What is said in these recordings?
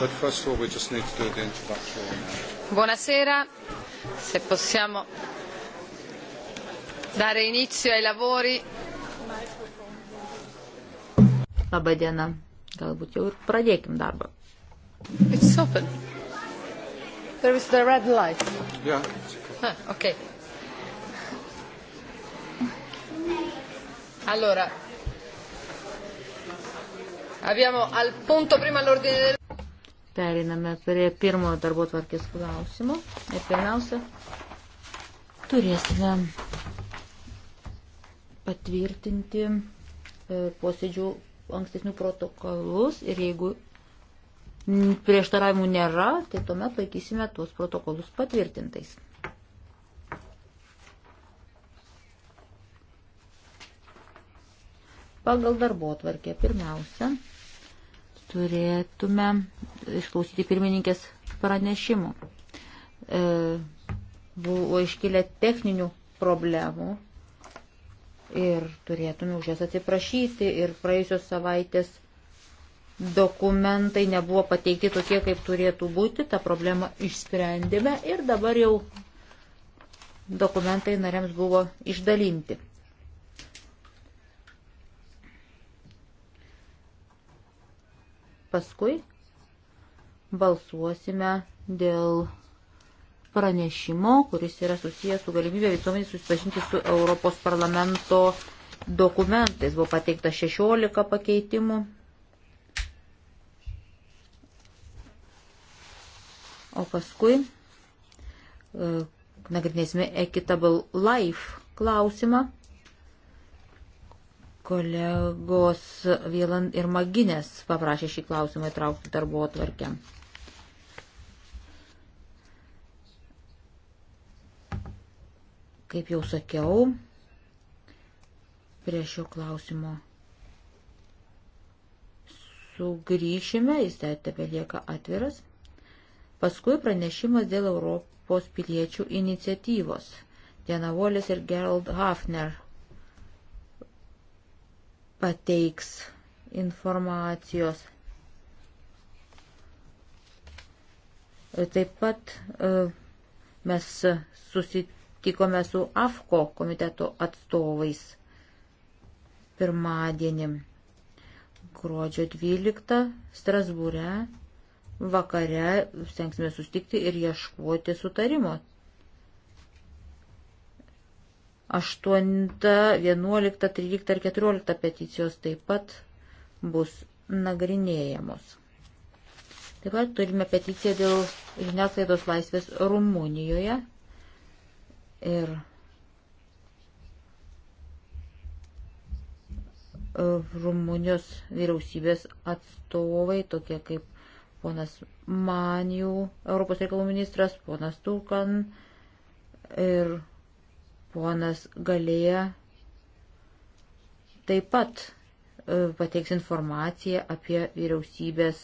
But first of all, we just need to do the introduction. Buonasera, se possiamo dare inizio ai lavori. Labą dieną. Galbūt jau ir pradėkim darbą. It's open. There is the red light. Yeah. Ah, ok. Allora, abbiamo al punto prima l'ordine del Periname prie pirmojo darbo tvarkės klausimo. Ir pirmiausia, turėsime patvirtinti e, posėdžių ankstesnių protokolus ir jeigu prieštaravimų nėra, tai tuomet laikysime tuos protokolus patvirtintais. Pagal darbo tvarkę pirmiausia turėtume išklausyti pirmininkės pranešimų. E, buvo iškilę techninių problemų ir turėtume už jas atsiprašyti ir praėjusios savaitės dokumentai nebuvo pateikti tokie, kaip turėtų būti, tą problemą išsprendėme ir dabar jau dokumentai nariams buvo išdalinti. Paskui balsuosime dėl pranešimo, kuris yra susijęs su galimybė visuomenį susipažinti su Europos parlamento dokumentais. Buvo pateikta 16 pakeitimų. O paskui e, nagrinėsime Equitable Life klausimą. Kolegos Vėlan ir Maginės paprašė šį klausimą įtraukti darbo atvarkę. Kaip jau sakiau, prie šio klausimo sugrįšime, jis tebe lieka atviras. Paskui pranešimas dėl Europos piliečių iniciatyvos. Diena Volis ir Gerald Hafner pateiks informacijos. Taip pat e, mes susitikome su AFKO komiteto atstovais pirmadienį gruodžio 12 Strasbūre vakare stengsime sustikti ir ieškoti sutarimo 8, 11, 13 ir 14 peticijos taip pat bus nagrinėjamos. Taip pat turime peticiją dėl žiniasklaidos laisvės Rumunijoje. Ir e, Rumunijos vyriausybės atstovai, tokie kaip ponas Manijų, Europos reikalų ministras, ponas Tukan ir Ponas Galėja taip pat e, pateiks informaciją apie vyriausybės,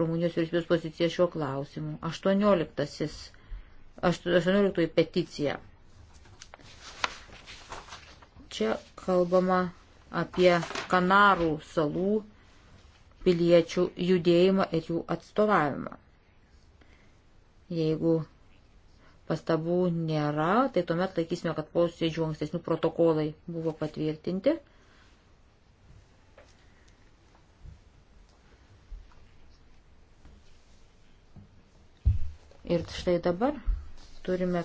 Rumunijos vyriausybės poziciją šiuo klausimu. 18. 18 peticija. Čia kalbama apie Kanarų salų piliečių judėjimą ir jų atstovavimą. Jeigu pastabų nėra, tai tuomet laikysime, kad posėdžių ankstesnių protokolai buvo patvirtinti. Ir štai dabar turime,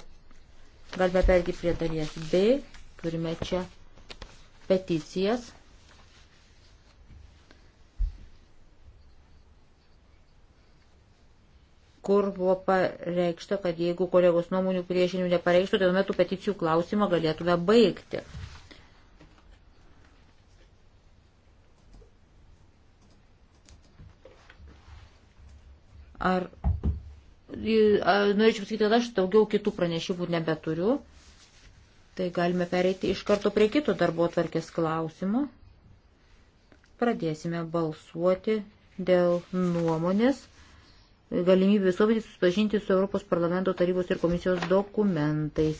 galime pergi prie dalies B, turime čia peticijas kur buvo pareikšta, kad jeigu kolegos nuomonių priešinių nepareikštų, tai tuomet peticijų klausimą galėtume baigti. Ar, ar norėčiau pasakyti, kad aš daugiau kitų pranešimų nebeturiu. Tai galime pereiti iš karto prie kito darbo atvarkės klausimo. Pradėsime balsuoti dėl nuomonės galimybė visuomenį susipažinti su Europos parlamento tarybos ir komisijos dokumentais.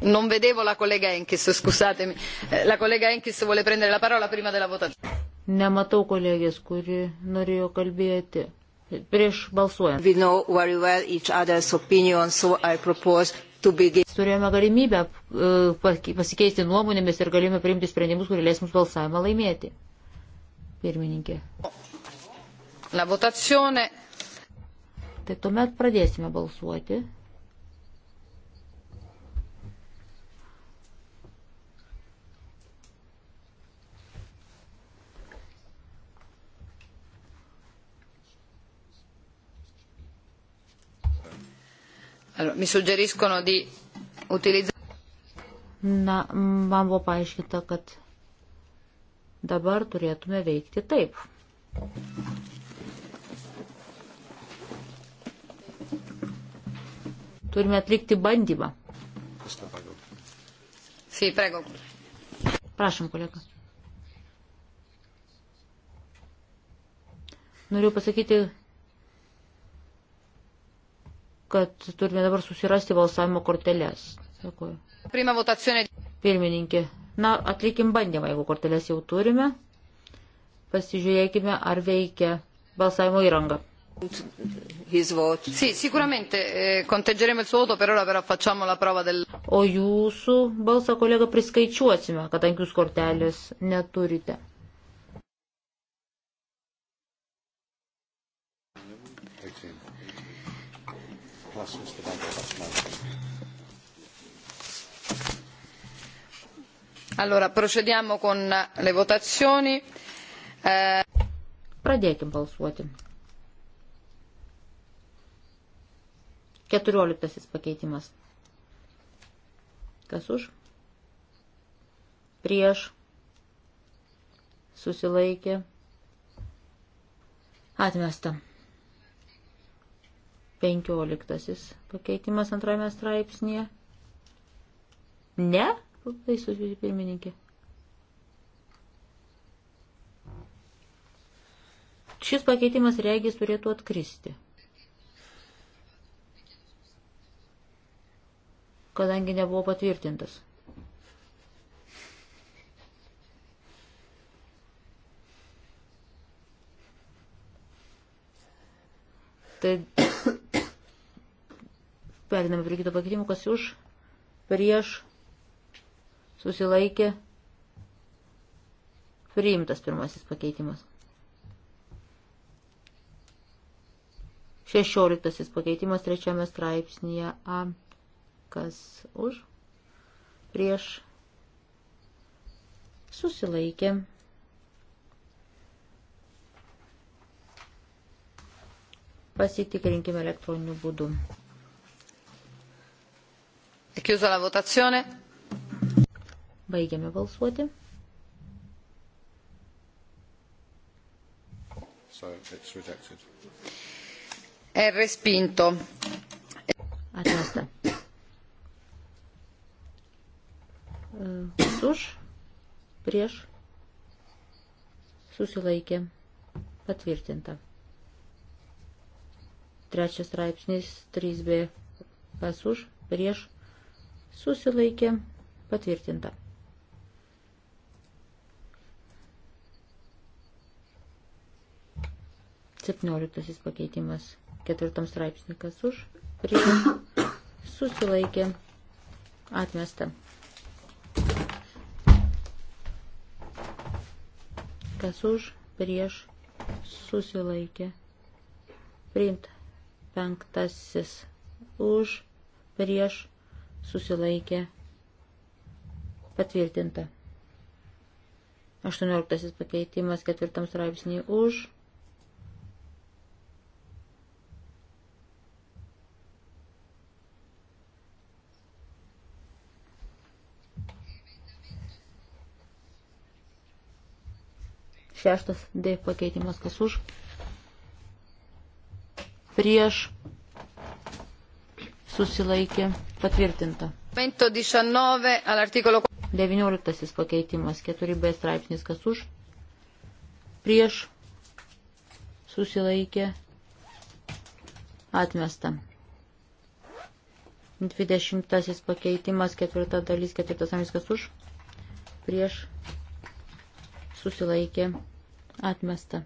Non vedevo la collega Enkis, scusatemi. Eh, la collega Enkis vuole prendere la parola prima della votazione. Nematau kolegės, kuri norėjo kalbėti prieš balsuojant. We know very well each other's opinion, so I propose to begin. Turėjome galimybę eh, pasikeisti nuomonėmis ir galėjome priimti sprendimus, kurie leis mums balsavimą laimėti pirmininkė. La votazione. Tai tuomet pradėsime balsuoti. Allora, mi suggeriscono di utilizzare. Na, man buvo paaiškinta, kad Dabar turėtume veikti taip. Turime atlikti bandymą. Prašom, kolega. Noriu pasakyti, kad turime dabar susirasti balsavimo korteles. Dėkuoju. Pirmininkė, Na, atlikim bandymą, jeigu kortelės jau turime. Pasižiūrėkime, ar veikia balsavimo įranga. Sì, sicuramente eh, conteggeremo il suo voto, per ora però facciamo la prova del... O jūsų balsą, kolega, priskaičiuosime, kadangi jūs kortelės neturite. Allora, procediamo con le votazioni. Eh... Pradėkim balsuoti. 14 pakeitimas. Kas už? Prieš. Susilaikė. Atmesta. 15 pakeitimas antrame straipsnėje. Ne? Baisus pirmininkė. Šis pakeitimas regis turėtų atkristi. kadangi nebuvo patvirtintas. Tai periname prie kito pakeitimų, kas už, prieš, susilaikė, priimtas pirmasis pakeitimas. Šešioliktasis pakeitimas trečiame straipsnėje A. Kas už? Prieš. Susilaikė. Pasitikrinkime elektroniniu būdu. Chiusa la votazione. Baigiame balsuoti. So it's rejected. È respinto. Atmesta. Kas už? Prieš? Susilaikė. Patvirtinta. Trečias straipsnis 3b. Kas už? Prieš? Susilaikė. Patvirtinta. 17 pakeitimas ketvirtam straipsnį, kas už, prieš, susilaikė, atmesta. Kas už, prieš, susilaikė, priimta. Penktasis už, prieš, susilaikė, patvirtinta. 18 pakeitimas ketvirtam straipsnį už, Šeštas D pakeitimas kas už. Prieš susilaikė patvirtinta. 19 pakeitimas 4B straipsnis kas už. Prieš susilaikė atmesta. 20 pakeitimas 4 dalis 4 kas už. Prieš susilaikė atmesta.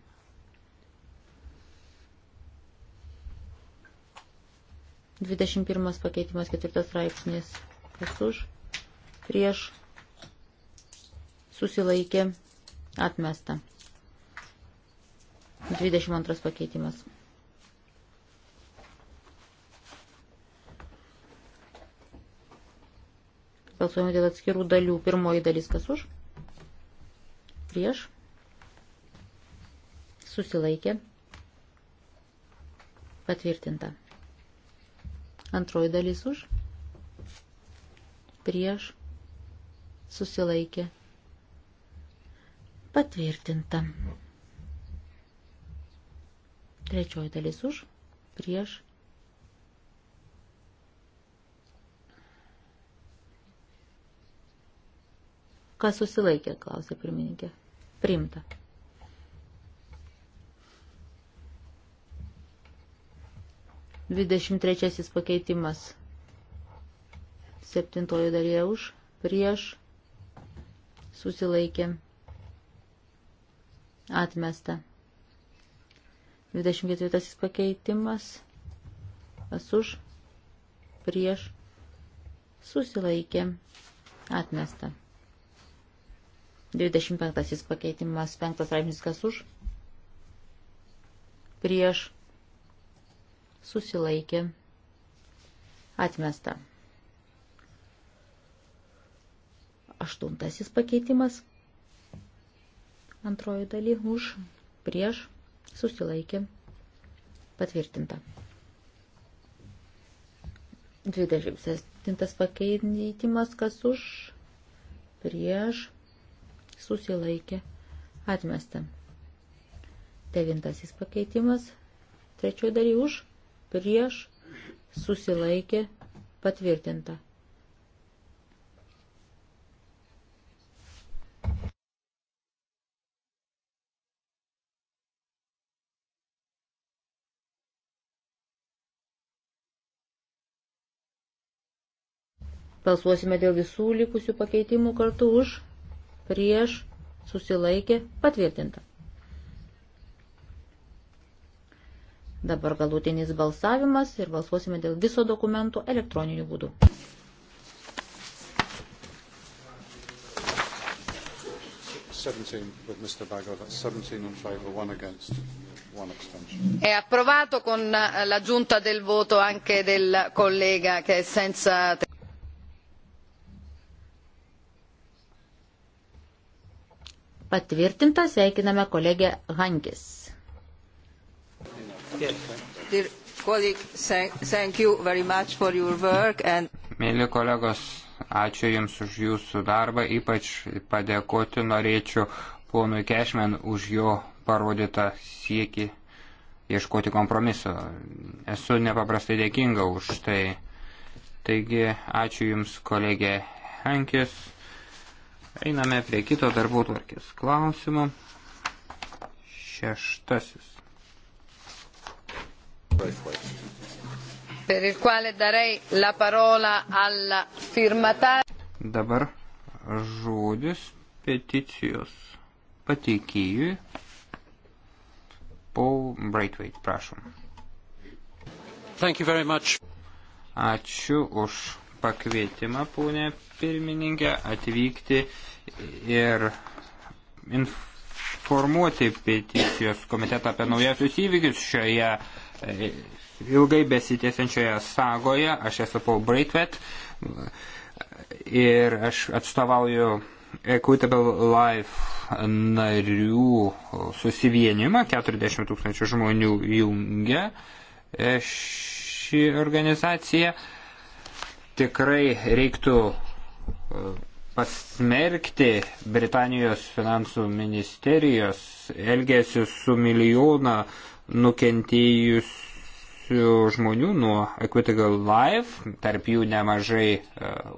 Dvidešimt pirmas pakeitimas ketvirtas straipsnis. Kas už? Prieš. Susilaikė. Atmesta. Dvidešimt antras pakeitimas. Balsuojame dėl atskirų dalių. Pirmoji dalis kas už? prieš, susilaikė, patvirtinta. Antroji dalis už, prieš, susilaikė, patvirtinta. Trečioji dalis už, prieš, Kas susilaikė, klausė pirmininkė. Primta. Dvidešimt trečiasis pakeitimas. Septintojo dalyje už, prieš, susilaikė, atmesta. Dvidešimt ketvirtasis pakeitimas. As už, prieš, susilaikė, atmesta. 25 pakeitimas, 5 straipsnis kas už, prieš, susilaikė, atmesta. Aštuntasis pakeitimas, antroji daly, už, prieš, susilaikė, patvirtinta. 27 pakeitimas, kas už, prieš, susilaikė atmesta. Devintasis pakeitimas, trečioji daly už, prieš, susilaikė patvirtinta. Balsuosime dėl visų likusių pakeitimų kartu už, prieš, susilaikė, patvirtinta. Dabar galutinis balsavimas ir balsuosime dėl viso dokumento elektroniniu būdu. È approvato con eh, l'aggiunta del voto anche del collega che è senza. patvirtinta, sveikiname kolegę Hankis. Mėly kolegos, ačiū Jums už Jūsų darbą, ypač padėkoti norėčiau ponui Kešmen už jo parodytą sieki ieškoti kompromiso. Esu nepaprastai dėkinga už tai. Taigi, ačiū Jums, kolegė Hankis. Einame prie kito darbo tvarkės klausimo. Šeštasis. Per il quale darei la parola al firmatario. Dabar žodis peticijos pateikėjui. Paul Braithwaite, prašom. Thank you very much. Ačiū už pakvietimą, pūnė pirmininkė, atvykti ir informuoti peticijos komitetą apie naujasius įvykius šioje e, ilgai besitėsiančioje sagoje. Aš esu Paul Braithwaite ir aš atstovauju Equitable Life narių susivienimą, 40 tūkstančių žmonių jungia e, ši organizacija tikrai reiktų e, pasmerkti Britanijos finansų ministerijos elgesius su milijoną nukentėjusių žmonių nuo Equitable Life, tarp jų nemažai e,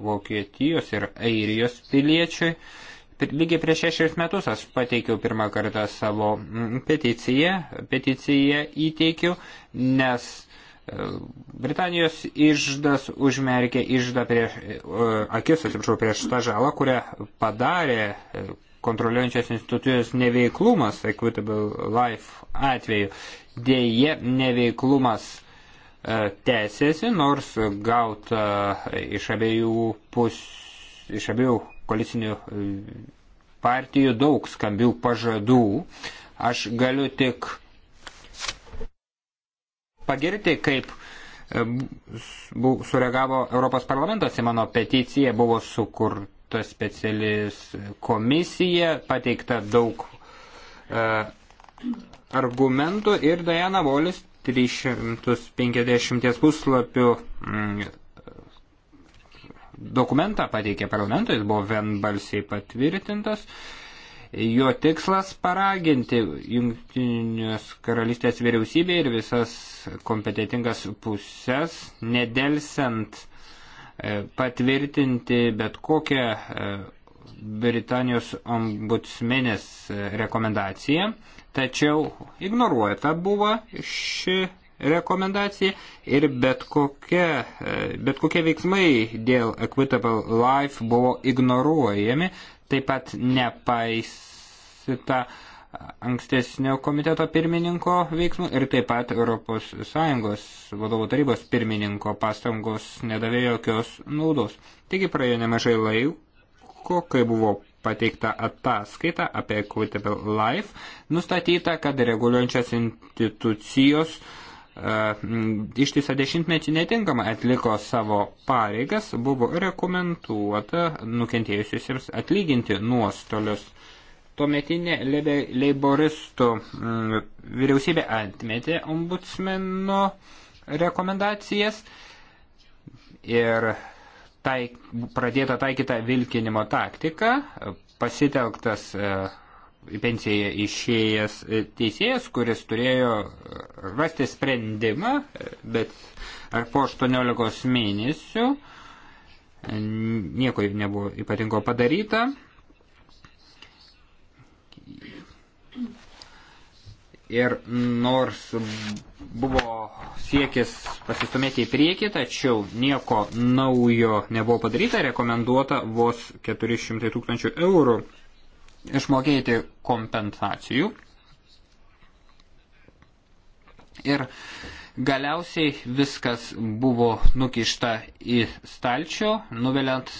Vokietijos ir Airijos piliečiai. Lygiai prieš šešerius metus aš pateikiau pirmą kartą savo peticiją, peticiją įteikiau, nes Britanijos išdas užmerkė išdą prieš, e, akis, atsiprašau, prieš tą žalą, kurią padarė e, kontroliuojančios institucijos neveiklumas Equitable Life atveju. Dėje neveiklumas e, tęsiasi, nors gauta iš abiejų pus, iš abiejų koalicinių partijų daug skambių pažadų. Aš galiu tik pagirti, kaip e, sureagavo Europos parlamentas į mano peticiją, buvo sukurta specialis komisija, pateikta daug uh, argumentų ir Diana Volis 350 puslapių mm, dokumentą pateikė parlamentui, jis buvo vienbalsiai patvirtintas. Uh, Jo tikslas paraginti Junktinės karalystės vyriausybę ir visas kompetitingas pusės, nedelsiant e, patvirtinti bet kokią e, Britanijos ombudsmenės e, rekomendaciją, tačiau ignoruota buvo ši rekomendacija ir bet kokie, bet kokie veiksmai dėl Equitable Life buvo ignoruojami, taip pat nepaisita ankstesnio komiteto pirmininko veiksmų ir taip pat ES vadovų tarybos pirmininko pastangos nedavė jokios naudos. Taigi praėjo nemažai laiko, kai buvo pateikta ataskaita apie Equitable Life, nustatyta, kad reguliuojančios institucijos uh, E, ištisą dešimtmetį netinkamai atliko savo pareigas, buvo rekomenduota nukentėjusiems atlyginti nuostolius. Tuometinė leiboristų vyriausybė atmetė ombudsmeno rekomendacijas ir taik, pradėta taikyta vilkinimo taktika, pasitelktas e, į pensiją išėjęs e, teisėjas, kuris turėjo e, rasti sprendimą, e, bet ar po 18 mėnesių nieko nebuvo ypatingo padaryta. Ir nors buvo siekis pasistumėti į priekį, tačiau nieko naujo nebuvo padaryta, rekomenduota vos 400 tūkstančių eurų išmokėti kompensacijų. Ir galiausiai viskas buvo nukišta į stalčių, nuveliant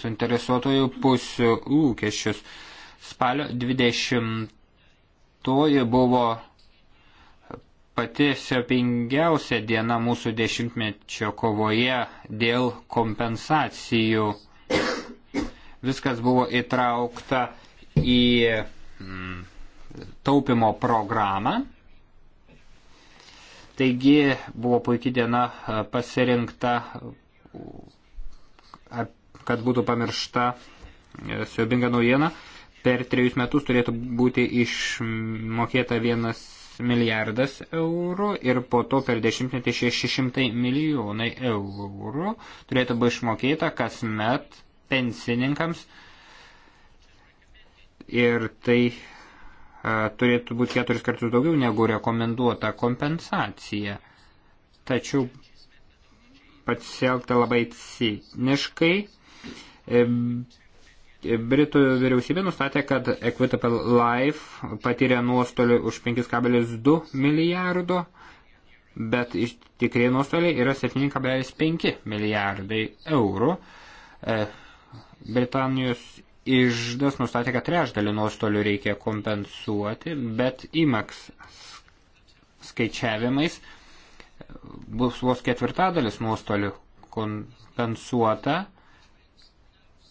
suinteresuotojų pusių lūkesčius. Spalio 20 buvo pati siopingiausia diena mūsų dešimtmečio kovoje dėl kompensacijų. Viskas buvo įtraukta į mm, taupimo programą. Taigi buvo puikia diena e, pasirinkta, e, kad būtų pamiršta e, siubinga naujiena. Per trejus metus turėtų būti išmokėta vienas milijardas eurų ir po to per dešimtmetį 600 milijonai eurų turėtų būti išmokėta kasmet pensininkams ir tai a, turėtų būti keturis kartus daugiau negu rekomenduota kompensacija. Tačiau pasielgta labai ciniškai. E, Britų vyriausybė nustatė, kad Equitable Life patyrė nuostolių už 5,2 milijardo, bet iš tikrai nuostoliai yra 7,5 milijardai eurų. E, Britanijos Išdas nustatė, kad trešdalį nuostolių reikia kompensuoti, bet įmaks skaičiavimais bus vos ketvirtadalis nuostolių kompensuota,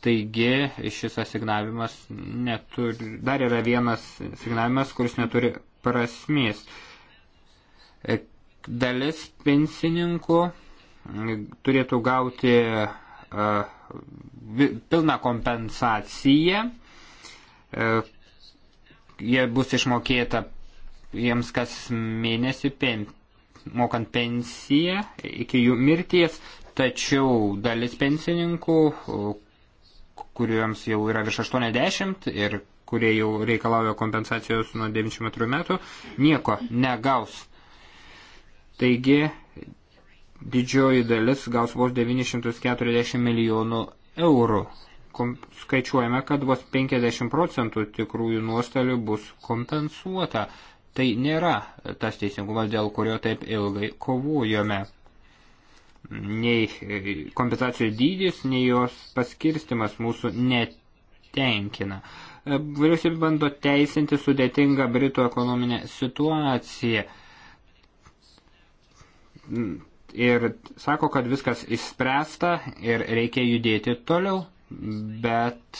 taigi šis asignavimas neturi, dar yra vienas asignavimas, kuris neturi prasmės. Dalis pensininkų turėtų gauti E, pilną kompensaciją. E, jie bus išmokėta jiems kas mėnesį pen, mokant pensiją iki jų mirties, tačiau dalis pensininkų, e, kuriems jau yra virš 80 ir kurie jau reikalauja kompensacijos nuo 94 metų, nieko negaus. Taigi didžioji dalis gaus vos 940 milijonų eurų. Kom, skaičiuojame, kad vos 50 procentų tikrųjų nuostolių bus kompensuota. Tai nėra tas teisingumas, dėl kurio taip ilgai kovojome. Nei e, kompensacijų dydis, nei jos paskirstimas mūsų netenkina. E, vyriausybė bando teisinti sudėtingą Britų ekonominę situaciją ir sako, kad viskas išspręsta ir reikia judėti toliau, bet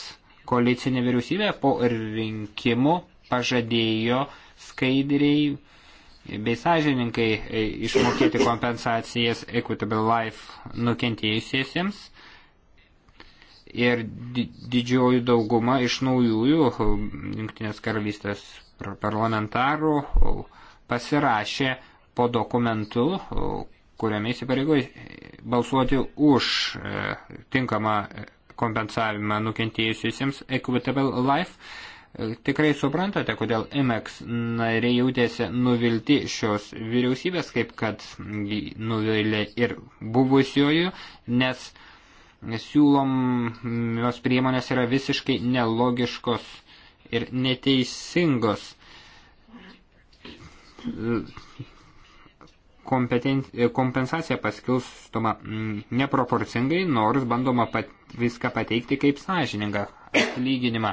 koalicinė vyriausybė po rinkimų pažadėjo skaidriai bei sąžininkai išmokėti kompensacijas Equitable Life nukentėjusiesiems. Ir didžioji dauguma iš naujųjų Junktinės karalystės parlamentarų pasirašė po dokumentu, kuriame įsipareigoja balsuoti už e, tinkamą e, kompensavimą nukentėjusiesiems Equitable Life. E, tikrai suprantate, kodėl MX nariai jautėsi nuvilti šios vyriausybės, kaip kad nuvilė ir buvusiojų, nes siūlomos priemonės yra visiškai nelogiškos ir neteisingos E, kompensacija paskilstoma mm, neproporcingai, nors bandoma pat, viską pateikti kaip sąžiningą atlyginimą.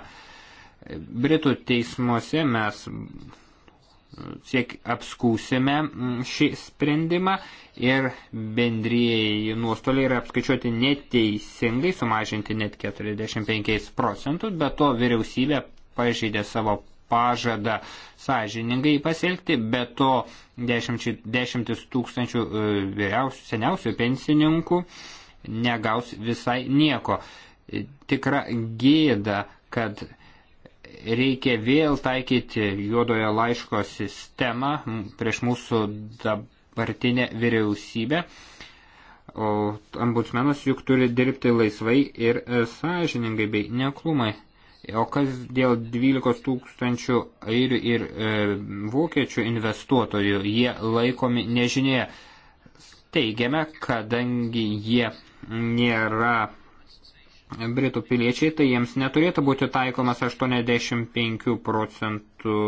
E, Britų teismuose mes mm, siek apskūsime mm, šį sprendimą ir bendrieji nuostoliai yra apskaičiuoti neteisingai, sumažinti net 45 procentus, bet to vyriausybė pažeidė savo pažadą sąžiningai pasielgti, bet to dešimčiai, dešimtis tūkstančių e, vyriausių, seniausių pensininkų negaus visai nieko. Tikra gėda, kad reikia vėl taikyti juodojo laiško sistemą prieš mūsų dabartinę vyriausybę. O ambudsmenas juk turi dirbti laisvai ir e, sąžiningai bei neklumai. O kas dėl 12 tūkstančių airių ir e, vokiečių investuotojų, jie laikomi nežinėje. Teigiame, kadangi jie nėra Britų piliečiai, tai jiems neturėtų būti taikomas 85 procentų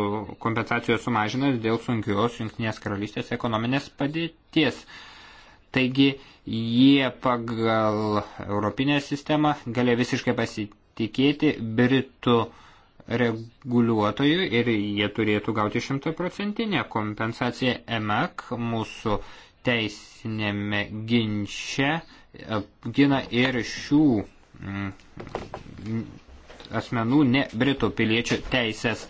kompensacijos sumažinas dėl sunkios Junktinės karalystės ekonominės padėties. Taigi jie pagal Europinę sistemą galėjo visiškai pasitikėti pasitikėti Britų reguliuotojų ir jie turėtų gauti šimtaprocentinę kompensaciją EMAC mūsų teisinėme ginče e, gina ir šių mm, asmenų, ne Britų piliečių teisės.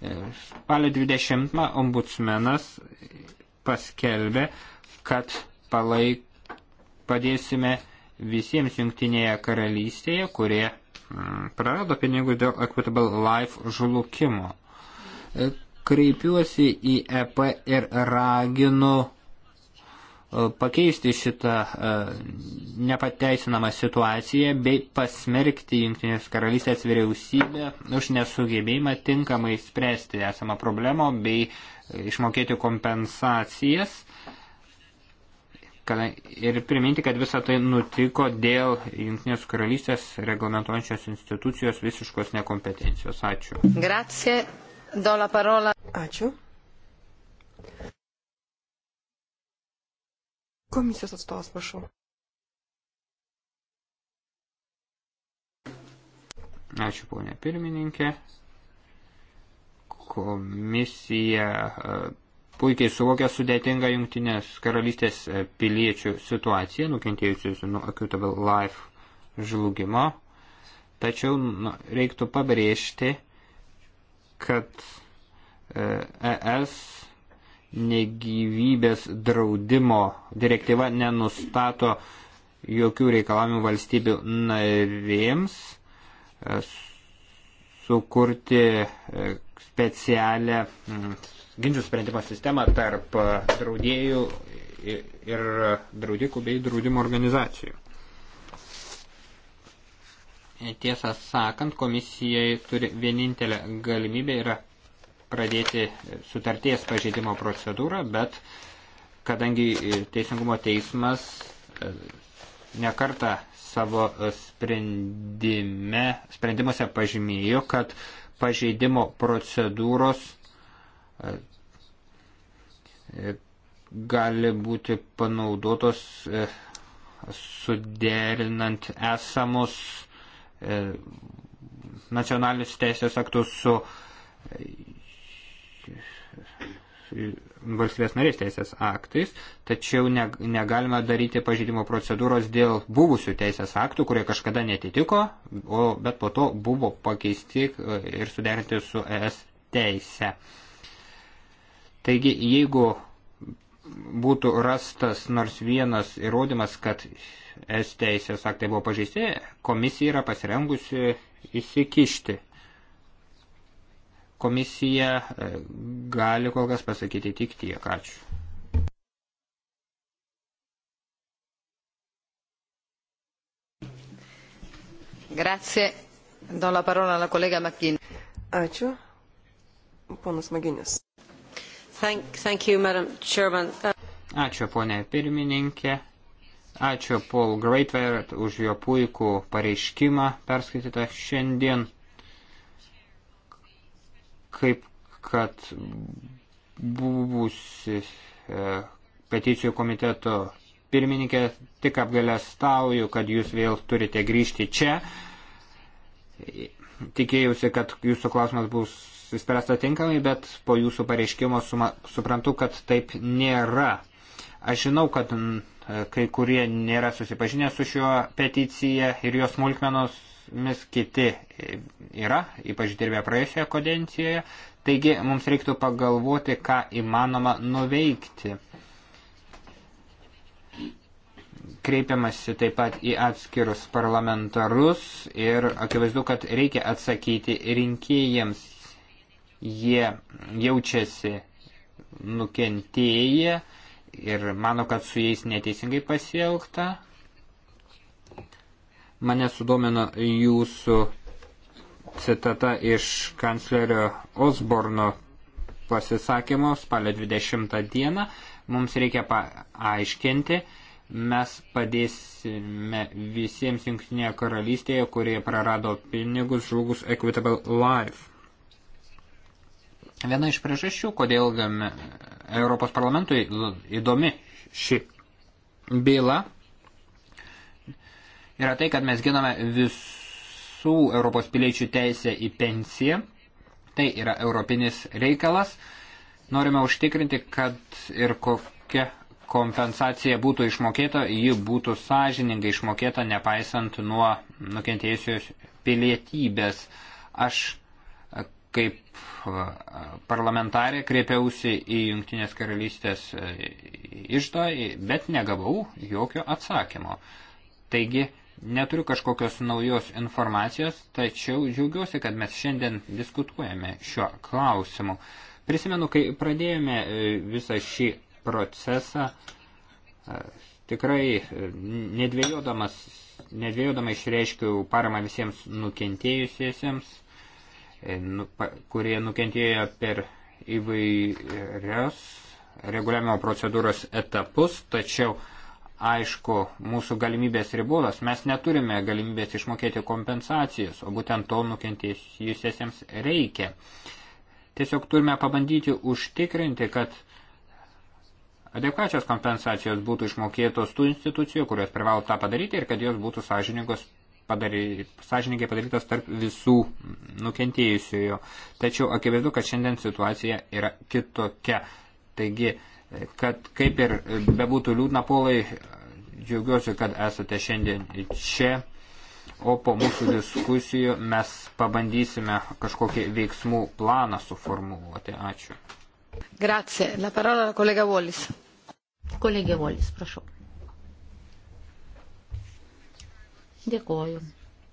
E, spalio 20 ombudsmenas paskelbė, kad palaik, padėsime visiems jungtinėje karalystėje, kurie prarado pinigų dėl Equitable Life žlugimo. E, kreipiuosi į EP ir raginu e, pakeisti šitą e, nepateisinamą situaciją bei pasmerkti Junktinės karalystės vyriausybę už nesugebėjimą tinkamai spręsti esamą problemą bei išmokėti kompensacijas ir priminti, kad visa tai nutiko dėl Junktinės karalystės reglamentuojančios institucijos visiškos nekompetencijos. Ačiū. Grazie. Do la parola. Ačiū. Komisijos atstovas, prašau. Ačiū, ponė pirmininkė. Komisija. Uh, puikiai suvokia sudėtingą jungtinės karalystės e, piliečių situaciją, nukentėjusius nuo Acutable Life žlugimo. Tačiau nu, reiktų pabrėžti, kad ES e negyvybės draudimo direktyva nenustato jokių reikalavimų valstybių narėms e, sukurti specialią ginčių sprendimo sistemą tarp draudėjų ir draudikų bei draudimo organizacijų. Tiesą sakant, komisijai turi vienintelė galimybė yra pradėti sutarties pažeidimo procedūrą, bet kadangi Teisingumo teismas e, nekarta savo sprendime, sprendimuose pažymėjo, kad pažeidimo procedūros gali būti panaudotos e, suderinant esamus e, nacionalinius teisės aktus e, su valstybės narės teisės aktais, tačiau negalima daryti pažydimo procedūros dėl buvusių teisės aktų, kurie kažkada netitiko, o, bet po to buvo pakeisti ir suderinti su ES teise. Taigi, jeigu būtų rastas nors vienas įrodymas, kad es teisės aktai buvo pažeisti, komisija yra pasirengusi įsikišti. Komisija e, gali kol kas pasakyti tik tiek. Ačiū. Grazie. Do la parola alla collega Macchini. Ačiū. Ponas Maginis. Thank, thank you, Madam Chairman. Uh, Ačiū, ponė pirmininkė. Ačiū Paul Greatwert už jo puikų pareiškimą perskaitytą šiandien. Kaip kad buvusi e, peticijų komiteto pirmininkė, tik apgalėstauju, kad jūs vėl turite grįžti čia. Tikėjausi, kad jūsų klausimas bus išspręsta tinkamai, bet po jūsų pareiškimo suma, suprantu, kad taip nėra. Aš žinau, kad mm, kai kurie nėra susipažinę su šiuo peticija ir jos smulkmenomis kiti yra, ypač dirbę praėjusioje kodencijoje. Taigi mums reiktų pagalvoti, ką įmanoma nuveikti. Kreipiamasi taip pat į atskirus parlamentarus ir akivaizdu, kad reikia atsakyti rinkėjams jie jaučiasi nukentėję ir mano, kad su jais neteisingai pasielgta. Mane sudomino jūsų citata iš kanclerio Osborno pasisakymo spalio 20 dieną. Mums reikia paaiškinti, mes padėsime visiems Junktinėje karalystėje, kurie prarado pinigus žlugus Equitable Life Viena iš priežasčių, kodėl Europos parlamentui įdomi ši byla, yra tai, kad mes giname visų Europos piliečių teisę į pensiją. Tai yra europinis reikalas. Norime užtikrinti, kad ir kokia kompensacija būtų išmokėta, ji būtų sąžiningai išmokėta, nepaisant nuo nukentėjusios pilietybės. Aš kaip e, parlamentarė kreipiausi į Junktinės karalystės e, išto, bet negavau jokio atsakymo. Taigi neturiu kažkokios naujos informacijos, tačiau džiaugiuosi, kad mes šiandien diskutuojame šiuo klausimu. Prisimenu, kai pradėjome e, visą šį procesą, tikrai nedvėjodamas, nedvėjodama išreiškiau paramą visiems nukentėjusiesiems E, nu, kurie nukentėjo per įvairias reguliavimo procedūros etapus, tačiau aišku, mūsų galimybės ribotas, mes neturime galimybės išmokėti kompensacijas, o būtent to nukentėjusiesiems reikia. Tiesiog turime pabandyti užtikrinti, kad adekvačios kompensacijos būtų išmokėtos tų institucijų, kurios privalo tą padaryti ir kad jos būtų sąžiningos padary, sąžininkai padarytas tarp visų nukentėjusiojo. Tačiau akivaizdu, kad šiandien situacija yra kitokia. Taigi, kad kaip ir bebūtų liūdna polai, džiaugiuosi, kad esate šiandien čia. O po mūsų diskusijų mes pabandysime kažkokį veiksmų planą suformuoluoti. Ačiū. Grazie. La parola kolega Volis. Kolegė Volis, prašau. Dėkoju,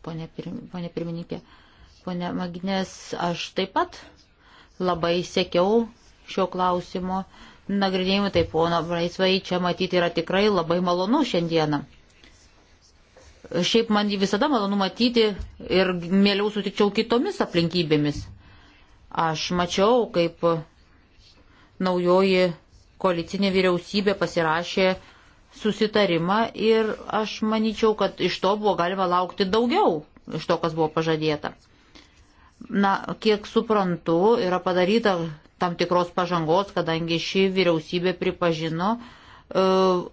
ponė, pirmi, ponė pirmininkė. Pone Magnės, aš taip pat labai sėkiau šio klausimo nagrinėjimu, tai pono Braisvai čia matyti yra tikrai labai malonu šiandieną. Šiaip man jį visada malonu matyti ir mieliau sutikčiau kitomis aplinkybėmis. Aš mačiau, kaip naujoji koalicinė vyriausybė pasirašė susitarimą ir aš manyčiau, kad iš to buvo galima laukti daugiau, iš to, kas buvo pažadėta. Na, kiek suprantu, yra padaryta tam tikros pažangos, kadangi ši vyriausybė pripažino e,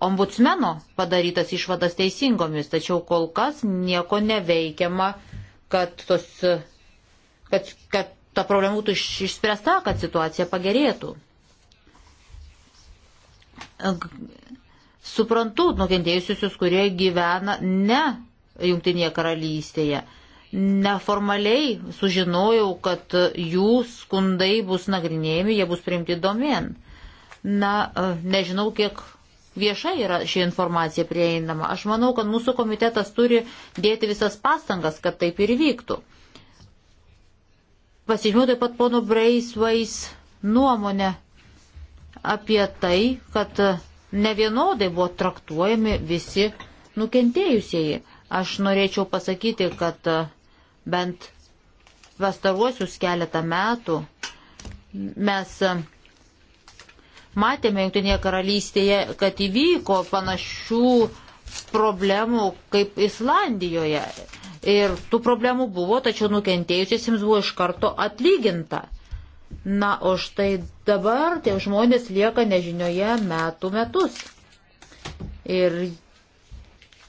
ombudsmeno padarytas išvadas teisingomis, tačiau kol kas nieko neveikiama, kad, tos, kad, kad ta problema būtų išspręsta, kad situacija pagerėtų suprantu nukentėjusius, kurie gyvena ne Junktinėje karalystėje. Neformaliai sužinojau, kad jų skundai bus nagrinėjami, jie bus priimti domen. Na, e, nežinau, kiek viešai yra ši informacija prieinama. Aš manau, kad mūsų komitetas turi dėti visas pastangas, kad taip ir vyktų. Pasižymėjau taip pat pono Breisvais nuomonę apie tai, kad nevienodai buvo traktuojami visi nukentėjusieji. Aš norėčiau pasakyti, kad e, bent pastaruosius keletą metų mes e, matėme Junktinėje karalystėje, kad įvyko panašių problemų kaip Islandijoje. Ir tų problemų buvo, tačiau nukentėjusiesiems buvo iš karto atlyginta. Na, o štai dabar tie žmonės lieka nežinioje metų metus. Ir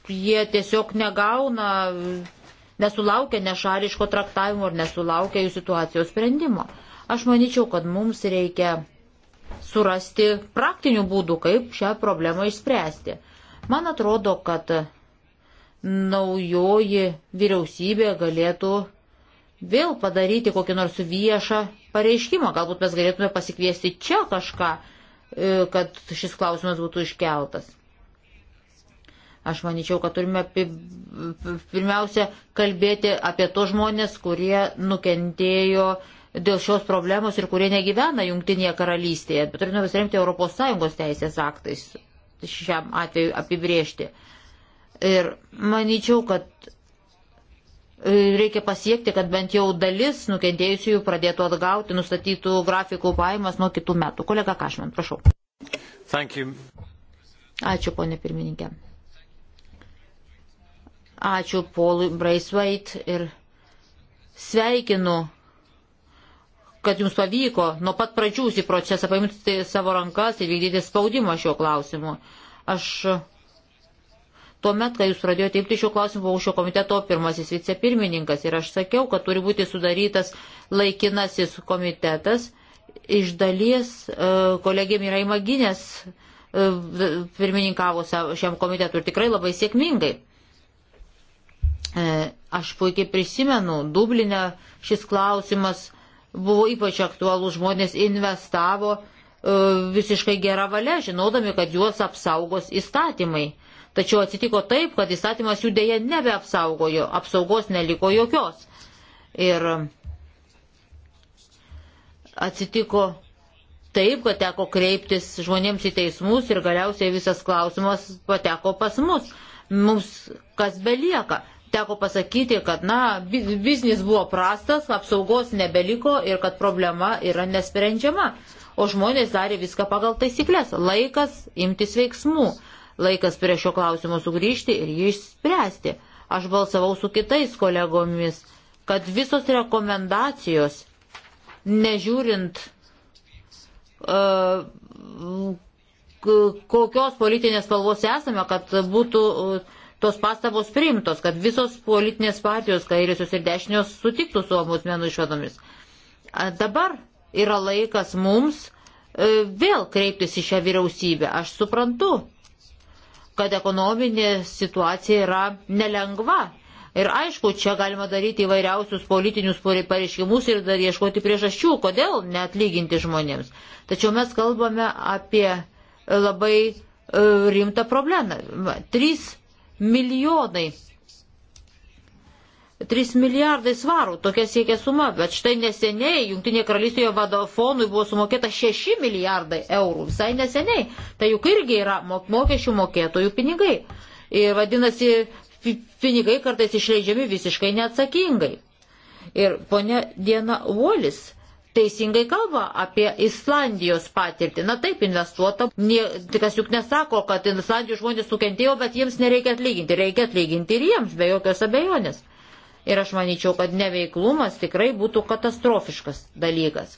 jie tiesiog negauna, nesulaukia nešališko traktavimo ir nesulaukia jų situacijos sprendimo. Aš manyčiau, kad mums reikia surasti praktinių būdų, kaip šią problemą išspręsti. Man atrodo, kad naujoji vyriausybė galėtų vėl padaryti kokį nors viešą pareiškimą. Galbūt mes galėtume pasikviesti čia kažką, e, kad šis klausimas būtų iškeltas. Aš manyčiau, kad turime pirmiausia kalbėti apie tos žmonės, kurie nukentėjo dėl šios problemos ir kurie negyvena Junktinėje karalystėje. Bet turime pasiremti ES teisės aktais šiam atveju apibriežti. Ir manyčiau, kad reikia pasiekti, kad bent jau dalis nukentėjusiųjų pradėtų atgauti nustatytų grafikų pajamas nuo kitų metų. Kolega Kašman, prašau. Ačiū, ponė pirmininkė. Ačiū Paului Braisvait ir sveikinu, kad jums pavyko nuo pat pradžių į procesą paimti savo rankas ir vykdyti spaudimą šiuo klausimu. Aš Tuomet, kai jūs pradėjote imti šio klausimo, buvau šio komiteto pirmasis vicepirmininkas ir aš sakiau, kad turi būti sudarytas laikinasis komitetas. Iš dalies e, kolegė Mirai Maginės e, pirmininkavo šiam komitetui ir tikrai labai sėkmingai. E, aš puikiai prisimenu, Dublinė šis klausimas buvo ypač aktualus, žmonės investavo visiškai gerą valią, žinodami, kad juos apsaugos įstatymai Tačiau atsitiko taip, kad įstatymas jų dėje nebeapsaugojo, apsaugos neliko jokios. Ir atsitiko taip, kad teko kreiptis žmonėms į teismus ir galiausiai visas klausimas pateko pas mus. Mums kas belieka? Teko pasakyti, kad, na, biznis buvo prastas, apsaugos nebeliko ir kad problema yra nesprendžiama. O žmonės darė viską pagal taisyklės. Laikas imtis veiksmų laikas prie šio klausimo sugrįžti ir jį išspręsti. Aš balsavau su kitais kolegomis, kad visos rekomendacijos, nežiūrint uh, kokios politinės spalvos esame, kad būtų uh, tos pastabos priimtos, kad visos politinės partijos, kairiosios ir dešinios, sutiktų su ombudsmenų išvadomis. Dabar yra laikas mums e, vėl kreiptis į šią vyriausybę. Aš suprantu, kad ekonominė situacija yra nelengva. Ir aišku, čia galima daryti įvairiausius politinius pareiškimus ir dar ieškoti priežasčių, kodėl neatlyginti žmonėms. Tačiau mes kalbame apie labai e, rimtą problemą. 3 milijonai 3 milijardai svarų, tokia siekia suma, bet štai neseniai Junktinėje karalystėje vadofonui buvo sumokėta 6 milijardai eurų, visai neseniai. Tai juk irgi yra mokesčių mokėtojų pinigai. Ir vadinasi, pinigai kartais išleidžiami visiškai neatsakingai. Ir ponia Diena Volis teisingai kalba apie Islandijos patirtį. Na taip, investuota, kas juk nesako, kad Islandijos žmonės sukentėjo, bet jiems nereikia atlyginti, reikia atlyginti ir jiems, be jokios abejonės. Ir aš manyčiau, kad neveiklumas tikrai būtų katastrofiškas dalykas.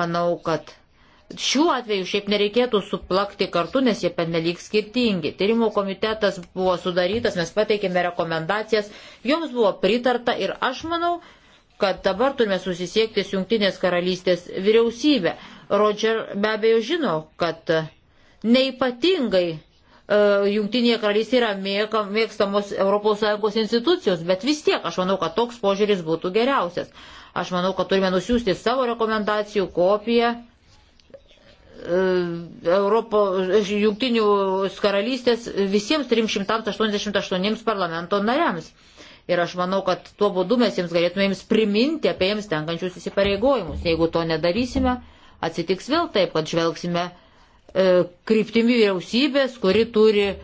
Manau, kad šiuo atveju šiaip nereikėtų suplakti kartu, nes jie pernelyg skirtingi. Tyrimo komitetas buvo sudarytas, mes pateikėme rekomendacijas, joms buvo pritarta ir aš manau, kad dabar turime susisiekti su Junktinės karalystės vyriausybė. Rodžer be abejo žino, kad neipatingai E, Jungtinėje karalystėje yra mėgstamos ES institucijos, bet vis tiek aš manau, kad toks požiūris būtų geriausias. Aš manau, kad turime nusiųsti savo rekomendacijų kopiją e, Europos Jungtinių karalystės visiems 388 parlamento nariams. Ir aš manau, kad tuo būdu mes jiems galėtume jiems priminti apie jiems tenkančius įsipareigojimus. Jeigu to nedarysime, atsitiks vėl taip, kad žvelgsime E, kryptimi vyriausybės, kuri turi e,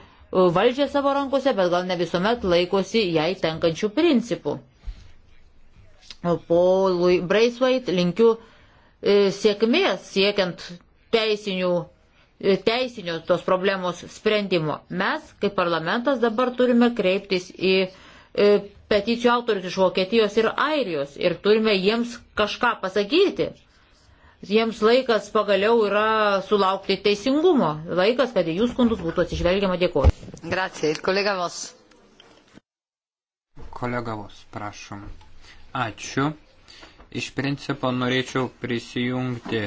valdžią savo rankose, bet gal ne visuomet laikosi jai tenkančių principų. Polui Braithwaite linkiu e, sėkmės siekiant teisinių, teisinio tos problemos sprendimo. Mes, kaip parlamentas, dabar turime kreiptis į peticijų autorius iš Vokietijos ir Airijos ir turime jiems kažką pasakyti, jiems laikas pagaliau yra sulaukti teisingumo. Laikas, kad į jų skundus būtų atsižvelgiama. Dėkuoju. Gracija. Kolega Vos. Kolega Vos, prašom. Ačiū. Iš principo norėčiau prisijungti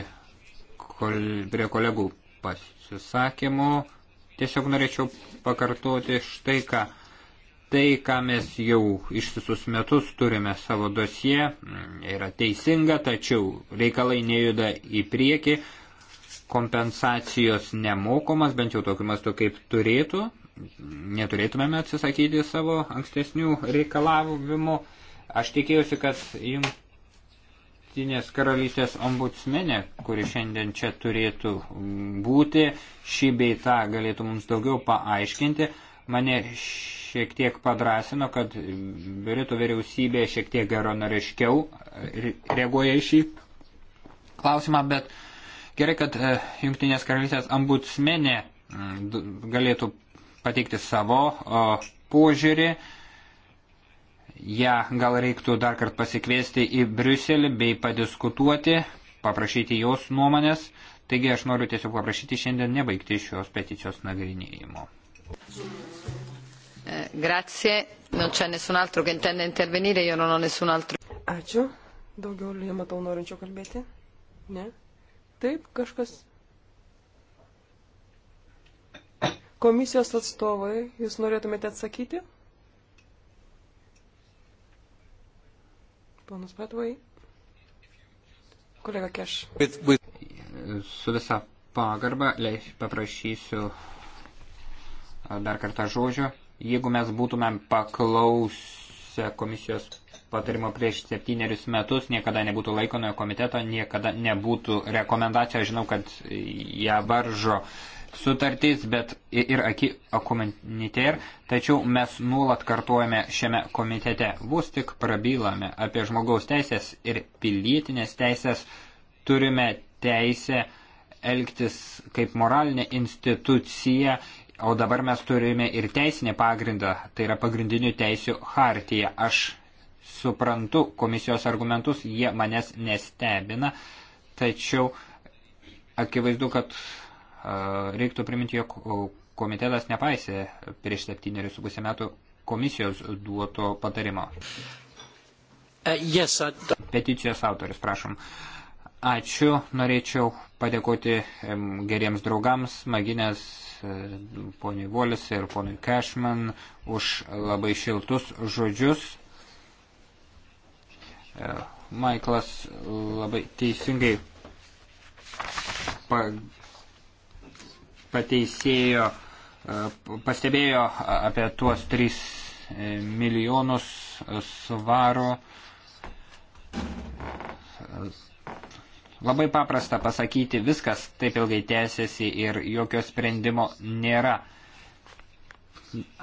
kol, prie kolegų pasisakymų. Tiesiog norėčiau pakartoti štai ką. Tai, ką mes jau ištisus metus turime savo dosie, mm, yra teisinga, tačiau reikalai nejuda į priekį, kompensacijos nemokomas, bent jau tokiu mastu kaip turėtų, neturėtumėme atsisakyti savo ankstesnių reikalavimų. Aš tikėjausi, kad jungtinės karalystės ombudsmenė, kuri šiandien čia turėtų būti, šį bei tą galėtų mums daugiau paaiškinti mane šiek tiek padrasino, kad Britų vyriausybė šiek tiek geronoriškiau reaguoja į šį klausimą, bet gerai, kad e, Junktinės karalystės ambutsmenė galėtų pateikti savo požiūrį. Ja gal reiktų dar kartą pasikviesti į Briuselį bei padiskutuoti, paprašyti jos nuomonės. Taigi aš noriu tiesiog paprašyti šiandien nebaigti šios peticijos nagrinėjimo. Eh, grazie, non c'è nessun altro che intende intervenire, io non ho nessun altro. Ačiū, daugiau nematau norinčių kalbėti. Ne? Taip, kažkas. Komisijos atstovai, jūs norėtumėte atsakyti? Ponas Batvai. Kolega Keš. Su visa pagarba leis, paprašysiu dar kartą žodžio. Jeigu mes būtumėm paklausę komisijos patarimo prieš septynerius metus, niekada nebūtų laikonojo komiteto, niekada nebūtų rekomendacijos, žinau, kad ją varžo sutartys, bet ir aki akomuniter, tačiau mes nuolat kartuojame šiame komitete. Vos tik prabylame apie žmogaus teisės ir pilietinės teisės, turime teisę elgtis kaip moralinė institucija o dabar mes turime ir teisinį pagrindą, tai yra pagrindinių teisių hartija. Aš suprantu komisijos argumentus, jie manęs nestebina, tačiau akivaizdu, kad reiktų priminti, jog komitetas nepaisė prieš septynerius su pusę metų komisijos duoto patarimo. Uh, yes, I... Peticijos autorius, prašom. Ačiū, norėčiau padėkoti geriems draugams, maginės, e, poniai Volis ir poniai Cashman už labai šiltus žodžius. E, Maiklas labai teisingai pa, pateisėjo, e, pastebėjo apie tuos 3 milijonus svarų Labai paprasta pasakyti, viskas taip ilgai tęsiasi ir jokio sprendimo nėra.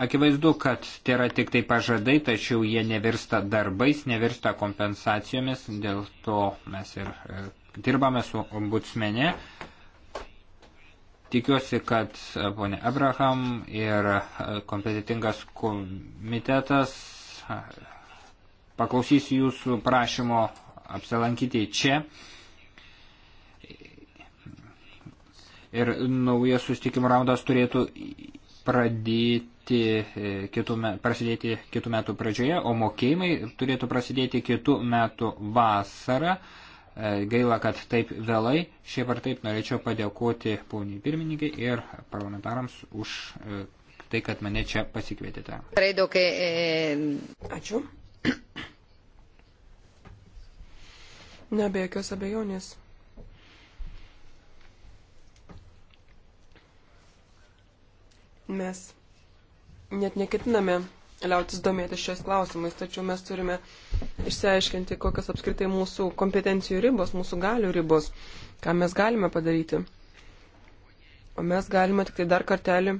Akivaizdu, kad tai yra tik tai pažadai, tačiau jie nevirsta darbais, nevirsta kompensacijomis, dėl to mes ir e, dirbame su ombudsmene. Tikiuosi, kad e, ponė Abraham ir e, kompetitingas komitetas paklausys jūsų prašymo apsilankyti čia. ir naujas sustikimų raundas turėtų pradėti e, kitų, prasidėti kitų metų pradžioje, o mokėjimai turėtų prasidėti kitų metų vasarą. E, gaila, kad taip vėlai. Šiaip ar taip norėčiau padėkoti poniai pirmininkai ir parlamentarams už e, tai, kad mane čia pasikvietėte. Ačiū. Na, be jokios abejonės. Mes net neketiname liautis domėtis šiais klausimais, tačiau mes turime išsiaiškinti, kokios apskritai mūsų kompetencijų ribos, mūsų galių ribos, ką mes galime padaryti. O mes galime tik tai dar kartelį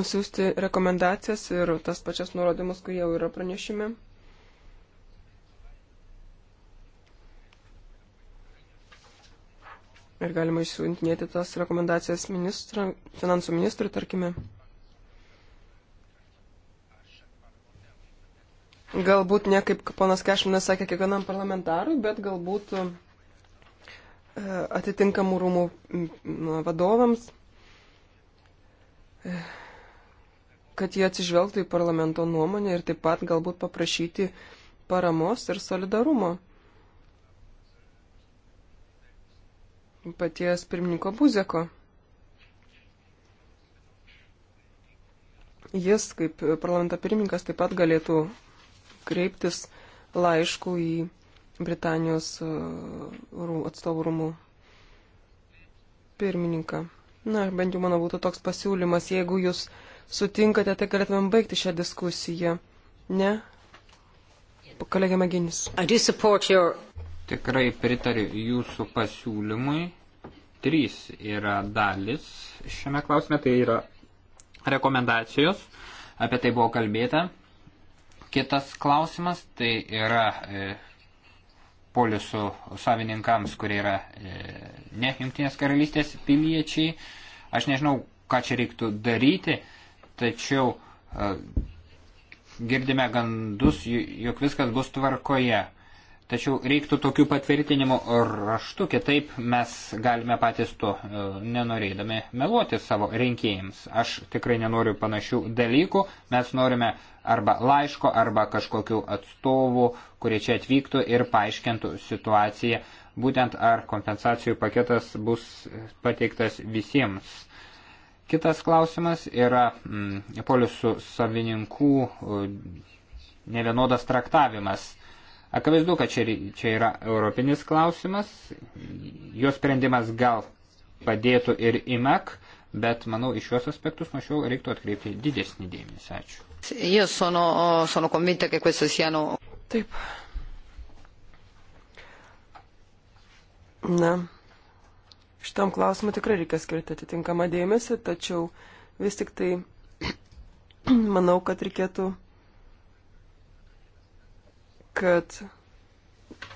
nusiųsti rekomendacijas ir tas pačias nurodymus, kurie jau yra pranešime. ir galima išsiuntinėti tas rekomendacijas ministra, finansų ministrui, tarkime. Galbūt ne kaip ponas Kešminas sakė kiekvienam parlamentarui, bet galbūt e, atitinkamų rūmų vadovams, e, kad jie atsižvelgtų į parlamento nuomonę ir taip pat galbūt paprašyti paramos ir solidarumo paties pirmininko Buzeko. Jis, kaip parlamento pirmininkas, taip pat galėtų kreiptis laišku į Britanijos uh, atstovų rūmų pirmininką. Na, bent jau mano būtų toks pasiūlymas, jeigu jūs sutinkate, tai galėtumėm baigti šią diskusiją. Ne? Kolegė Maginis. Your... Tikrai pritariu jūsų pasiūlymui. Trys yra dalis šiame klausime, tai yra rekomendacijos, apie tai buvo kalbėta. Kitas klausimas tai yra e, polisų savininkams, kurie yra e, ne Junktinės karalystės piliečiai. Aš nežinau, ką čia reiktų daryti, tačiau e, girdime gandus, jog viskas bus tvarkoje. Tačiau reiktų tokių patvirtinimų raštų, kitaip mes galime patys to e, nenorėdami meluoti savo rinkėjams. Aš tikrai nenoriu panašių dalykų, mes norime arba laiško, arba kažkokių atstovų, kurie čia atvyktų ir paaiškintų situaciją, būtent ar kompensacijų paketas bus pateiktas visiems. Kitas klausimas yra mm, polisų savininkų mm, nevienodas traktavimas. Akivaizdu, kad čia, čia yra europinis klausimas, jo sprendimas gal padėtų ir IMEC, bet manau, iš šios aspektus nuo šiol reiktų atkreipti didesnį dėmesį. Ačiū. Io sono, sono convinta che questo siano. Taip. Na, šitam klausimui tikrai reikia skirti atitinkamą dėmesį, tačiau vis tik tai manau, kad reikėtų kad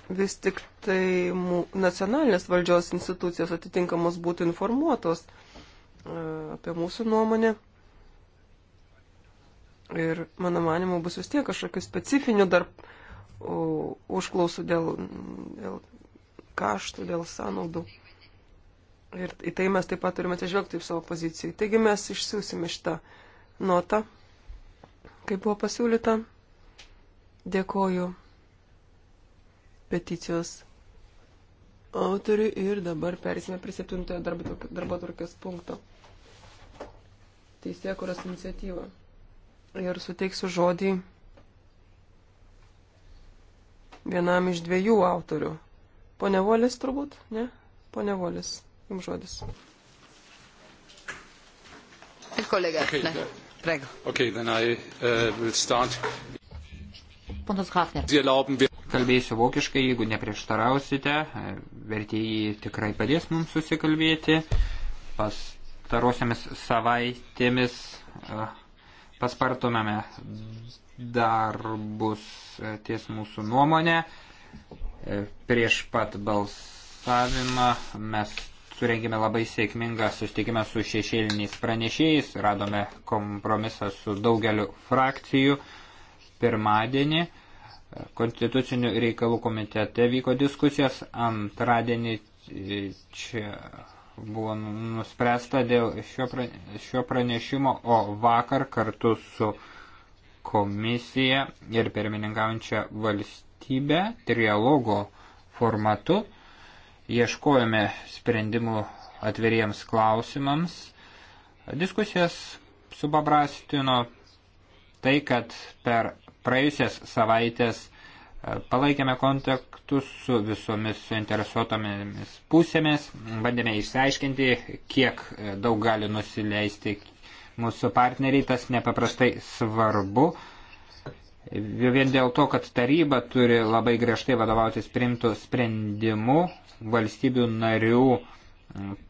vis tik tai nacionalinės valdžios institucijos atitinkamos būtų informuotos e, apie mūsų nuomonę. Ir mano manimo bus vis tiek kažkokių specifinių dar užklausų dėl, dėl kaštų, dėl sąnaudų. Ir į tai mes taip pat turime atsižvelgti į savo poziciją. Taigi mes išsiųsime šitą notą, kaip buvo pasiūlyta. Dėkoju peticijos autoriui ir dabar perėsime prie septintojo darbo tvarkės punkto. Teisėkuros iniciatyva. Ir suteiksiu žodį vienam iš dviejų autorių. Pone Volis turbūt, ne? Pone Volis, jums žodis. Ir kolega, okay, ne. Prego. Okay, then I uh, will start. Ponas Hafner kalbėsiu vokiškai, jeigu neprieštarausite, vertėjai tikrai padės mums susikalbėti. Pastarosiamis savaitėmis e, paspartumėme darbus e, ties mūsų nuomonę. E, prieš pat balsavimą mes surengėme labai sėkmingą susitikimą su šešėliniais pranešėjais, radome kompromisą su daugeliu frakcijų pirmadienį. Konstitucinių reikalų komitete vyko diskusijos. Antradienį čia buvo nuspręsta dėl šio, šio pranešimo, o vakar kartu su komisija ir pirmininkaujančia valstybė trialogo formatu ieškojome sprendimų atviriems klausimams. Diskusijas supaprastino tai, kad per praėjusias savaitės e, palaikėme kontaktus su visomis suinteresuotomis pusėmis, bandėme išsiaiškinti, kiek e, daug gali nusileisti mūsų partneriai, tas nepaprastai svarbu. Vien dėl to, kad taryba turi labai griežtai vadovautis primtų sprendimų, valstybių narių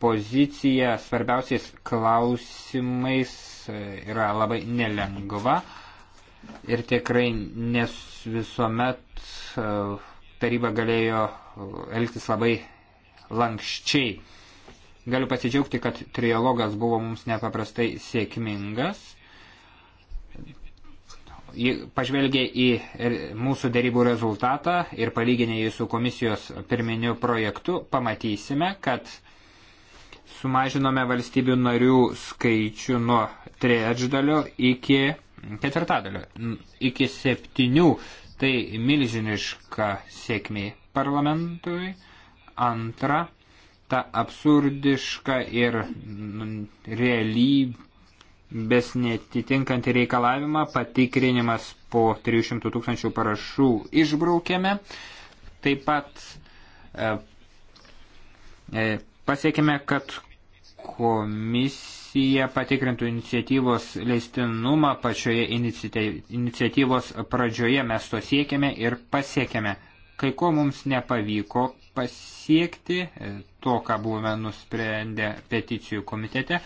pozicija svarbiausiais klausimais e, yra labai nelengva ir tikrai nes visuomet e, taryba galėjo elgtis labai lankščiai. Galiu pasidžiaugti, kad trialogas buvo mums nepaprastai sėkmingas. Pažvelgė į mūsų darybų rezultatą ir palyginę jį su komisijos pirminiu projektu, pamatysime, kad sumažinome valstybių narių skaičių nuo trečdalio iki ketvirtadalio iki septynių. Tai milžiniška sėkmė parlamentui. Antra, ta absurdiška ir realybės netitinkantį reikalavimą patikrinimas po 300 tūkstančių parašų išbraukėme. Taip pat e, e, pasiekime, kad komisija komisija patikrintų iniciatyvos leistinumą pačioje iniciatyvos pradžioje mes to siekiame ir pasiekėme. Kai ko mums nepavyko pasiekti, e, to, ką buvome nusprendę peticijų komitete,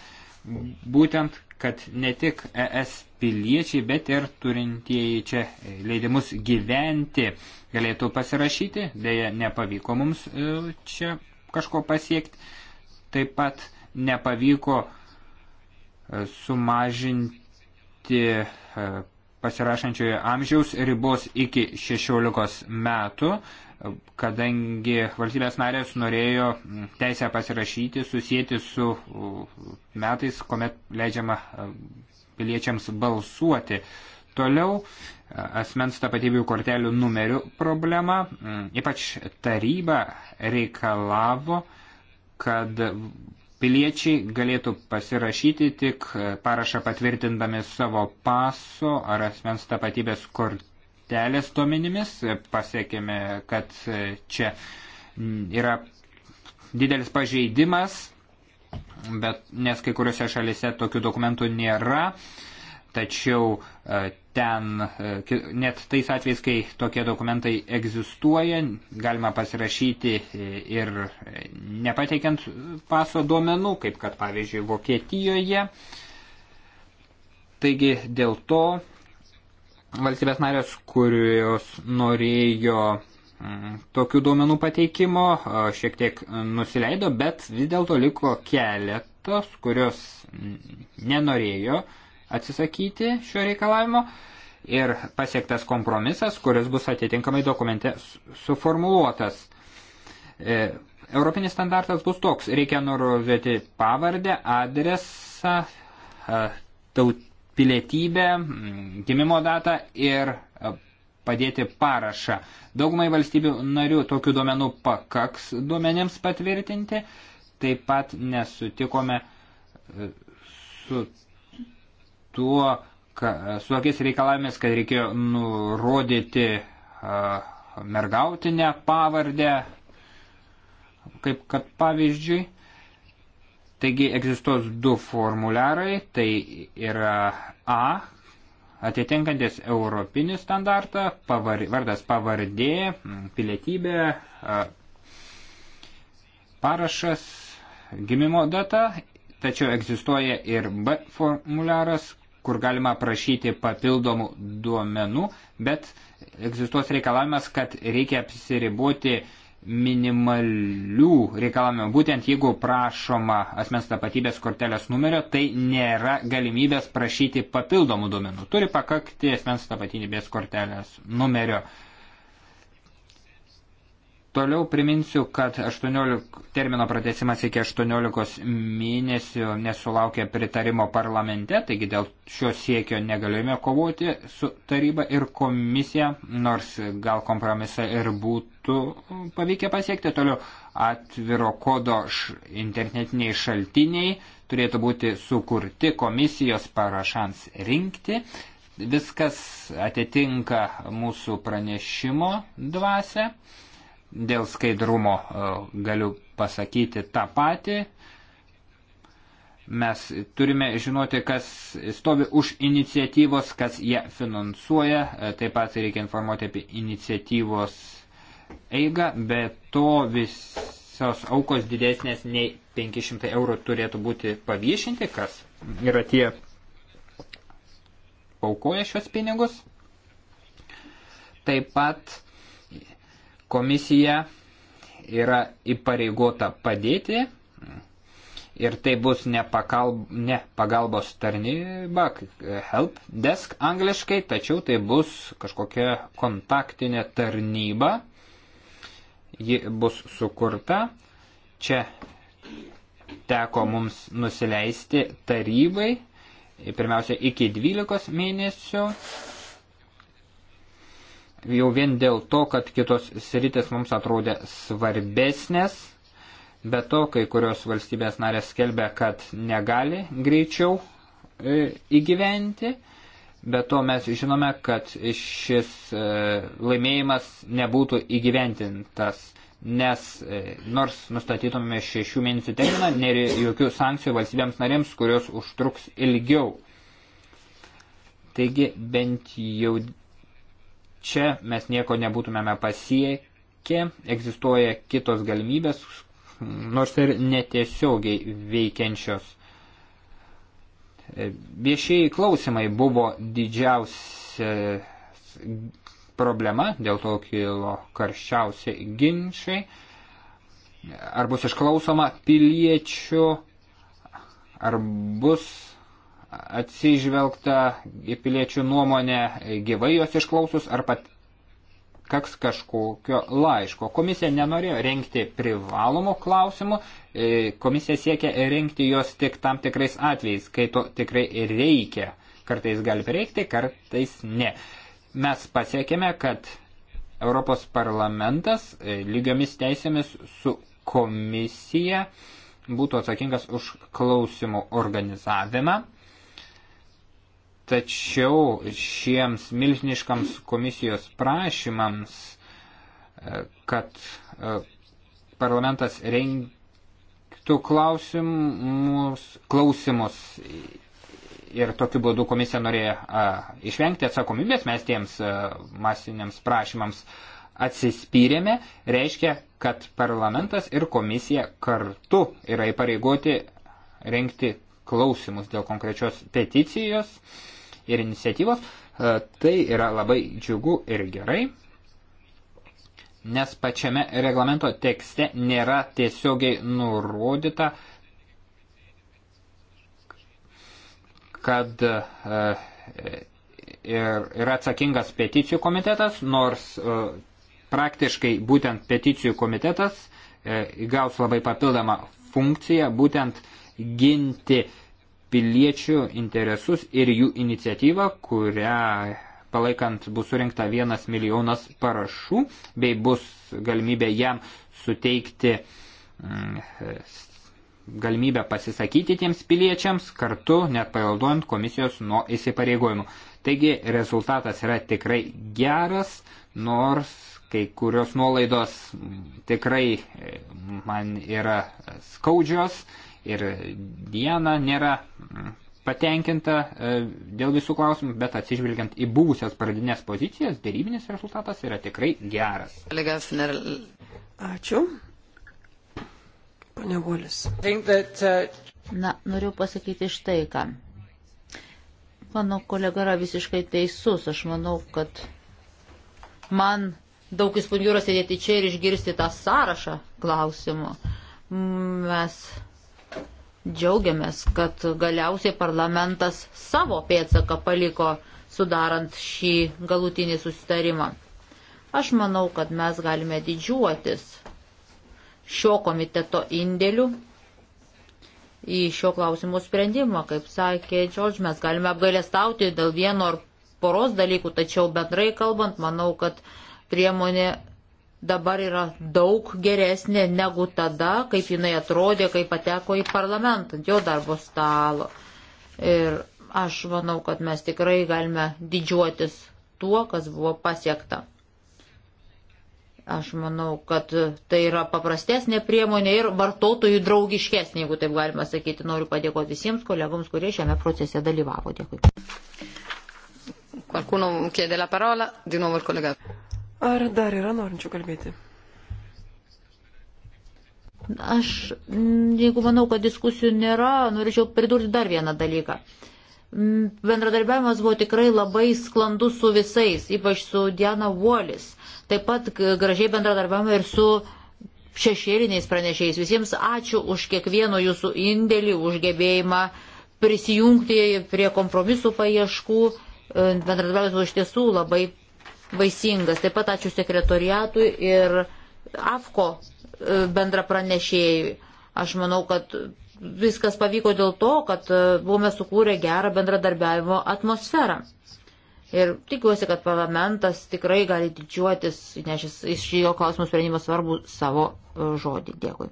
būtent, kad ne tik ES piliečiai, bet ir turintieji čia leidimus gyventi galėtų pasirašyti, dėja nepavyko mums e, čia kažko pasiekti. Taip pat nepavyko sumažinti e, pasirašančiojo amžiaus ribos iki 16 metų, kadangi valstybės narės norėjo teisę pasirašyti, susijęti su metais, kuomet leidžiama e, piliečiams balsuoti. Toliau e, asmens tapatybių kortelių numerių problema, ypač taryba reikalavo, kad Piliečiai galėtų pasirašyti tik e, parašą patvirtindami savo paso ar asmens tapatybės kortelės duomenimis. E, pasiekėme, kad e, čia yra didelis pažeidimas, bet, nes kai kuriuose šalise tokių dokumentų nėra. Uh, tačiau e, ten e, net tais atvejais, kai tokie dokumentai egzistuoja, galima pasirašyti e, ir nepateikiant paso duomenų, kaip kad pavyzdžiui Vokietijoje. Taigi dėl to valstybės narės, kurios norėjo mm, tokių duomenų pateikimo, šiek tiek nusileido, bet vis dėlto liko keletas, kurios mm, nenorėjo atsisakyti šio reikalavimo ir pasiektas kompromisas, kuris bus atitinkamai dokumente suformuluotas. E, Europinis standartas bus toks, reikia nurodyti pavardę, adresą, e, pilietybę, gimimo datą ir e, padėti parašą. Daugumai valstybių narių tokių duomenų pakaks duomenėms patvirtinti. Taip pat nesutikome su tuo, ka, su tokiais reikalavimais, kad reikėjo nurodyti uh, mergautinę pavardę, kaip kad pavyzdžiui. Taigi egzistuos du formularai, tai yra A, atitinkantis europinį standartą, pavar, vardas pavardė, pilietybė, parašas, gimimo data, tačiau egzistuoja ir B formularas, kur galima prašyti papildomų duomenų, bet egzistuos reikalavimas, kad reikia apsiriboti minimalių reikalavimų. Būtent jeigu prašoma asmens tapatybės kortelės numerio, tai nėra galimybės prašyti papildomų duomenų. Turi pakakti asmens tapatybės kortelės numerio. Toliau priminsiu, kad 18, termino pratesimas iki 18 mėnesių nesulaukė pritarimo parlamente, taigi dėl šio siekio negalėjome kovoti su taryba ir komisija, nors gal kompromisą ir būtų pavykę pasiekti. Toliau atviro kodo š, internetiniai šaltiniai turėtų būti sukurti komisijos parašams rinkti. Viskas atitinka mūsų pranešimo dvasę. Dėl skaidrumo e, galiu pasakyti tą patį. Mes turime žinoti, kas stovi už iniciatyvos, kas ją finansuoja. E, taip pat reikia informuoti apie iniciatyvos eigą, bet to visos aukos didesnės nei 500 eurų turėtų būti paviešinti, kas yra tie paukoja šios pinigus. Taip pat Komisija yra įpareigota padėti ir tai bus ne, pakalb, ne pagalbos tarnyba, help desk angliškai, tačiau tai bus kažkokia kontaktinė tarnyba. Ji bus sukurta. Čia teko mums nusileisti tarybai, pirmiausia, iki 12 mėnesių jau vien dėl to, kad kitos sritis mums atrodė svarbesnės, bet to kai kurios valstybės narės skelbia, kad negali greičiau e, įgyventi, bet to mes žinome, kad šis e, laimėjimas nebūtų įgyventintas, nes e, nors nustatytume šešių mėnesių terminą, nėra jokių sankcijų valstybėms narėms, kurios užtruks ilgiau. Taigi bent jau Čia mes nieko nebūtumėme pasiekę, egzistuoja kitos galimybės, nors ir netiesiogiai veikiančios. Viešieji klausimai buvo didžiausia problema, dėl to kilo karščiausi ginčiai. Ar bus išklausoma piliečių, ar bus atsižvelgta į piliečių nuomonę gyvai jos išklausus ar pat kaks kažkokio laiško. Komisija nenorėjo renkti privalomų klausimų, e, komisija siekia renkti juos tik tam tikrais atvejais, kai to tikrai reikia. Kartais gali prireikti, kartais ne. Mes pasiekėme, kad Europos parlamentas e, lygiomis teisėmis su komisija būtų atsakingas už klausimų organizavimą Tačiau šiems milžiniškams komisijos prašymams, e, kad e, parlamentas rengtų klausimus, klausimus ir tokiu būdu komisija norėjo a, išvengti atsakomybės, mes tiems a, e, masiniams prašymams atsispyrėme, reiškia, kad parlamentas ir komisija kartu yra įpareigoti rengti klausimus dėl konkrečios peticijos. A, ir iniciatyvos, e, tai yra labai džiugu ir gerai, nes pačiame reglamento tekste nėra tiesiogiai nurodyta, kad e, yra atsakingas peticijų komitetas, nors e, praktiškai būtent peticijų komitetas įgaus labai papildomą funkciją, būtent ginti uh, piliečių interesus ir jų iniciatyvą, kurią palaikant bus surinkta vienas milijonas parašų, bei bus galimybė jam suteikti mm, galimybę pasisakyti tiems piliečiams kartu, net pailduojant komisijos nuo įsipareigojimų. Taigi rezultatas yra tikrai geras, nors kai kurios nuolaidos mm, tikrai e, man yra skaudžios, ir Diana nėra mm, patenkinta e, dėl visų klausimų, bet atsižvelgiant į buvusias pradinės pozicijas, dėrybinis rezultatas yra tikrai geras. Ačiū. Pane Volis. Uh, Na, noriu pasakyti štai ką. Mano kolega yra visiškai teisus. Aš manau, kad man daug įspūdžių yra sėdėti čia ir išgirsti tą sąrašą klausimų. Mes Džiaugiamės, kad galiausiai parlamentas savo pėtsaką paliko sudarant šį galutinį susitarimą. Aš manau, kad mes galime didžiuotis šio komiteto indėliu į šio klausimo sprendimą. Kaip sakė Džordž, mes galime apgailestauti dėl vieno ar poros dalykų, tačiau bendrai kalbant, manau, kad priemonė dabar yra daug geresnė negu tada, kaip jinai atrodė, kai pateko į parlamentą ant jo darbo stalo. Ir aš manau, kad mes tikrai galime didžiuotis tuo, kas buvo pasiekta. Aš manau, kad tai yra paprastesnė priemonė ir vartotojų draugiškesnė, jeigu taip galima sakyti. Noriu padėkoti visiems kolegoms, kurie šiame procese dalyvavo. Dėkui. Qualcuno chiede la parola, di nuovo il collega. Ar dar yra norinčių kalbėti? Aš, jeigu manau, kad diskusijų nėra, norėčiau pridurti dar vieną dalyką. Bendradarbiavimas buvo tikrai labai sklandus su visais, ypač su Diana Wallis. Taip pat gražiai bendradarbiavome ir su šešėliniais pranešėjais. Visiems ačiū už kiekvieno jūsų indėlį, už gebėjimą prisijungti prie kompromisų paieškų. E, bendradarbiavimas buvo iš tiesų labai vaisingas. Taip pat ačiū sekretoriatui ir AFKO e, bendra pranešėjui. Aš manau, kad viskas pavyko dėl to, kad e, buvome sukūrę gerą bendradarbiavimo atmosferą. Ir tikiuosi, kad parlamentas tikrai gali didžiuotis, nešęs iš šio klausimo sprendimo svarbu savo e, žodį. Dėkui.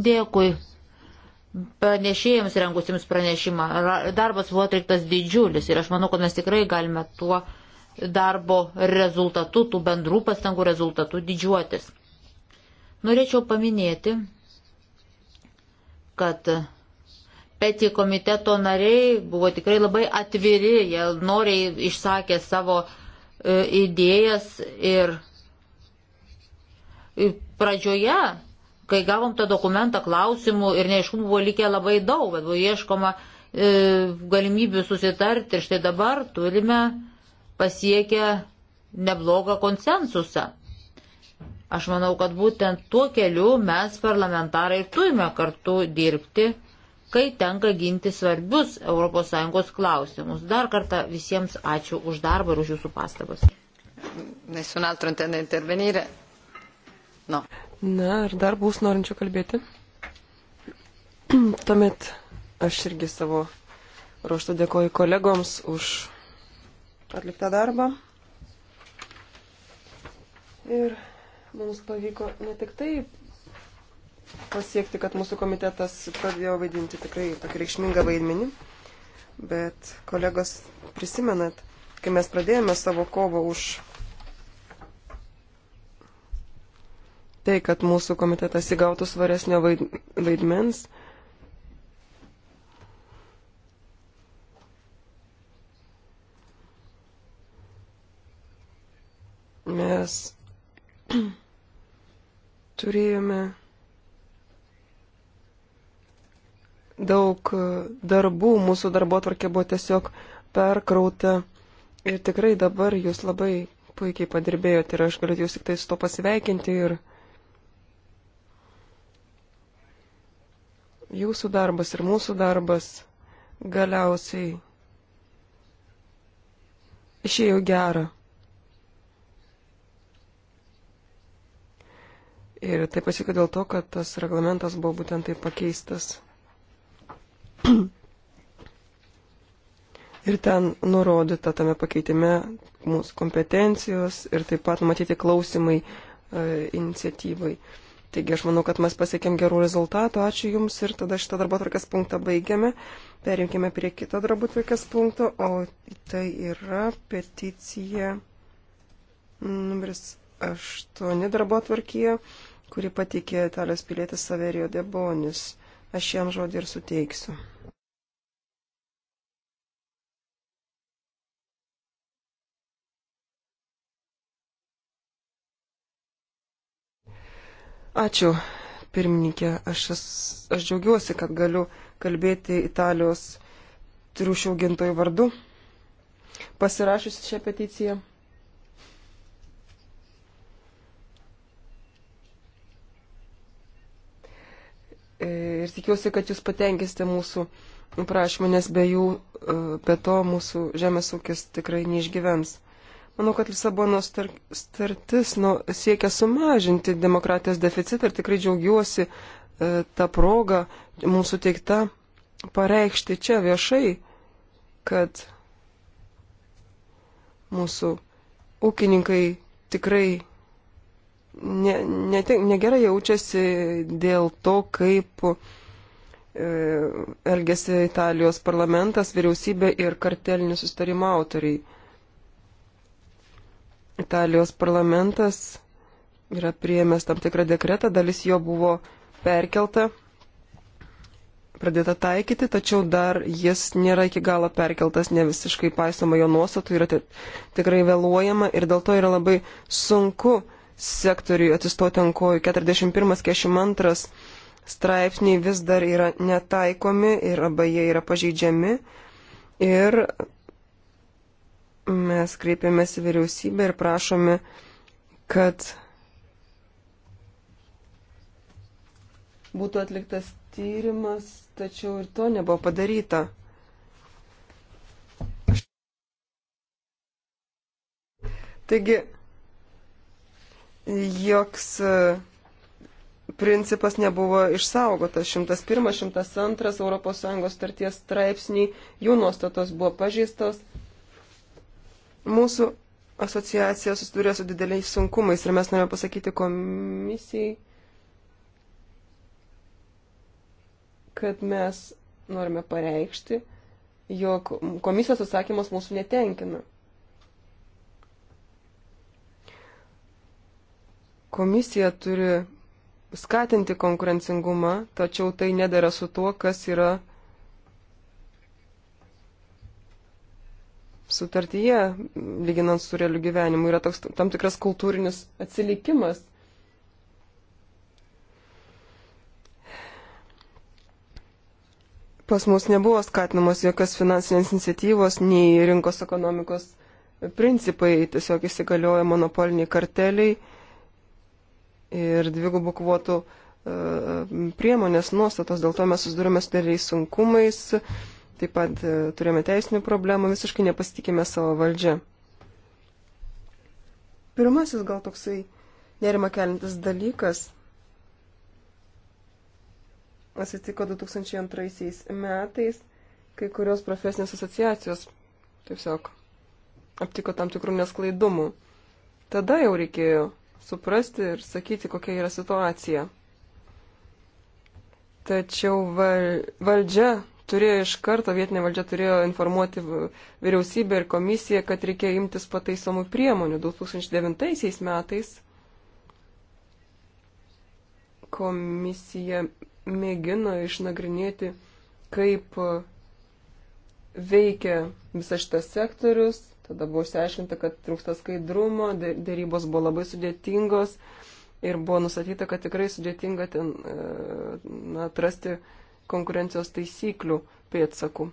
Dėkui Panešėjams rengusiems pranešimą darbas buvo atliktas didžiulis ir aš manau, kad mes tikrai galime tuo darbo rezultatu, tų bendrų pastangų rezultatu didžiuotis. Norėčiau paminėti, kad peti komiteto nariai buvo tikrai labai atviri, jie noriai išsakė savo e, idėjas ir e, pradžioje Kai gavom tą dokumentą, klausimų ir neaiškumų buvo likę labai daug, bet buvo ieškoma e, galimybių susitarti ir štai dabar turime pasiekę neblogą konsensusą. Aš manau, kad būtent tuo keliu mes parlamentarai turime kartu dirbti, kai tenka ginti svarbius ES klausimus. Dar kartą visiems ačiū už darbą ir už jūsų pastabas. Nessun altro intende intervenire? No. Na, ar dar bus norinčių kalbėti? Tuomet aš irgi savo ruoštų dėkoju kolegoms už atliktą darbą. Ir mums pavyko ne tik tai pasiekti, kad mūsų komitetas pradėjo vaidinti tikrai tokį reikšmingą vaidmenį, bet kolegos prisimenat, kai mes pradėjome savo kovą už tai, kad mūsų komitetas įgautų svaresnio vaidmens. Mes turėjome daug darbų, mūsų darbo tvarkė buvo tiesiog perkrauta ir tikrai dabar jūs labai puikiai padirbėjote ir aš galiu jūs tik tai su to pasveikinti ir jūsų darbas ir mūsų darbas galiausiai išėjo gera. Ir taip pasiko dėl to, kad tas reglamentas buvo būtent taip pakeistas. Ir ten nurodyta tame pakeitime mūsų kompetencijos ir taip pat matyti klausimai e, iniciatyvai. E, Taigi aš manau, kad mes pasiekėm gerų rezultatų. Ačiū Jums ir tada šitą darbo tvarkės punktą baigiame. Perinkime prie kito darbo tvarkės punkto, o tai yra peticija numeris 8 darbo tvarkyje, kuri patikė Italijos pilietis Saverio Debonis. Aš jam žodį ir suteiksiu. Ačiū, pirmininkė. Aš, es, aš džiaugiuosi, kad galiu kalbėti Italijos triušių augintojų vardu, pasirašysiu šią peticiją. Ir tikiuosi, kad jūs patenkinsite mūsų prašymą, nes be jų, e, be to mūsų žemės ūkis tikrai neišgyvens. Manau, kad Lisabonos startis nu, siekia sumažinti demokratijos deficitą ir tikrai džiaugiuosi e, tą progą mūsų teikta pareikšti čia viešai, kad mūsų ūkininkai tikrai ne, ne, negerai jaučiasi dėl to, kaip e, elgesi Italijos parlamentas, vyriausybė ir kartelinių sustarimų autoriai. Italijos parlamentas yra priėmęs tam tikrą dekretą, dalis jo buvo perkelta, pradėta taikyti, tačiau dar jis nėra iki galo perkeltas, ne visiškai paisoma jo nuostatų, yra tikrai vėluojama ir dėl to yra labai sunku sektoriui atsistoti ant kojų. 41-42 straipsniai vis dar yra netaikomi ir arba jie yra pažeidžiami. Ir Mes kreipiamės į vyriausybę ir prašome, kad būtų atliktas tyrimas, tačiau ir to nebuvo padaryta. Taigi, joks e, principas nebuvo išsaugotas. 101, 102 ES starties straipsniai, jų nuostatos buvo pažįstos, Mūsų asociacija susidūrė su dideliais sunkumais ir mes norime pasakyti komisijai, kad mes norime pareikšti, jog komisijos atsakymas mūsų netenkina. Komisija turi skatinti konkurencingumą, tačiau tai nedara su tuo, kas yra sutartyje, lyginant su realiu gyvenimu, yra toks tam tikras kultūrinis atsilikimas. Pas mus nebuvo skatinamos jokios finansinės iniciatyvos, nei rinkos ekonomikos principai, tiesiog įsigalioja monopoliniai karteliai ir dvigubų kvotų e, e, priemonės nuostatos, dėl to mes susidurime su dėliais sunkumais, Taip pat e, turėjome teisinių problemų, visiškai nepasitikėme savo valdžią. Pirmasis gal toksai nerima kelintis dalykas atsitiko 2002 metais, kai kurios profesinės asociacijos tiesiog aptiko tam tikrų nesklaidumų. Tada jau reikėjo suprasti ir sakyti, kokia yra situacija. Tačiau val, valdžia turėjo iš karto, vietinė valdžia turėjo informuoti vyriausybę ir komisiją, kad reikėjo imtis pataisomų priemonių. 2009 metais komisija mėgino išnagrinėti, kaip veikia visas šitas sektorius. Tada buvo išsiaiškinta, kad trūksta skaidrumo, dėrybos buvo labai sudėtingos ir buvo nustatyta, kad tikrai sudėtinga ten e, na, atrasti. E, konkurencijos taisyklių pėdsakų.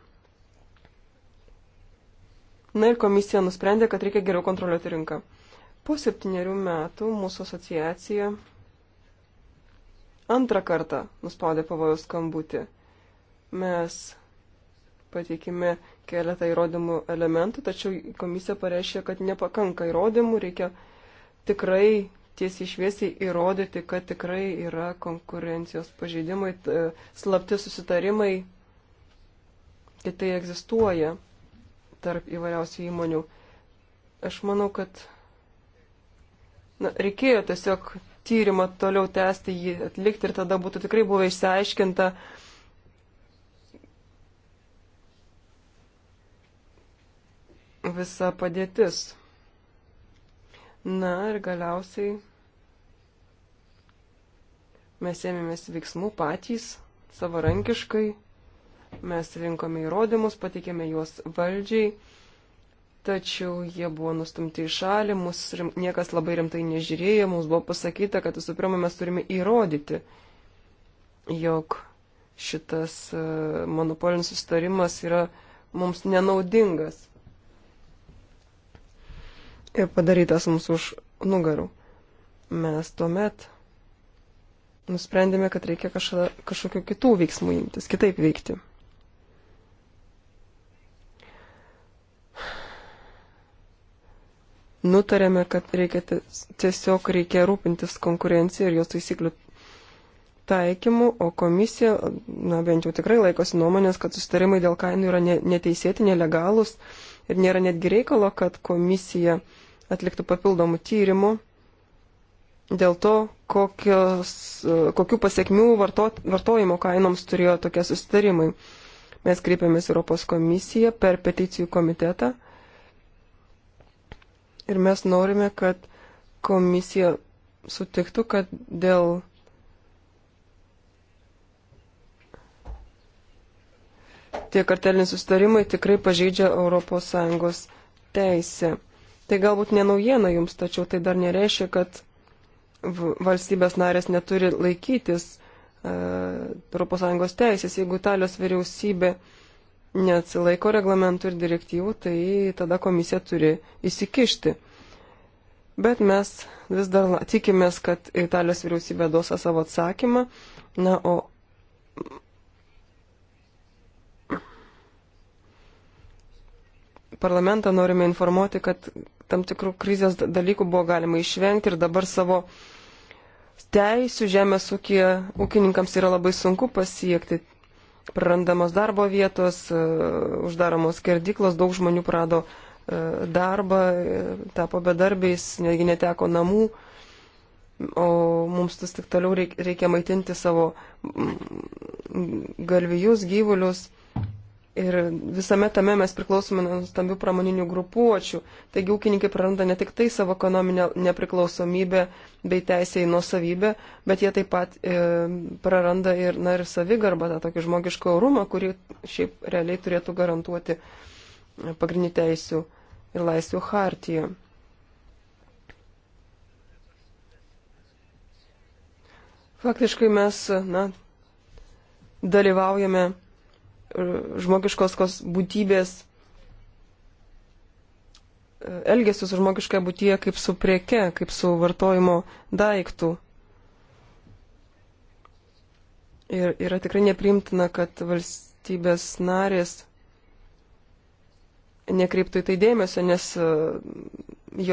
Na ir komisija nusprendė, kad reikia geriau kontroliuoti rinką. Po septyniarių metų mūsų asociacija antrą kartą nuspaudė pavojaus skambutį. Mes pateikime keletą įrodymų elementų, tačiau komisija pareiškė, kad nepakanka įrodymų, reikia tikrai tiesiai šviesiai įrodyti, kad tikrai yra konkurencijos pažeidimai, slapti susitarimai, kad tai egzistuoja tarp įvairiausių įmonių. Aš manau, kad na, reikėjo tiesiog tyrimą toliau tęsti, jį atlikti ir tada būtų tikrai buvę išsiaiškinta, visa padėtis. Na ir galiausiai mes ėmėmės veiksmų patys, savarankiškai, mes rinkome įrodymus, patikėme juos valdžiai, tačiau jie buvo nustumti į šalį, mus rim, niekas labai rimtai nežiūrėjo, mums buvo pasakyta, kad visų pirma mes turime įrodyti, jog šitas e, monopolinis sustarimas yra mums nenaudingas padarytas mums už nugarų. Mes tuomet nusprendėme, kad reikia kažka, kažkokiu kitų veiksmų imtis, kitaip veikti. Nutarėme, kad reikia tiesiog reikia rūpintis konkurenciją ir jos taisyklių taikymu, o komisija, na bent jau tikrai laikosi nuomonės, kad sustarimai dėl kainų yra neteisėti, nelegalus ir nėra netgi reikalo, kad komisija atliktų papildomų tyrimų dėl to, kokios, kokių pasiekmių varto, vartojimo kainoms turėjo tokie susitarimai. Mes kreipėmės Europos komisiją per peticijų komitetą ir mes norime, kad komisija sutiktų, kad dėl tie karteliniai sustarimai tikrai pažeidžia ES teisę. Tai galbūt ne naujiena jums, tačiau tai dar nereiškia, kad valstybės narės neturi laikytis uh, e, ES teisės. Jeigu Italijos vyriausybė neatsilaiko reglamentų ir direktyvų, tai tada komisija turi įsikišti. Bet mes vis dar tikimės, kad Italijos vyriausybė duos savo atsakymą. Na, o parlamentą norime informuoti, kad tam tikrų krizės dalykų buvo galima išvengti ir dabar savo teisų žemės ūkija ūkininkams yra labai sunku pasiekti. Prarandamos darbo vietos, e, uždaromos skerdyklos, daug žmonių prado e, darbą, e, tapo bedarbiais, netgi neteko namų, o mums tas tik toliau reikia maitinti savo galvijus, gyvulius. Ir visame tame mes priklausome nuo stambių pramoninių grupuočių. Taigi ūkininkai praranda ne tik tai savo ekonominę nepriklausomybę bei teisę į nuosavybę, bet jie taip pat e, praranda ir, na, ir savigarbą, tą tokį žmogišką orumą, kurį šiaip realiai turėtų garantuoti e, pagrindinių teisių ir laisvių hartija. Faktiškai mes, na, dalyvaujame E, žmogiškos būtybės e, elgesi su žmogiška būtyje kaip su prieke, kaip su vartojimo daiktų. Ir yra tikrai nepriimtina, kad valstybės narės nekreiptų į tai dėmesio, nes e,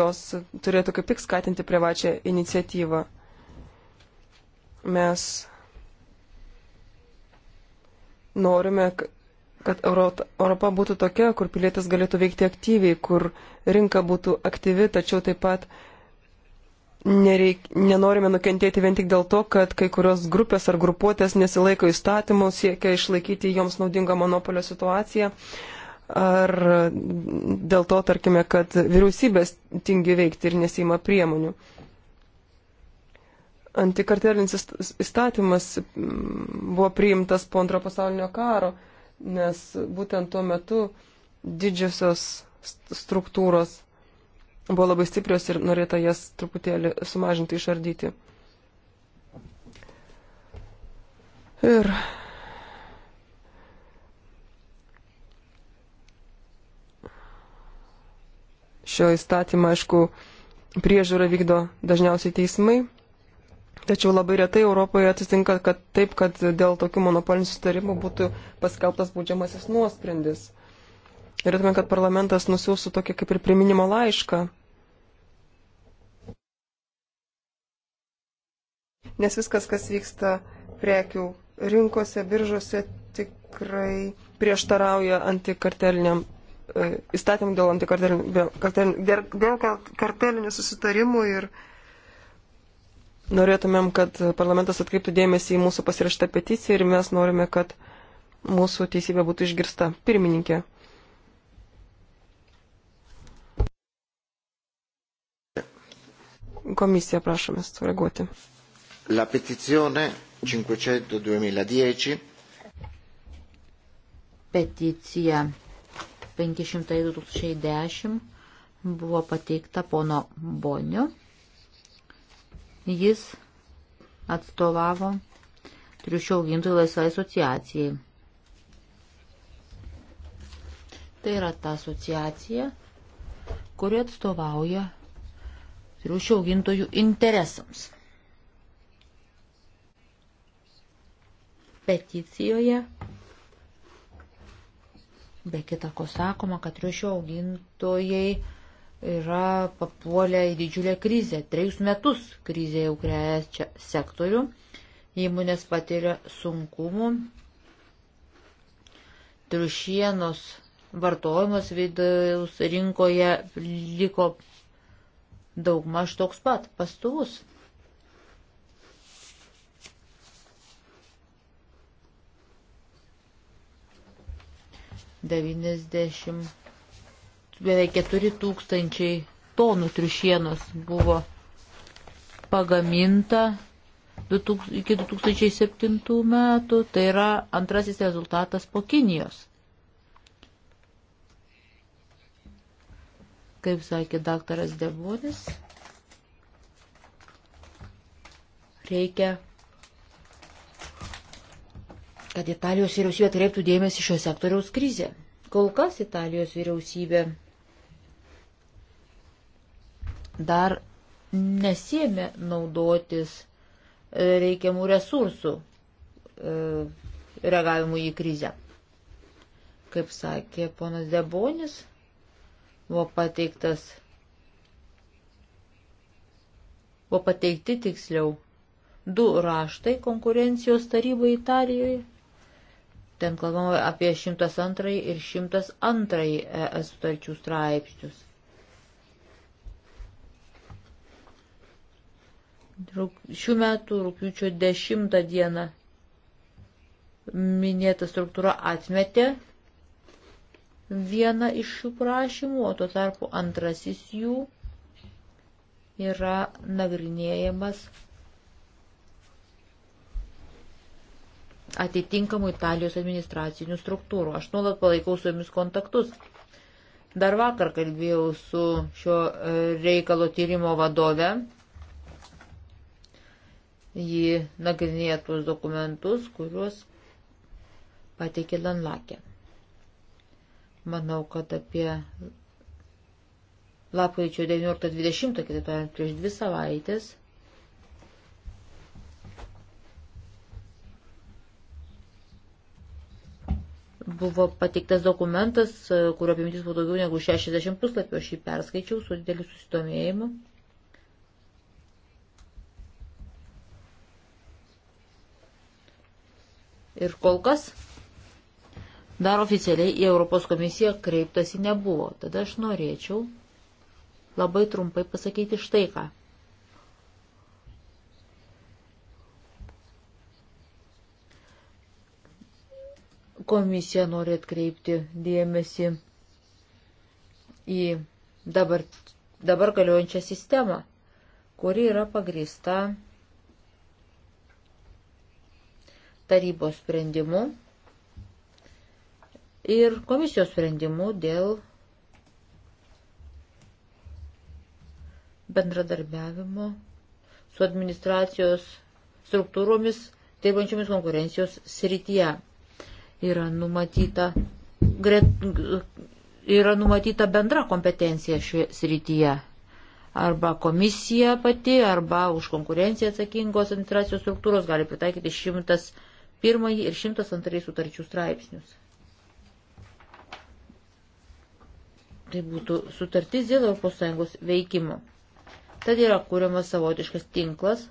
jos turėtų kaip tik skatinti privačią iniciatyvą. Mes norime, kad Europa būtų tokia, kur pilietis galėtų veikti aktyviai, kur rinka būtų aktyvi, tačiau taip pat nereik, nenorime nukentėti vien tik dėl to, kad kai kurios grupės ar grupuotės nesilaiko įstatymų, siekia išlaikyti joms naudingą monopolio situaciją. Ar dėl to, tarkime, kad vyriausybės tingi veikti ir nesima priemonių. Antikartelinis įstatymas mm, buvo priimtas po antro pasaulinio karo, nes būtent tuo metu didžiosios struktūros buvo labai stiprios ir norėta jas truputėlį sumažinti, išardyti. Ir šio įstatymą, aišku, priežiūrą vykdo dažniausiai teismai. Tačiau labai retai Europoje atsitinka kad taip, kad dėl tokių monopolinių sustarimų būtų paskelbtas būdžiamasis nuosprendis. Norėtume, kad parlamentas nusiųstų tokį kaip ir priminimo laišką. Nes viskas, kas vyksta prekių rinkose, biržose, tikrai prieštarauja antikarteliniam e, įstatymui dėl antikartelinių dėl kartelinių susitarimų ir norėtumėm, kad parlamentas atkreiptų dėmesį į mūsų pasirašytą peticiją ir mes norime, kad mūsų teisybė būtų išgirsta. Pirmininkė. Komisija prašome sureaguoti. La petizione 500-2010. Peticija 500-2010 buvo pateikta pono Bonio Jis atstovavo triušio augintojų laisvai asociacijai. Tai yra ta asociacija, kuri atstovauja triušio augintojų interesams. Peticijoje be kitako sakoma, kad triušio augintojai yra papuolę į didžiulę krizę. Trejus metus krizė jau krejas čia sektorių. Įmonės patiria sunkumų. Triušienos vartojimas vidaus rinkoje liko daugmaž toks pat pastovus. Devyniasdešimt beveik 4 tūkstančiai tonų triušienos buvo pagaminta iki 2007 metų, tai yra antrasis rezultatas po Kinijos. Kaip sakė daktaras Debonis, reikia, kad Italijos vyriausybė atkreiptų dėmesį šio sektoriaus krizę. Kol kas Italijos vyriausybė dar nesėmė naudotis e, reikiamų resursų e, reagavimui į krizę. Kaip sakė ponas Debonis, buvo pateiktas, buvo pateikti tiksliau du raštai konkurencijos tarybai Italijoje. Ten kalbama apie 102 ir 102 ES sutarčių straipsnius. šių metų rūpiučio 10 dieną minėta struktūra atmetė vieną iš šių prašymų, o tuo tarpu antrasis jų yra nagrinėjamas atitinkamų Italijos administracinių struktūrų. Aš nuolat palaikau su jomis kontaktus. Dar vakar kalbėjau su šio e, reikalo tyrimo vadove ji nagrinėja tuos dokumentus, kuriuos pateikė Lanlakė. Manau, kad apie lapkričio 19.20, kitaip tariant, prieš dvi savaitės buvo pateiktas dokumentas, kurio apimtis buvo daugiau negu 60 puslapio, aš jį perskaičiau su dideliu susidomėjimu. Ir kol kas dar oficialiai į Europos komisiją kreiptasi nebuvo. Tada aš norėčiau labai trumpai pasakyti štai ką. Komisija nori atkreipti dėmesį į dabar, dabar galiojančią sistemą, kuri yra pagrįsta tarybos sprendimu ir komisijos sprendimu dėl bendradarbiavimo su administracijos struktūromis dirbančiomis konkurencijos srityje. Yra numatyta, gret, yra numatyta bendra kompetencija šioje srityje. Arba komisija pati, arba už konkurenciją atsakingos administracijos struktūros gali pritaikyti 100 101 ir 102 sutarčių straipsnius. Tai būtų sutartis dėl ES veikimo. Tad yra kūriamas savotiškas tinklas.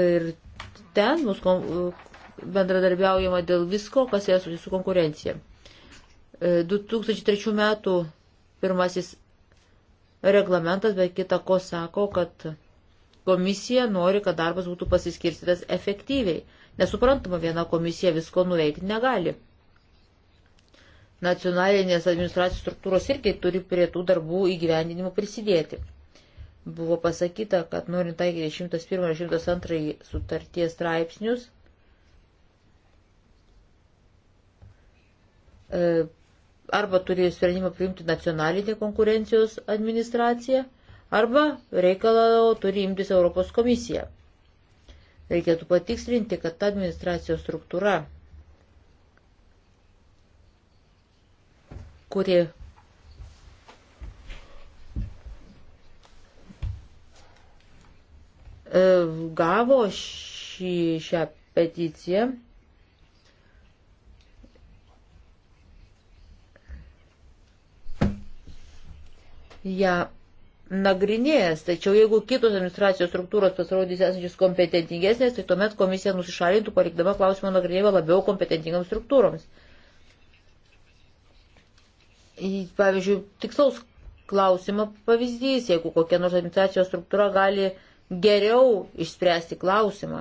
Ir ten bus bendradarbiaujama dėl visko, kas yra su konkurencija. 2003 e, metų pirmasis reglamentas be kita ko sako, kad komisija nori, kad darbas būtų pasiskirstytas efektyviai. Nesuprantama, viena komisija visko nuveikti negali. Nacionalinės administracijos struktūros irgi turi prie tų darbų įgyvendinimų prisidėti. Buvo pasakyta, kad norint taikyti 101 ir 102 sutarties straipsnius, e, arba turi sprendimą priimti nacionalinė konkurencijos administracija, arba reikalą turi imtis Europos komisija. Reikėtų patikslinti, kad ta administracijos struktūra, kuri e, gavo šį, šią peticiją, ją nagrinėjęs, tačiau jeigu kitos administracijos struktūros pasirodys esančios kompetentingesnės, tai tuomet komisija nusišalintų palikdama klausimo nagrinėjimą labiau kompetentingams struktūroms. Pavyzdžiui, tikslaus klausimo pavyzdys, jeigu kokia nors administracijos struktūra gali geriau išspręsti klausimą,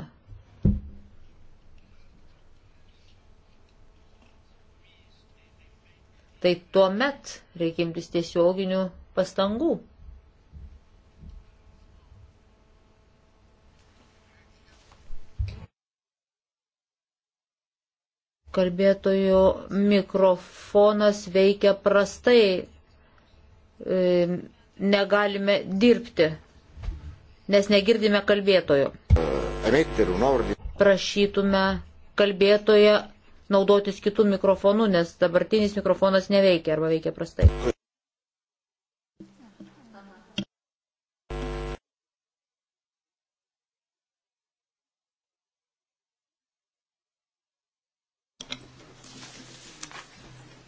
tai tuomet reikia imtis tiesioginių pastangų. Kalbėtojų mikrofonas veikia prastai, e, negalime dirbti, nes negirdime kalbėtojo. Prašytume kalbėtoje naudotis kitų mikrofonų, nes dabartinis mikrofonas neveikia arba veikia prastai.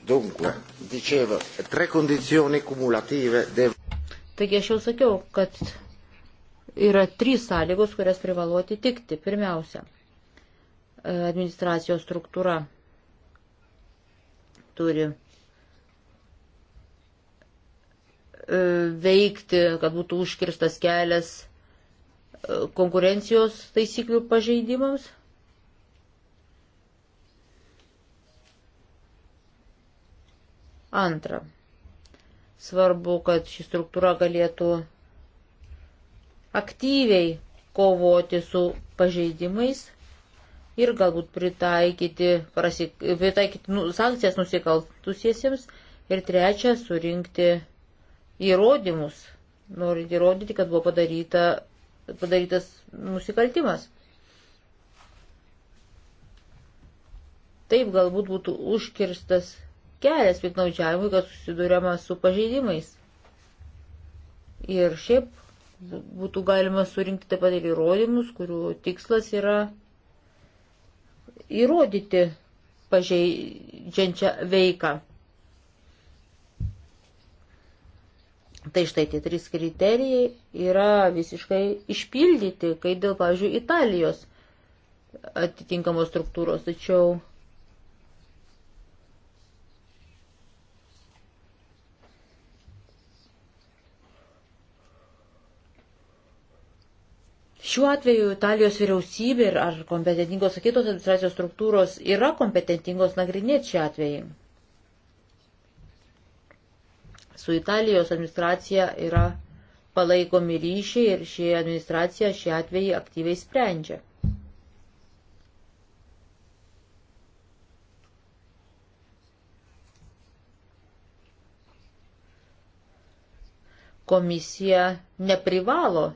Dunque, dicevo, tre condizioni cumulative devono. Taigi aš jau sakiau, kad yra trys sąlygos, kurias privalu atitikti. Pirmiausia, e, administracijos struktūra turi e, veikti, kad būtų užkirstas kelias e, konkurencijos taisyklių pažeidimams. Antra, svarbu, kad ši struktūra galėtų aktyviai kovoti su pažeidimais ir galbūt pritaikyti, prasik, pritaikyti nu, sankcijas nusikaltusiesiems ir trečia, surinkti įrodymus, norint įrodyti, kad buvo padaryta, padarytas nusikaltimas. Taip galbūt būtų užkirstas kelias piknaudžiavimui, kad susidūrėma su pažeidimais. Ir šiaip būtų galima surinkti taip pat ir įrodymus, kurių tikslas yra įrodyti pažeidžiančią veiką. Tai štai tie trys kriterijai yra visiškai išpildyti, kai dėl, pavyzdžiui, Italijos atitinkamos struktūros, tačiau Šiuo atveju Italijos vyriausybė ir ar kompetentingos kitos administracijos struktūros yra kompetentingos nagrinėti šį atvejį. Su Italijos administracija yra palaikomi ryšiai ir ši administracija šį atvejį aktyviai sprendžia. Komisija neprivalo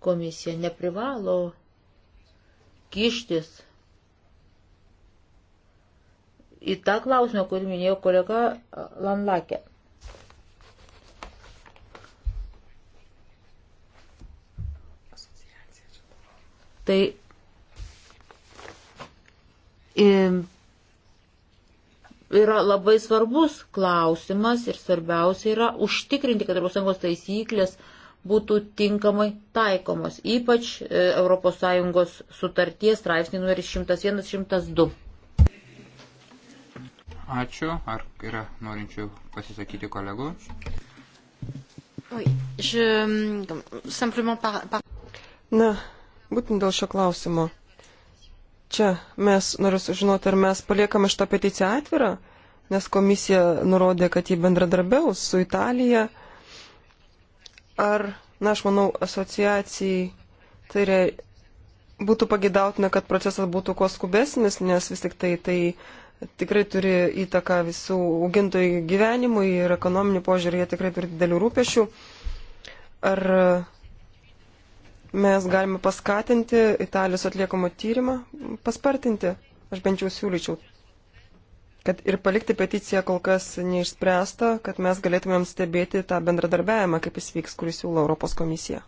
Komisija neprivalo kištis į tą klausimą, kurį minėjo kolega Lanlakė. Tai yra labai svarbus klausimas ir svarbiausia yra užtikrinti, kad Europos Sąjungos taisyklės būtų tinkamai taikomos, ypač ES sutarties straipsnį numeris 101-102. Ačiū. Ar yra norinčių pasisakyti kolegų? Oui, je, simplement par, par... Na, būtent dėl šio klausimo. Čia mes noriu sužinoti, ar mes paliekame šitą peticiją atvirą, nes komisija nurodė, kad jį bendradarbiaus su Italija. Uh, ar, na, aš manau, asociacijai tai re, būtų pagidautina, kad procesas būtų kuo skubesnis, nes vis tik tai tai tikrai turi įtaką visų augintojų gyvenimui ir ekonominių požiūrį, jie tikrai turi didelių rūpešių. Ar mes galime paskatinti Italijos atliekamą tyrimą, paspartinti? Aš bent jau siūlyčiau kad ir palikti peticiją kol kas neišspręsta, kad mes galėtumėm stebėti tą bendradarbiavimą, kaip jis vyks, kurį siūlo Europos komisija.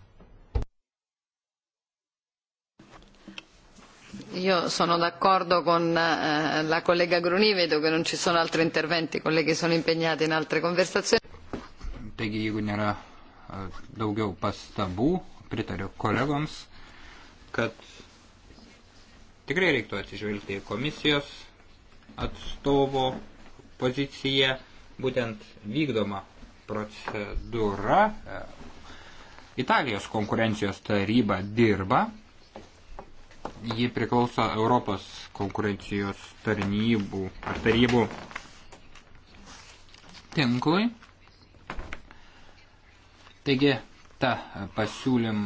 Io sono d'accordo con eh, la collega Gruni, vedo che non ci sono altri interventi, i colleghi sono impegnati in altre conversazioni. Taigi, jeigu nėra eh, daugiau pastabų, pritariu kolegoms, kad tikrai reiktų atsižvelgti į komisijos atstovo pozicija, būtent vykdoma procedūra. E, Italijos konkurencijos taryba dirba, ji priklauso Europos konkurencijos tarnybų ar tarybų tinklui. Taigi ta pasiūlym,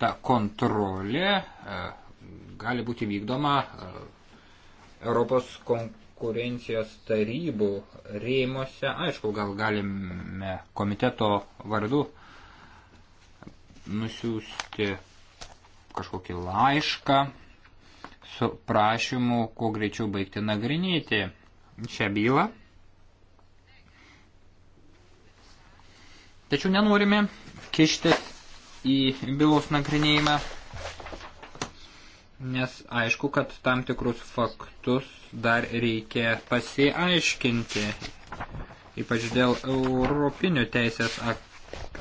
ta kontrolė e, gali būti vykdoma e, Europos konkurencijos tarybų rėmose. Aišku, gal galime komiteto vardu nusiųsti kažkokį laišką su prašymu, kuo greičiau baigti nagrinėti šią bylą. Tačiau nenorime kištis į bylos nagrinėjimą nes aišku, kad tam tikrus faktus dar reikia pasiaiškinti, ypač dėl europinių teisės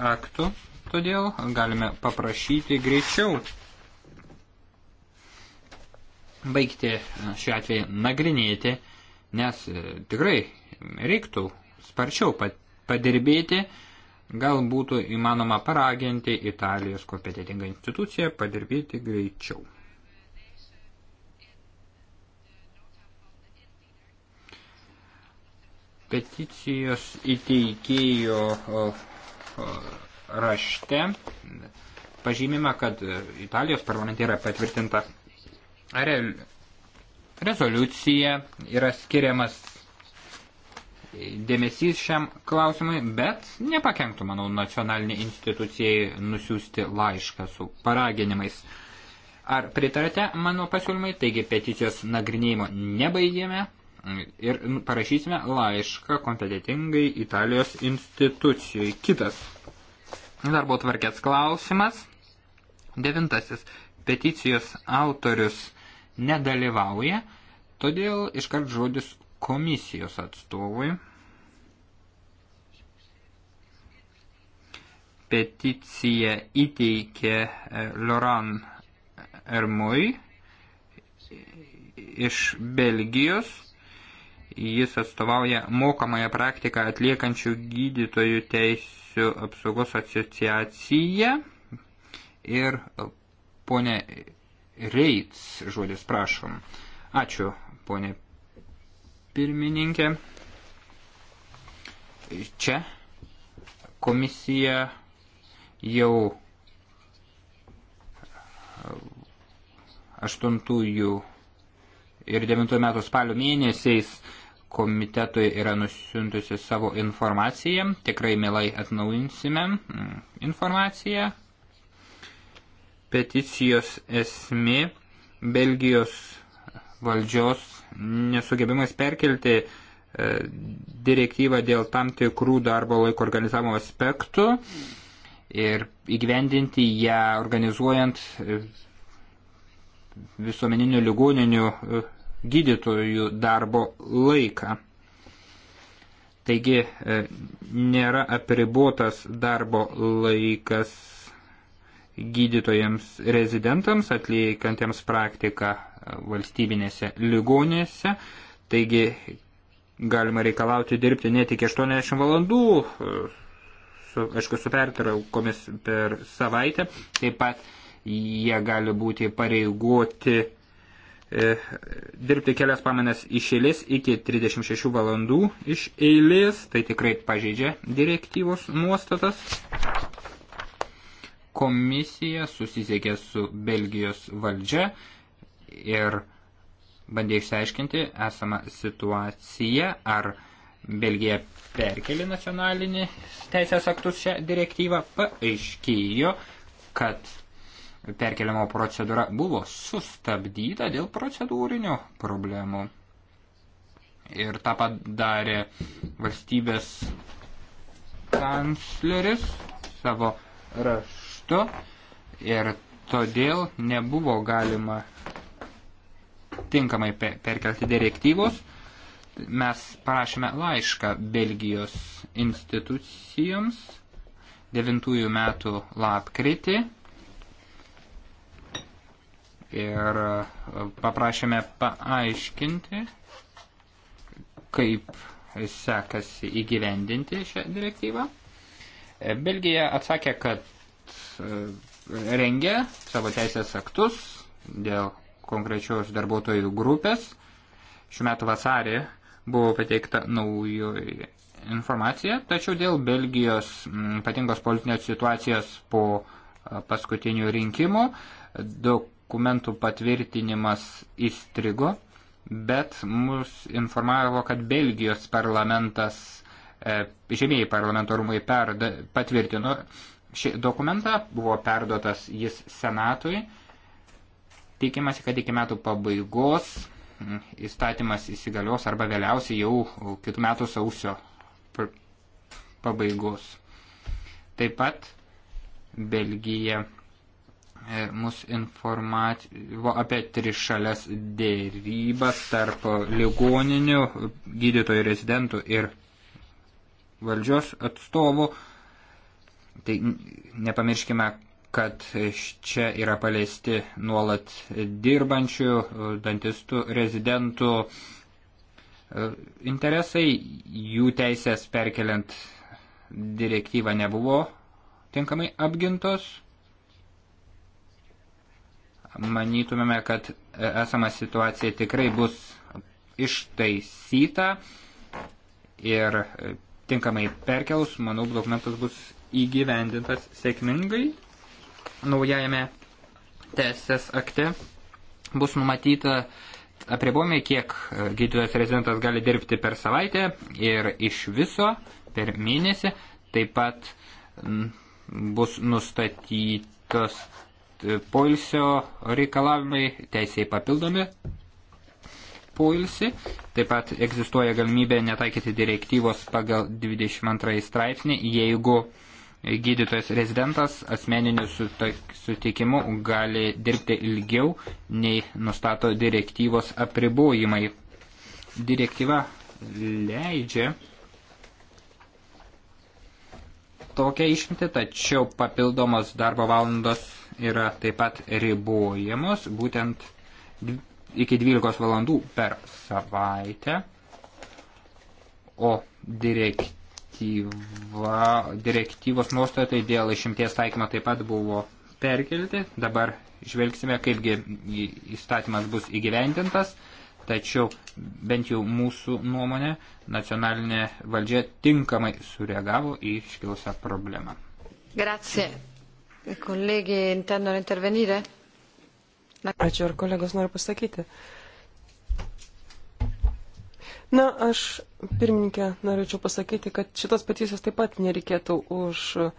aktų, todėl galime paprašyti greičiau baigti e, šiuo atveju nagrinėti, nes e, tikrai reiktų sparčiau padirbėti, gal būtų įmanoma paraginti Italijos kompetitingą instituciją padirbėti greičiau. Peticijos įteikėjo rašte pažymima, kad Italijos parlamente yra patvirtinta re, rezoliucija, yra skiriamas dėmesys šiam klausimui, bet nepakenktų, manau, nacionaliniai institucijai nusiųsti laišką su paraginimais. Ar pritarate mano pasiūlymai? Taigi peticijos nagrinėjimo nebaigėme, ir parašysime laišką kompetitingai Italijos institucijai. Kitas darbo tvarkės klausimas. Devintasis. Peticijos autorius nedalyvauja, todėl iškart žodis komisijos atstovui. Peticiją įteikė e, Loran Ermui iš Belgijos Jis atstovauja mokamąją praktiką atliekančių gydytojų teisų apsaugos asociaciją. Ir ponė Reits, žodis prašom. Ačiū, ponė pirmininkė. Čia komisija jau aštuntųjų ir devintų metų spalio mėnesiais komitetui yra nusiuntusi savo informaciją. Tikrai mielai atnaujinsime mm, informaciją. Peticijos esmi Belgijos valdžios nesugebimas perkelti e, direktyvą dėl tam tikrų darbo laiko organizavimo aspektų ir įgyvendinti ją organizuojant e, visuomeninių ligoninių e, gydytojų darbo laiką. Taigi e, nėra apribotas darbo laikas gydytojams rezidentams atliekantiems praktiką e, valstybinėse ligonėse. Taigi galima reikalauti dirbti ne tik 80 valandų, e, su, aišku, su pertraukomis per savaitę. Taip pat jie gali būti pareigoti E, dirbti kelias pamenas iš eilės iki 36 valandų iš eilės, tai tikrai pažeidžia direktyvos nuostatas. Komisija susisiekė su Belgijos valdžia ir bandė išsiaiškinti esamą situaciją, ar Belgija perkeli nacionalinį teisės aktus šią direktyvą, paaiškėjo, kad perkeliamo procedūra buvo sustabdyta dėl procedūrinių problemų. Ir tą padarė valstybės kancleris savo raštu ir todėl nebuvo galima tinkamai perkelti direktyvos. Mes parašėme laišką Belgijos institucijoms 9 metų lapkritį ir e, paprašėme paaiškinti, kaip sekasi įgyvendinti šią direktyvą. E, Belgija atsakė, kad e, rengia savo teisės aktus dėl konkrečios darbuotojų grupės. Šiuo metu vasarį buvo pateikta naujoji informacija, tačiau dėl Belgijos ypatingos politinės situacijos po paskutinių rinkimų daug dokumentų patvirtinimas įstrigo, bet mus informavo, kad Belgijos parlamentas, e, žemėjai parlamento rūmai perda, patvirtino šį dokumentą, buvo perduotas jis senatui. Tikimasi, kad iki metų pabaigos įstatymas įsigalios arba vėliausiai jau kitų metų sausio pabaigos. Taip pat Belgija E, mus informavo apie trišalės dėrybas tarp ligoninių, gydytojų rezidentų ir valdžios atstovų. Tai nepamirškime, kad čia yra paleisti nuolat dirbančių dantistų rezidentų e, interesai, jų teisės perkeliant direktyvą nebuvo tinkamai apgintos manytumėme, kad esama situacija tikrai bus ištaisyta ir tinkamai perkelus, manau, dokumentas bus įgyvendintas sėkmingai naujajame teisės akte bus numatyta apribojimai, kiek gydytojas rezidentas gali dirbti per savaitę ir iš viso per mėnesį. Taip pat mm, bus nustatytos poilsio reikalavimai, teisėjai papildomi poilsi. Taip pat egzistuoja galimybė netaikyti direktyvos pagal 22 straipsnį, jeigu gydytojas rezidentas asmeniniu sutikimu gali dirbti ilgiau nei nustato direktyvos apribojimai. Direktyva leidžia tokią išimti, tačiau papildomos darbo valandos yra taip pat ribojamos būtent iki 12 valandų per savaitę, o direktyva, direktyvos nuostatai dėl išimties taikymo taip pat buvo perkelti. Dabar žvelgsime, kaipgi įstatymas bus įgyvendintas, tačiau bent jau mūsų nuomonė nacionalinė valdžia tinkamai sureagavo į iškilusią problemą. Grazie. Kolegė, intendono intervenire. Ačiū, ar kolegos nori pasakyti? Na, aš, pirmininkė, norėčiau pasakyti, kad šitas patysios taip pat nereikėtų už uh,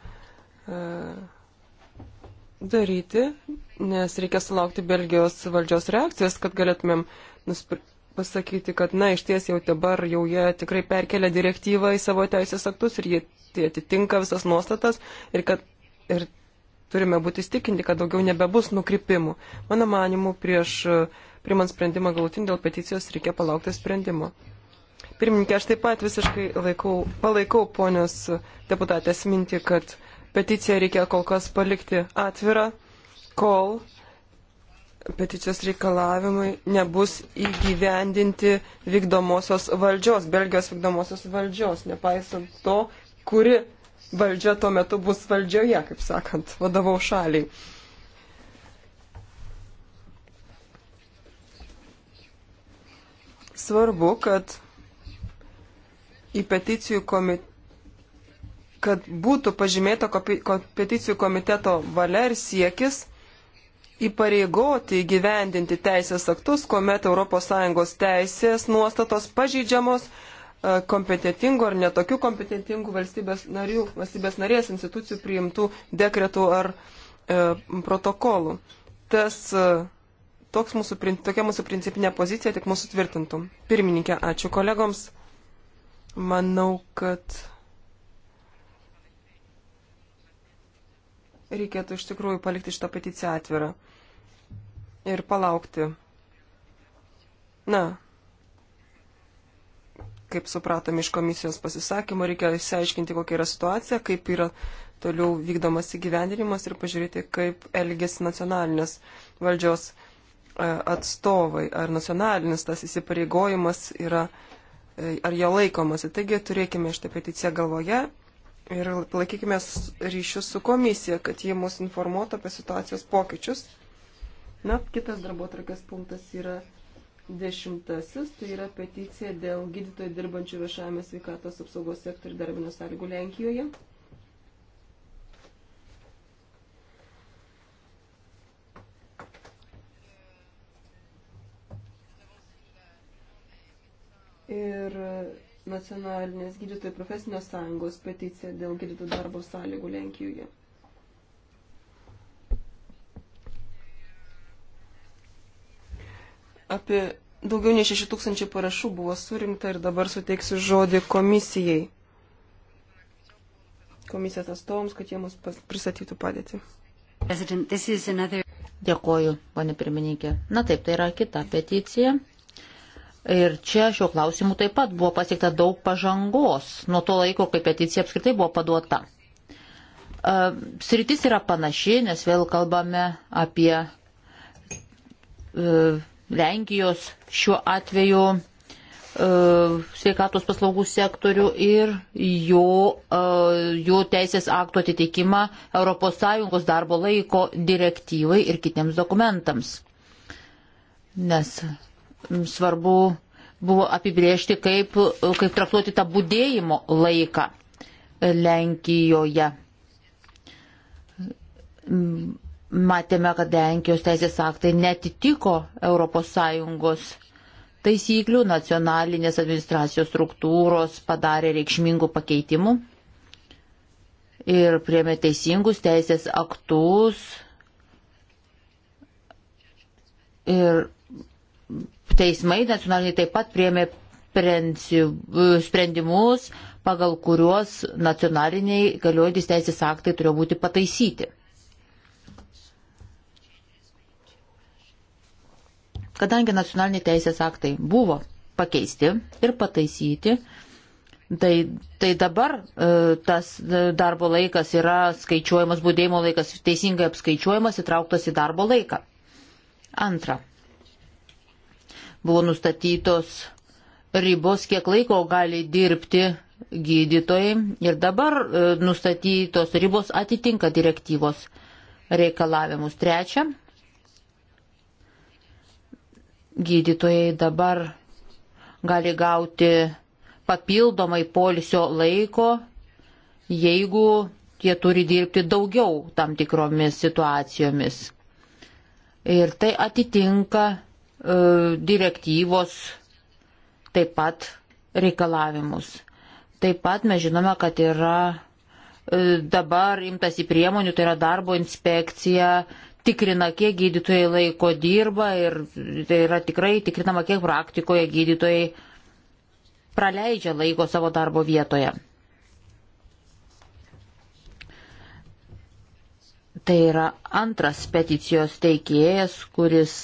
daryti, nes reikia sulaukti Belgijos valdžios reakcijos, kad galėtumėm nuspr pasakyti, kad, na, iš ties jau dabar jau jie tikrai perkelia direktyvą į savo teisės aktus ir jie tai atitinka visas nuostatas ir kad ir turime būti įstikinti, kad daugiau nebebus nukrypimų. Mano manimu, prieš e, primant sprendimą galutinį dėl peticijos reikia palaukti sprendimo. Pirmininkė, aš taip pat visiškai laikau, palaikau ponios deputatės mintį, kad peticiją reikia kol kas palikti atvirą, kol peticijos reikalavimai nebus įgyvendinti vykdomosios valdžios, Belgijos vykdomosios valdžios, nepaisant to, kuri valdžia tuo metu bus valdžioje, kaip sakant, vadovau šaliai. Svarbu, kad į peticijų komitetą kad būtų pažymėta peticijų komiteto valia ir siekis įpareigoti įgyvendinti teisės aktus, kuomet ES teisės nuostatos pažydžiamos E, kompetitingų ar netokių kompetitingų valstybės, narių, valstybės narės institucijų priimtų dekretų ar e, protokolų. Tas, e, toks mūsų, tokia mūsų principinė pozicija tik mūsų tvirtintų. Pirmininkė, ačiū kolegoms. Manau, kad reikėtų iš tikrųjų palikti šitą peticiją atvirą ir palaukti. Na, kaip supratome iš komisijos pasisakymo, reikia išsiaiškinti, kokia yra situacija, kaip yra toliau vykdomas įgyvendinimas ir pažiūrėti, kaip elgesi nacionalinės valdžios e, atstovai, ar nacionalinis tas įsipareigojimas yra, e, ar jo laikomasi. Taigi turėkime šitą peticiją galvoje ir palaikykime ryšius su komisija, kad jie mus informuotų apie situacijos pokyčius. Na, kitas darbo trakas punktas yra Dešimtasis tai yra peticija dėl gydytojų dirbančių viešajame sveikatos apsaugos sektoriu darbinio sąlygų Lenkijoje. Ir nacionalinės gydytojų profesinės sąjungos peticija dėl gydytojų darbo sąlygų Lenkijoje. Apie daugiau nei 6 tūkstančių parašų buvo surimta ir dabar suteiksiu žodį komisijai. Komisijos atstovams, kad jie mus pristatytų padėtį. Dėkoju, ponė pirmininkė. Na taip, tai yra kita peticija. Ir čia šiuo klausimu taip pat buvo pasiekta daug pažangos nuo to laiko, kai peticija apskritai buvo paduota. Sritis yra panaši, nes vėl kalbame apie e, Lenkijos šiuo atveju e, sveikatos paslaugų sektorių ir jo, e, jo teisės akto atitikimą ES darbo laiko direktyvai ir kitiems dokumentams. Nes svarbu buvo apibriežti, kaip, kaip traktuoti tą būdėjimo laiką Lenkijoje matėme, kad Lenkijos teisės aktai netitiko ES taisyklių, nacionalinės administracijos struktūros padarė reikšmingų pakeitimų ir priemė teisingus teisės aktus ir teismai nacionaliniai taip pat priemė sprendimus, pagal kuriuos nacionaliniai galiojantis teisės aktai turėjo būti pataisyti. Kadangi nacionaliniai teisės aktai buvo pakeisti ir pataisyti, tai, tai dabar e, tas darbo laikas yra skaičiuojamas, būdėjimo laikas teisingai apskaičiuojamas, įtrauktas į darbo laiką. Antra. Buvo nustatytos ribos, kiek laiko gali dirbti gydytojai ir dabar e, nustatytos ribos atitinka direktyvos reikalavimus. Trečia, gydytojai dabar gali gauti papildomai polisio laiko, jeigu jie turi dirbti daugiau tam tikromis situacijomis. Ir tai atitinka e, direktyvos taip pat reikalavimus. Taip pat mes žinome, kad yra e, dabar imtasi priemonių, tai yra darbo inspekcija, tikrina, kiek gydytojai laiko dirba ir tai yra tikrai tikrinama, kiek praktikoje gydytojai praleidžia laiko savo darbo vietoje. Tai yra antras peticijos teikėjas, kuris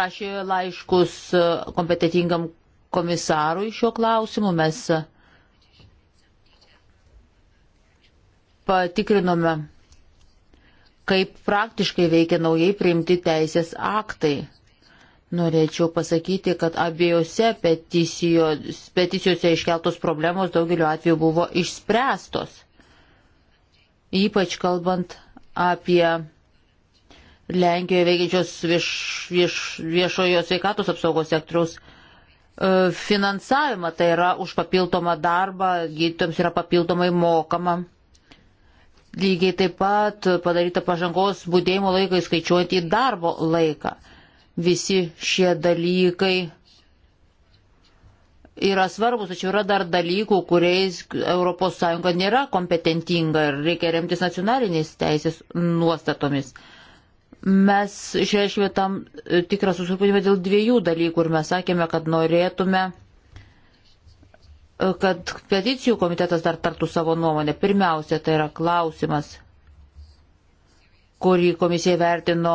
rašė laiškus kompetitingam komisarui šiuo klausimu. Mes patikrinome kaip praktiškai veikia naujai priimti teisės aktai. Norėčiau pasakyti, kad abiejose peticijos, peticijose iškeltos problemos daugeliu atveju buvo išspręstos. Ypač kalbant apie Lenkijoje veikiančios vieš, vieš, viešojo sveikatos apsaugos sektoriaus e, finansavimą, tai yra už papildomą darbą, gydytojams yra papildomai mokama. Lygiai taip pat padaryta pažangos būdėjimo laikai skaičiuojant į darbo laiką. Visi šie dalykai yra svarbus, tačiau yra dar dalykų, kuriais ES nėra kompetentinga ir reikia remtis nacionalinės teisės nuostatomis. Mes išreiškime tam tikrą susirūpinimą dėl dviejų dalykų ir mes sakėme, kad norėtume kad peticijų komitetas dar tartų savo nuomonę. Pirmiausia, tai yra klausimas, kurį komisija vertino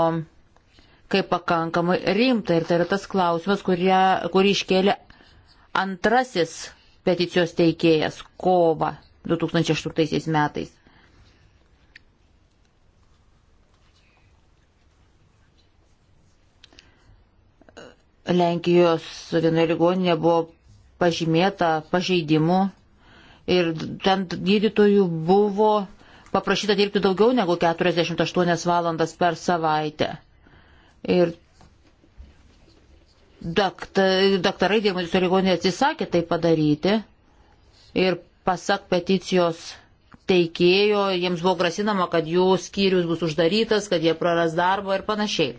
kaip pakankamai rimta ir tai yra tas klausimas, kurie, kurį iškėlė antrasis peticijos teikėjas kova 2008 metais. Lenkijos vienoje ligoninėje buvo pažymėta pažeidimu ir ten gydytojų buvo paprašyta dirbti daugiau negu 48 valandas per savaitę. Ir daktarai dirbantys su ligoninė atsisakė tai padaryti ir pasak peticijos teikėjo, jiems buvo grasinama, kad jų skyrius bus uždarytas, kad jie praras darbą ir panašiai.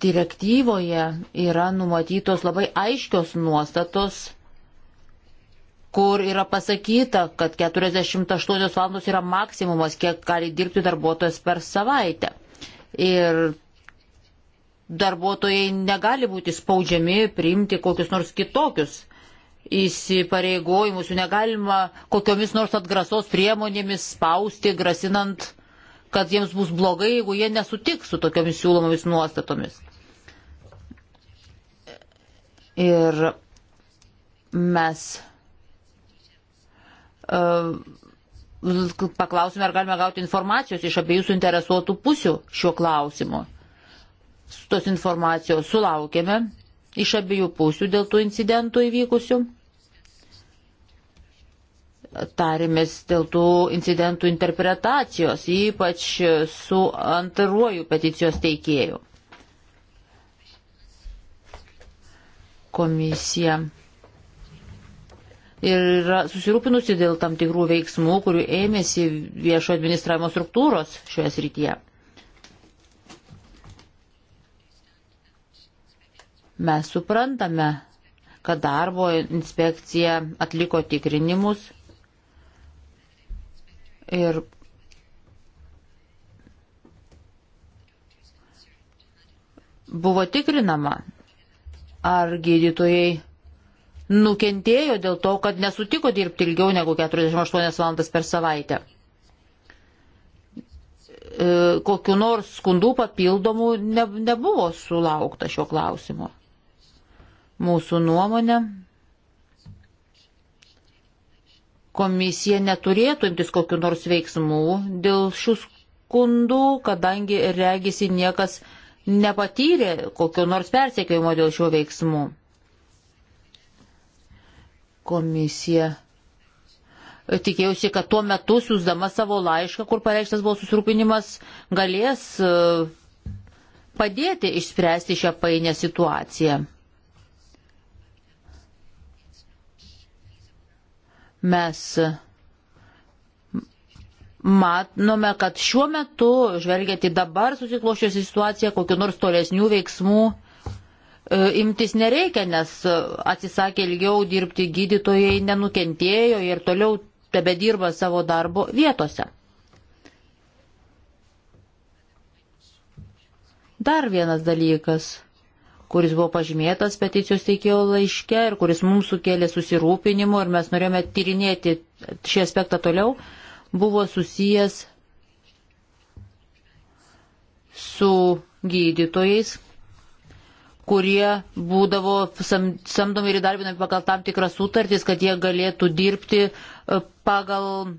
direktyvoje yra numatytos labai aiškios nuostatos, kur yra pasakyta, kad 48 valandos yra maksimumas, kiek gali dirbti darbuotojas per savaitę. Ir darbuotojai negali būti spaudžiami priimti kokius nors kitokius įsipareigojimus, jų negalima kokiomis nors atgrasos priemonėmis spausti, grasinant, kad jiems bus blogai, jeigu jie nesutiks su tokiomis siūlomomis nuostatomis. Ir mes e, paklausime, ar galime gauti informacijos iš abiejų suinteresuotų pusių šiuo klausimu. Tos informacijos sulaukėme iš abiejų pusių dėl tų incidentų įvykusių. Tarėmės dėl tų incidentų interpretacijos, ypač su antaruoju peticijos teikėju. Komisija ir yra susirūpinusi dėl tam tikrų veiksmų, kurių ėmėsi viešo administravimo struktūros šioje srityje. Mes suprantame, kad darbo inspekcija atliko tikrinimus ir buvo tikrinama, Ar gydytojai nukentėjo dėl to, kad nesutiko dirbti ilgiau negu 48 valandas per savaitę? E, kokiu nors skundų papildomų ne, nebuvo sulaukta šio klausimo. Mūsų nuomonė komisija neturėtų imtis kokiu nors veiksmų dėl šių skundų, kadangi regisi niekas nepatyrė kokio nors persiekėjimo dėl šio veiksmų. Komisija tikėjausi, kad tuo metu, siūsdama savo laišką, kur pareikštas buvo susirūpinimas, galės e, padėti išspręsti šią painę situaciją. Mes Matome, kad šiuo metu, žvelgiant į dabar susiklošiusią situaciją, kokiu nors tolesnių veiksmų e, imtis nereikia, nes atsisakė ilgiau dirbti gydytojai, nenukentėjo ir toliau tebe dirba savo darbo vietose. Dar vienas dalykas kuris buvo pažymėtas peticijos teikėjo laiške ir kuris mums sukėlė susirūpinimų ir mes norėjome tyrinėti šį aspektą toliau, buvo susijęs su gydytojais, kurie būdavo samdomi ir įdarbinami pagal tam tikras sutartys, kad jie galėtų dirbti e, pagal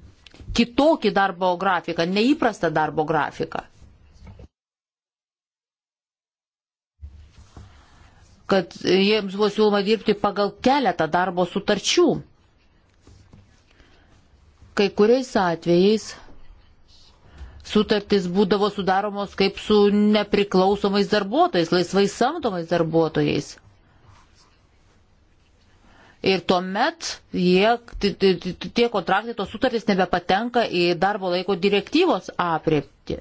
kitokį darbo grafiką, neįprastą darbo grafiką. Kad jiems buvo siūloma dirbti pagal keletą darbo sutarčių kai kuriais atvejais sutartys būdavo sudaromos kaip su nepriklausomais darbuotojais, laisvai samdomais darbuotojais. Ir tuomet jie, tie kontraktai, tos sutartys nebepatenka į darbo laiko direktyvos apriepti.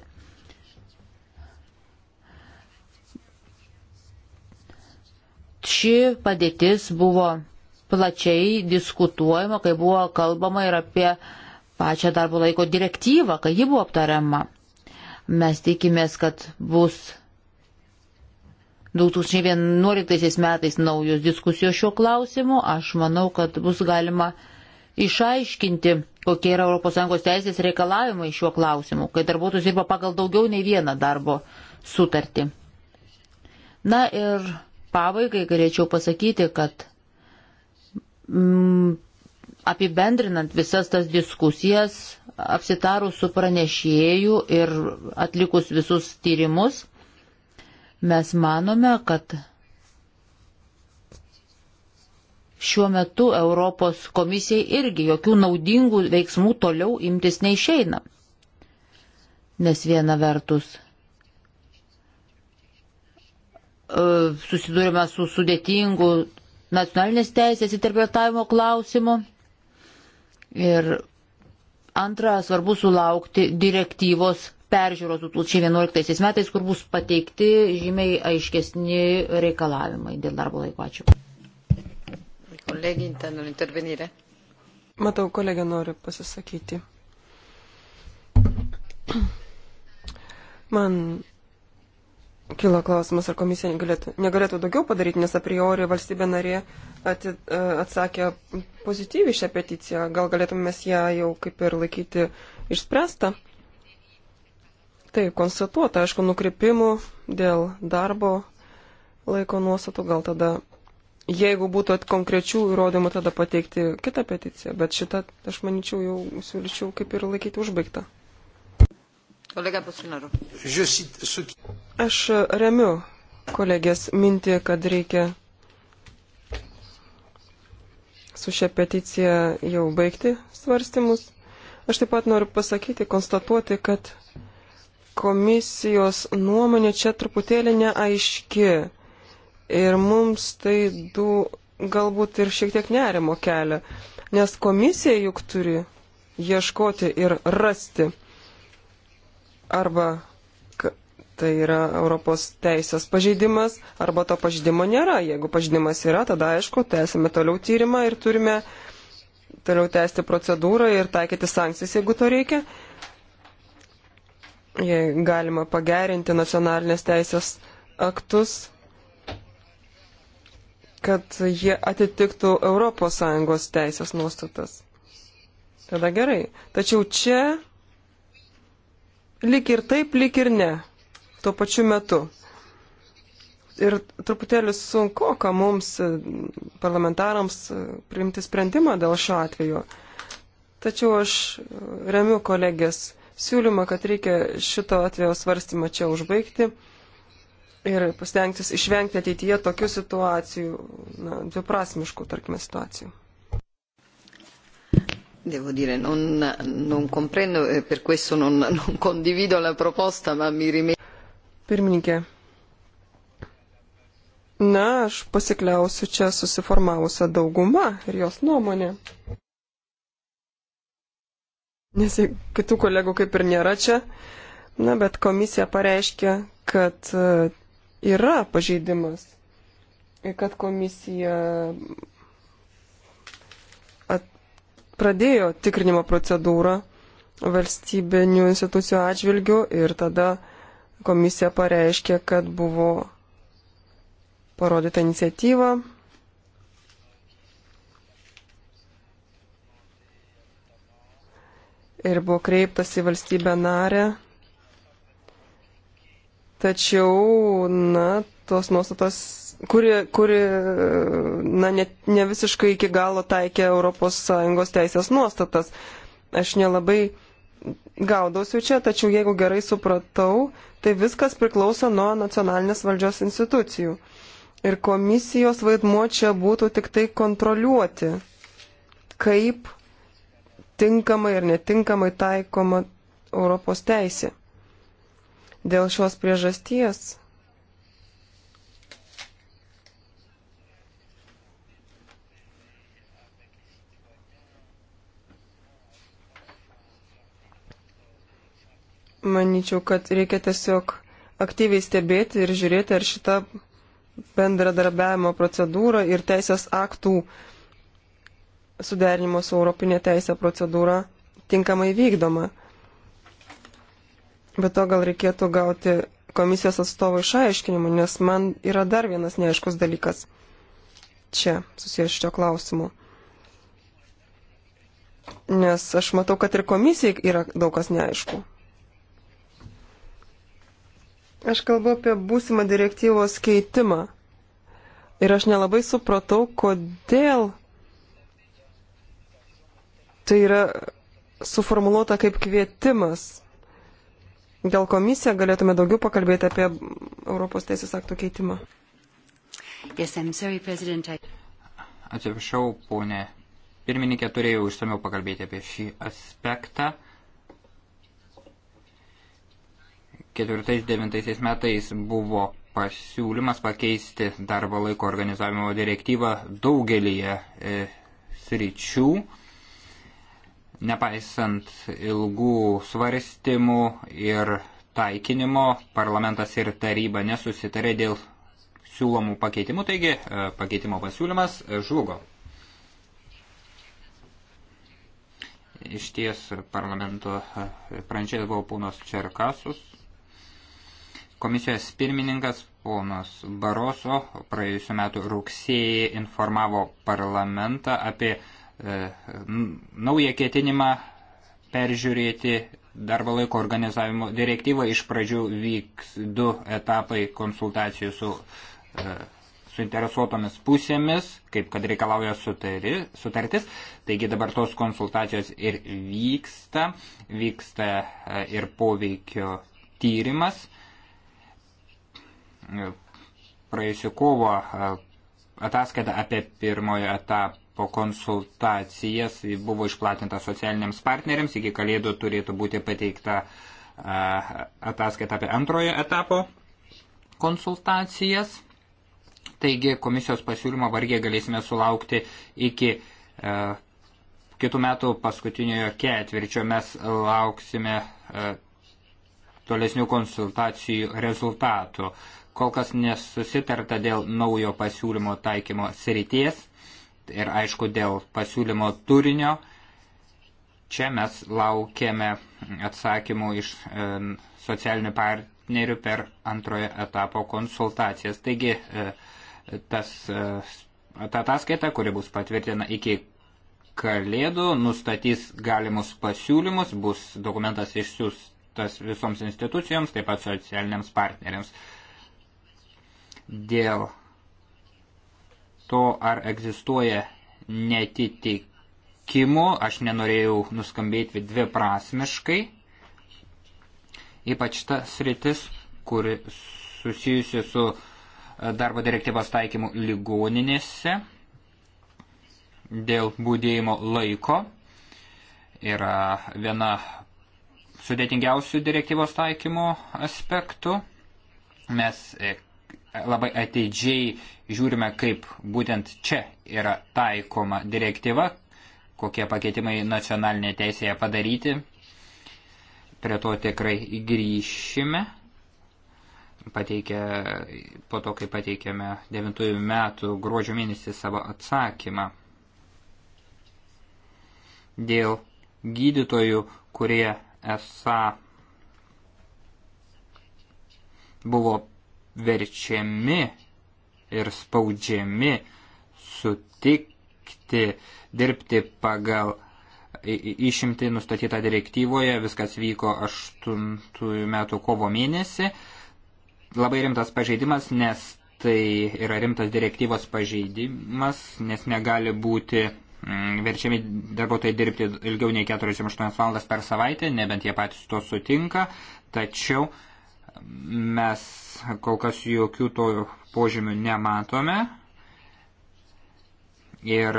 Ši padėtis buvo plačiai diskutuojama, kai buvo kalbama ir apie pačią darbo laiko direktyvą, kai ji buvo aptariama. Mes tikimės, kad bus 2011 metais naujos diskusijos šiuo klausimu. Aš manau, kad bus galima išaiškinti, kokie yra ES teisės reikalavimai šiuo klausimu, kai darbuotojas dirba pagal daugiau nei vieną darbo sutartį. Na ir pabaigai galėčiau pasakyti, kad mm, apibendrinant visas tas diskusijas, apsitarus su pranešėju ir atlikus visus tyrimus, mes manome, kad šiuo metu Europos komisijai irgi jokių naudingų veiksmų toliau imtis neišeina. Nes viena vertus e, susidūrėme su sudėtingu nacionalinės teisės interpretavimo klausimų. Ir antra, svarbu sulaukti direktyvos peržiūros 2011 metais, kur bus pateikti žymiai aiškesni reikalavimai dėl darbo laiko. Ačiū. Matau, kolegė nori pasisakyti. Man Kilo klausimas, ar komisija negalėtų, negalėtų daugiau padaryti, nes a priori valstybė narė ati, e, atsakė pozityviai šią peticiją. Gal galėtumės ją jau kaip ir laikyti išspręstą? Taip, konstatuota, aišku, nukreipimų dėl darbo laiko nuostatų, gal tada, jeigu būtų konkrečių įrodymų, tada pateikti kitą peticiją, bet šitą, aš manyčiau, jau siūlyčiau kaip ir laikyti užbaigtą. Kolega Bustinaru. Aš remiu kolegės mintį, kad reikia su šia peticija jau baigti svarstymus. Aš taip pat noriu pasakyti, konstatuoti, kad komisijos nuomonė čia truputėlį neaiški. Ir mums tai du galbūt ir šiek tiek nerimo kelia, nes komisija juk turi ieškoti ir rasti arba tai yra Europos teisės pažeidimas, arba to pažeidimo nėra. Jeigu pažeidimas yra, tada aišku, tęsime toliau tyrimą ir turime toliau tęsti procedūrą ir taikyti sankcijas, jeigu to reikia. Jei galima pagerinti nacionalinės teisės aktus, kad jie atitiktų ES teisės nuostatas. Tada gerai. Tačiau čia lik ir taip, lik ir ne, tuo pačiu metu. Ir truputėlį sunku, ką mums, e, parlamentarams, e, priimti sprendimą dėl šio atveju. Tačiau aš e, remiu kolegės siūlymą, kad reikia šito atvejo svarstymą čia užbaigti ir pasitengtis išvengti ateityje tokių situacijų, na, dviprasmiškų, tarkime, situacijų. Devo dire, non, non comprendo e per questo non, non condivido la proposta, ma mi rimetto. Pirmininkė. Na, aš pasikliausiu čia susiformavusią daugumą ir jos nuomonę. Nes kitų kolegų kaip ir nėra čia. Na, bet komisija pareiškia, kad e, yra pažeidimas. Ir kad komisija pradėjo tikrinimo procedūrą valstybinių institucijų atžvilgių ir tada komisija pareiškė, kad buvo parodyta iniciatyva. Ir buvo kreiptas į valstybę narę. Tačiau, na, tos nuostatos kuri, kuri na, ne, ne visiškai iki galo taikė ES teisės nuostatas. Aš nelabai gaudausiu čia, tačiau jeigu gerai supratau, tai viskas priklauso nuo nacionalinės valdžios institucijų. Ir komisijos vaidmuo čia būtų tik tai kontroliuoti, kaip tinkamai ir netinkamai taikoma Europos teisė. Dėl šios priežasties manyčiau, kad reikia tiesiog aktyviai stebėti ir žiūrėti, ar šita bendradarbiavimo procedūra ir teisės aktų suderinimo su Europinė teisė procedūra tinkamai vykdoma. Bet to gal reikėtų gauti komisijos atstovo išaiškinimą, nes man yra dar vienas neaiškus dalykas čia susijęs šio klausimu. Nes aš matau, kad ir komisijai yra daug kas neaišku. Aš kalbu apie būsimą direktyvos keitimą. Ir aš nelabai supratau, kodėl tai yra suformuoluota kaip kvietimas. Gal komisija galėtume daugiau pakalbėti apie Europos teisės aktų keitimą? Yes, sorry, President. Atsiprašau, ponė. Pirmininkė turėjau išsamiau pakalbėti apie šį aspektą. 2004-2009 metais buvo pasiūlymas pakeisti darbo laiko organizavimo direktyvą daugelįje e, sričių, nepaisant ilgų svarstymų ir taikinimo, parlamentas ir taryba nesusitarė dėl siūlomų pakeitimų, taigi e, pakeitimo pasiūlymas e, žlugo. Iš ties parlamento e, pranešėjas buvo ponas Čerkasus, Komisijos pirmininkas ponas Baroso praėjusiu metu rugsėjį informavo parlamentą apie e, naują ketinimą peržiūrėti darbo laiko organizavimo direktyvą. Iš pradžių vyks du etapai konsultacijų su e, suinteresuotomis pusėmis, kaip kad reikalauja sutari, sutartis. Taigi dabar tos konsultacijos ir vyksta, vyksta e, ir poveikio tyrimas praėjusiu kovo ataskaita apie pirmojo etapo konsultacijas buvo išplatinta socialiniams partneriams. Iki kalėdų turėtų būti pateikta ataskaita apie antrojo etapo konsultacijas. Taigi komisijos pasiūlymo vargiai galėsime sulaukti iki kitų metų paskutiniojo ketvirčio. Mes lauksime tolesnių konsultacijų rezultatų kol kas nesusitarta dėl naujo pasiūlymo taikymo srities ir aišku dėl pasiūlymo turinio. Čia mes laukiame atsakymų iš e, socialinių partnerių per antrojo etapo konsultacijas. Taigi e, tas, e, ta ataskaita, kuri bus patvirtina iki kalėdų, nustatys galimus pasiūlymus, bus dokumentas išsiųstas visoms institucijoms, taip pat socialiniams partneriams. E, dėl to, ar egzistuoja netitikimų, aš nenorėjau nuskambėti dvi prasmiškai, ypač ta sritis, kuri susijusi su e, darbo direktyvos taikymu ligoninėse dėl būdėjimo laiko yra viena sudėtingiausių direktyvos taikymo aspektų. Mes e, labai ateidžiai žiūrime, kaip būtent čia yra taikoma direktyva, kokie pakeitimai nacionalinė teisėje padaryti. Prie to tikrai grįšime. Pateikę, po to, kai pateikėme 9 metų gruodžio mėnesį savo atsakymą dėl gydytojų, kurie esą buvo verčiami ir spaudžiami sutikti dirbti pagal išimtai nustatytą direktyvoje, viskas vyko 8 metų kovo mėnesį. Labai rimtas pažeidimas, nes tai yra rimtas direktyvos pažeidimas, nes negali būti mm, verčiami darbuotojai dirbti ilgiau nei 48 valandas per savaitę, nebent jie patys to sutinka, tačiau uh, Mes kol kas jokių to požymių nematome. Ir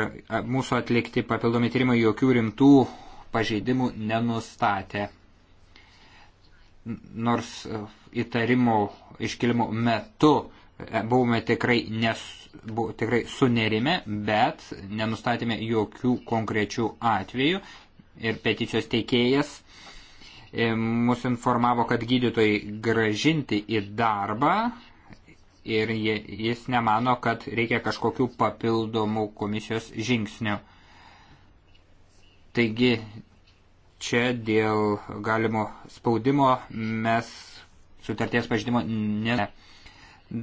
mūsų atlikti papildomi tyrimai jokių rimtų pažeidimų nenustatė. Nors įtarimo iškilimo metu e, buvome tikrai, nes, bu, tikrai sunerime, bet nenustatėme jokių konkrečių atvejų ir peticijos teikėjas E, mus informavo, kad gydytojai gražinti į darbą ir jis nemano, kad reikia kažkokių papildomų komisijos žingsnių. Taigi čia dėl galimo spaudimo mes sutarties pažydimo ne.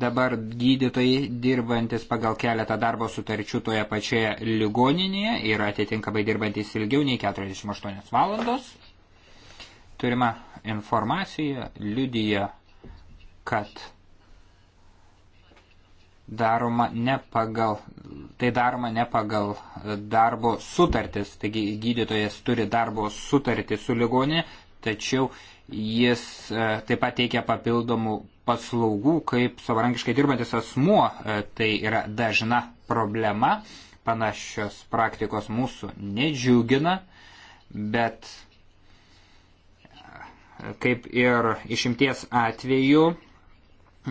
Dabar gydytojai dirbantis pagal keletą darbo sutarčių toje pačioje ligoninėje yra atitinkamai dirbantis ilgiau nei 48 valandos. Turima informacija liudyja, kad daroma ne pagal, tai daroma ne pagal darbo sutartis, taigi gydytojas turi darbo sutartį su ligonė, tačiau jis e, taip pat teikia papildomų paslaugų, kaip savarankiškai dirbantis asmuo, e, tai yra dažna problema, panašios praktikos mūsų nedžiugina, bet kaip ir išimties atveju,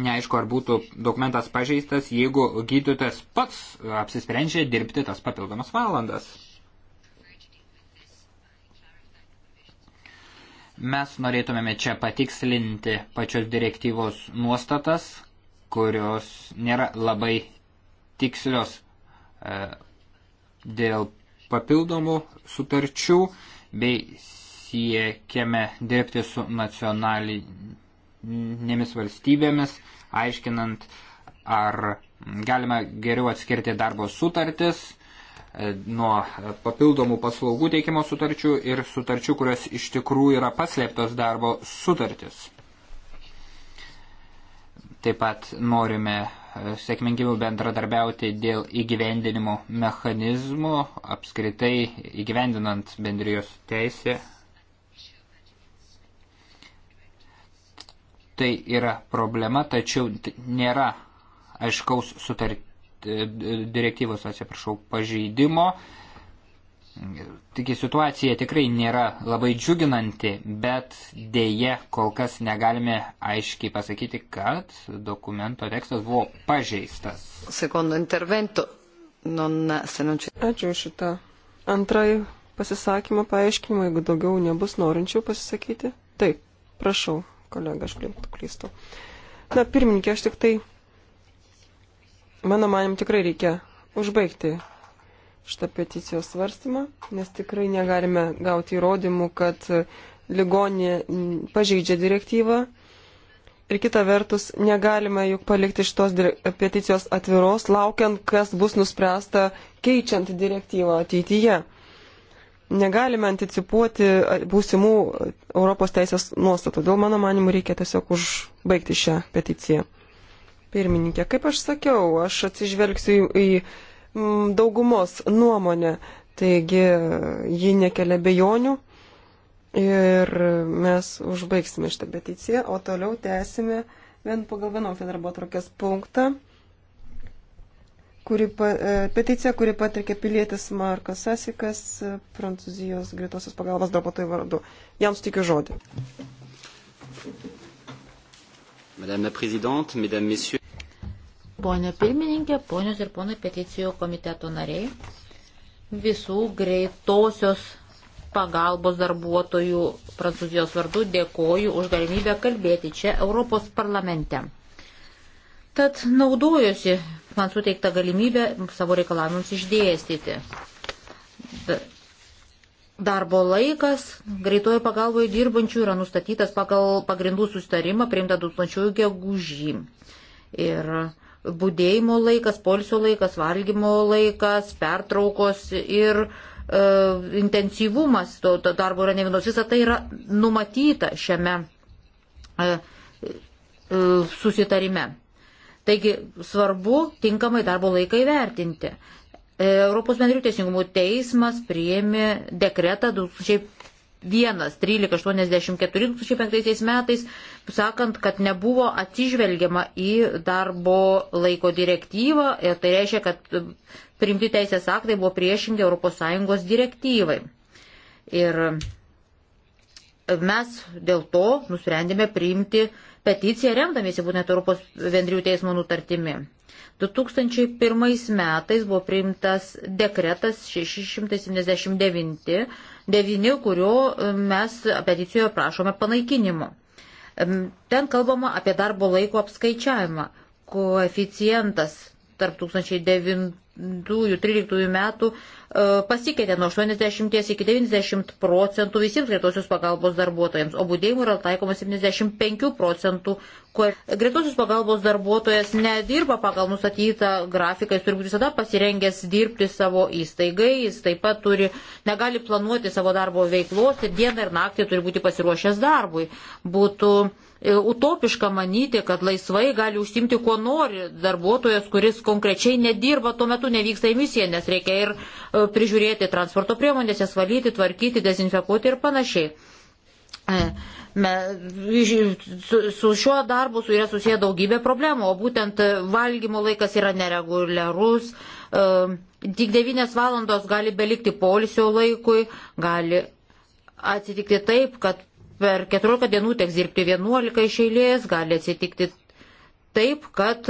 neaišku, ar būtų dokumentas pažeistas, jeigu gydytojas pats apsisprendžia dirbti tas papildomas valandas. Mes norėtumėme čia patikslinti pačios direktyvos nuostatas, kurios nėra labai tikslios e, dėl papildomų sutarčių bei siekiame dirbti su nacionalinėmis valstybėmis, aiškinant, ar galima geriau atskirti darbo sutartis e, nuo papildomų paslaugų teikimo sutarčių ir sutarčių, kurios iš tikrųjų yra paslėptos darbo sutartis. Taip pat norime e, sėkmingiau bendradarbiauti dėl įgyvendinimo mechanizmų, apskritai įgyvendinant bendrijos teisę tai yra problema, tačiau nėra aiškaus sutart, direktyvos, atsiprašau, pažeidimo. Tik situacija tikrai nėra labai džiuginanti, bet dėje kol kas negalime aiškiai pasakyti, kad dokumento tekstas buvo pažeistas. Sekundo intervento. Non, se non ci... Ačiū šitą antrąjį pasisakymą, paaiškinimą, jeigu daugiau nebus norinčių pasisakyti. Taip, prašau kolega, aš klystu. Na, pirmininkė, aš tik tai, mano manim, tikrai reikia užbaigti šitą peticijos svarstymą, nes tikrai negalime gauti įrodymų, kad ligonė pažeidžia direktyvą. Ir kita vertus, negalime juk palikti šitos peticijos atviros, laukiant, kas bus nuspręsta keičiant direktyvą ateityje negalime anticipuoti būsimų Europos teisės nuostatų. Dėl mano manimų reikia tiesiog užbaigti šią peticiją. Pirmininkė, kaip aš sakiau, aš atsižvelgsiu į, į mm, daugumos nuomonę, taigi ji nekelia bejonių ir mes užbaigsime šitą peticiją, o toliau tęsime vien pagal vienokį darbo trukės punktą kuri, e, peticija, kuri patrikė pilietis Markas Sasikas, e, Prancūzijos greitosios pagalbos darbuotojų vardu. Jam sutikiu žodį. Madame la Présidente, Mesdames, Messieurs. Pone pirmininkė, ponios ir ponai peticijų komiteto nariai, visų greitosios pagalbos darbuotojų Prancūzijos vardu dėkoju už galimybę kalbėti čia Europos parlamente. Tad naudojosi man suteikta galimybė savo reikalavimus išdėstyti. Darbo laikas greitoje pagalboje dirbančių yra nustatytas pagal pagrindų sustarimą priimta 2000 gegužį. Ir būdėjimo laikas, polsio laikas, valgymo laikas, pertraukos ir e, intensyvumas to, to darbo yra ne vienos. Visą tai yra numatyta šiame e, e, susitarime. Taigi svarbu tinkamai darbo laiką įvertinti. E, Europos bendrių teisingumų teismas priėmė dekretą 1.13.84.2005 metais, sakant, kad nebuvo atsižvelgiama į darbo laiko direktyvą ir tai reiškia, kad priimti teisės aktai buvo priešingi ES direktyvai. Ir mes dėl to nusprendėme priimti uh, peticiją remdamiesi būtent Europos vendrių teismo nutartimi. 2001 metais buvo priimtas dekretas 679, 9, kurio e, mes peticijoje prašome panaikinimo. Ten kalbama apie darbo laiko apskaičiavimą. Koeficientas tarp 2009 2013 metų e, pasikeitė nuo 80 iki 90 procentų visiems greitosios pagalbos darbuotojams, o būdėjimų yra taikoma 75 procentų, kur greitosios pagalbos darbuotojas nedirba pagal nustatytą grafiką, jis turi būti visada pasirengęs dirbti savo įstaigai, jis taip pat turi, negali planuoti savo darbo veiklos ir dieną ir naktį turi būti pasiruošęs darbui. Būtų uh, E, utopiška manyti, kad laisvai gali užsimti, kuo nori darbuotojas, kuris konkrečiai nedirba, tuo metu nevyksta į misiją, nes reikia ir e, prižiūrėti transporto priemonės, jas valyti, tvarkyti, dezinfekuoti ir panašiai. E, me, su, su šiuo darbu yra susiję daugybė problemų, o būtent valgymo laikas yra nereguliarus, tik 9 valandos gali belikti polisio laikui, gali atsitikti taip, kad per 14 dienų teks dirbti 11 iš eilės, gali atsitikti taip, kad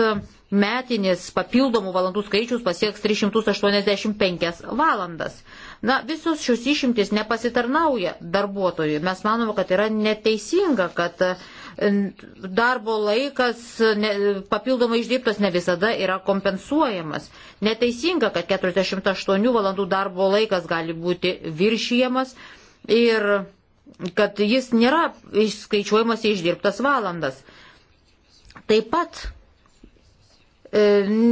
metinis papildomų valandų skaičius pasieks 385 valandas. Na, visos šios išimtis nepasitarnauja darbuotojui. Mes manome, kad yra neteisinga, kad e, darbo laikas ne, papildomai išdirbtas ne visada yra kompensuojamas. Neteisinga, kad 48 valandų darbo laikas gali būti viršijamas ir kad jis nėra išskaičiuojamas į išdirbtas valandas. Taip pat e,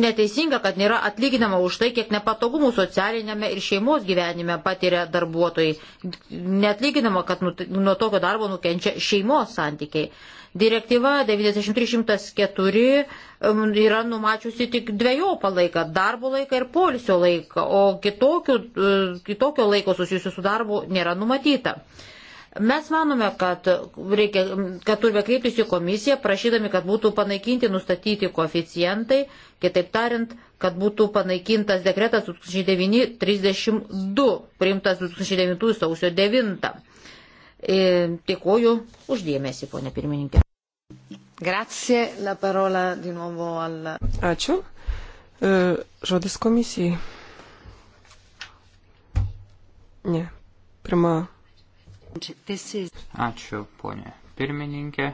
neteisinga, kad nėra atlyginama už tai, kiek nepatogumų socialinėme ir šeimos gyvenime patiria darbuotojai. Netlyginama, kad nu, nuo tokio darbo nukenčia šeimos santykiai. Direktyva 9304 um, yra numačiusi tik dviejopą laiką - darbo laiką ir polisio laiką, o kitokio, e, kitokio laiko susijusiu su darbu nėra numatyta. E, Mes manome, kad, reikia, kad turime kreiptis į komisiją, prašydami, kad būtų panaikinti nustatyti koeficientai, kitaip tariant, kad būtų panaikintas dekretas 2009-32, priimtas 2009 sausio 9. Tikoju e, uždėmesi, ponė pirmininkė. Grazie, la parola di nuovo al. Ačiū. E, žodis komisijai. Ne. Pirma Ačiū, ponė pirmininkė.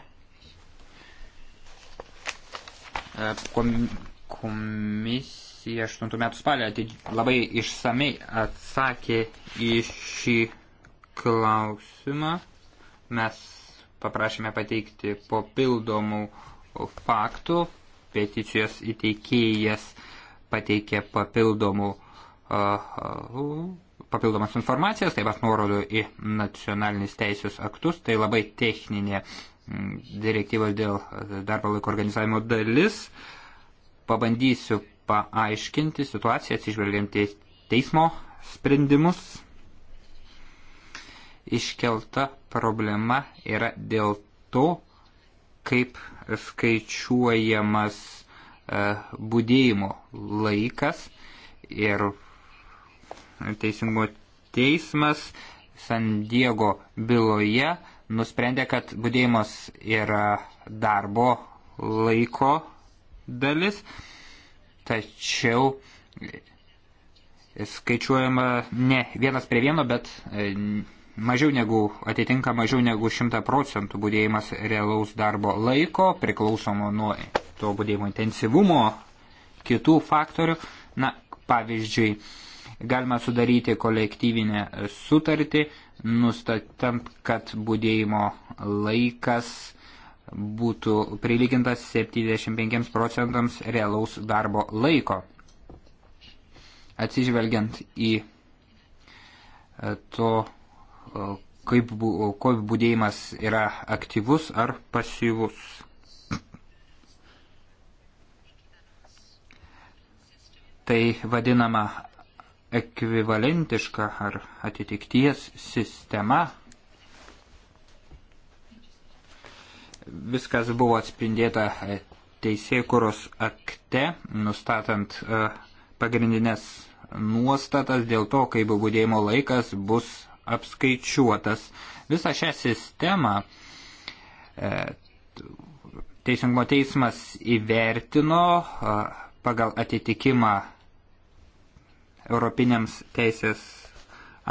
E, komisija 8 metų spalio labai išsamei atsakė į šį klausimą. Mes paprašėme pateikti papildomų faktų. Peticijos įteikėjas pateikė papildomų uh, uh, papildomas informacijas, taip pat nuorodų į nacionalinius teisės aktus, tai labai techninė mm, direktyvos dėl darbo laiko organizavimo dalis. Pabandysiu paaiškinti situaciją atsižvelgiant į teismo sprendimus. Iškelta problema yra dėl to, kaip skaičiuojamas e, būdėjimo laikas ir teisingumo teismas San Diego byloje nusprendė, kad budėjimas yra darbo laiko dalis, tačiau skaičiuojama ne vienas prie vieno, bet e, mažiau negu, atitinka mažiau negu 100 procentų būdėjimas realaus darbo laiko, priklausomo nuo to būdėjimo intensyvumo, kitų faktorių. Na, pavyzdžiui, Galima sudaryti kolektyvinę sutartį, nustatant, kad būdėjimo laikas būtų prilygintas 75 procentams realaus darbo laiko. Atsižvelgiant į e, to, e, kaip, kaip būdėjimas yra aktyvus ar pasyvus. Tai vadinama ekvivalentiška ar atitikties sistema. Viskas buvo atspindėta e, teisėkuros akte, nustatant e, pagrindinės nuostatas dėl to, kaip būdėjimo laikas bus apskaičiuotas. Visą šią sistemą e, Teisingumo teismas įvertino pagal atitikimą europiniams teisės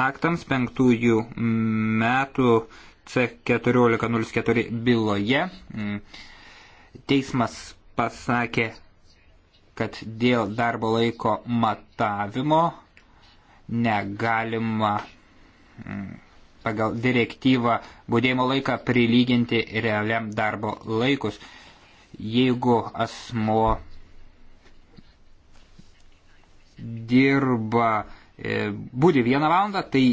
aktams penktųjų metų C1404 byloje. Mm. Teismas pasakė, kad dėl darbo laiko matavimo negalima mm, pagal direktyvą būdėjimo laiką prilyginti realiam darbo laikus. Jeigu asmo dirba e, būti vieną valandą, tai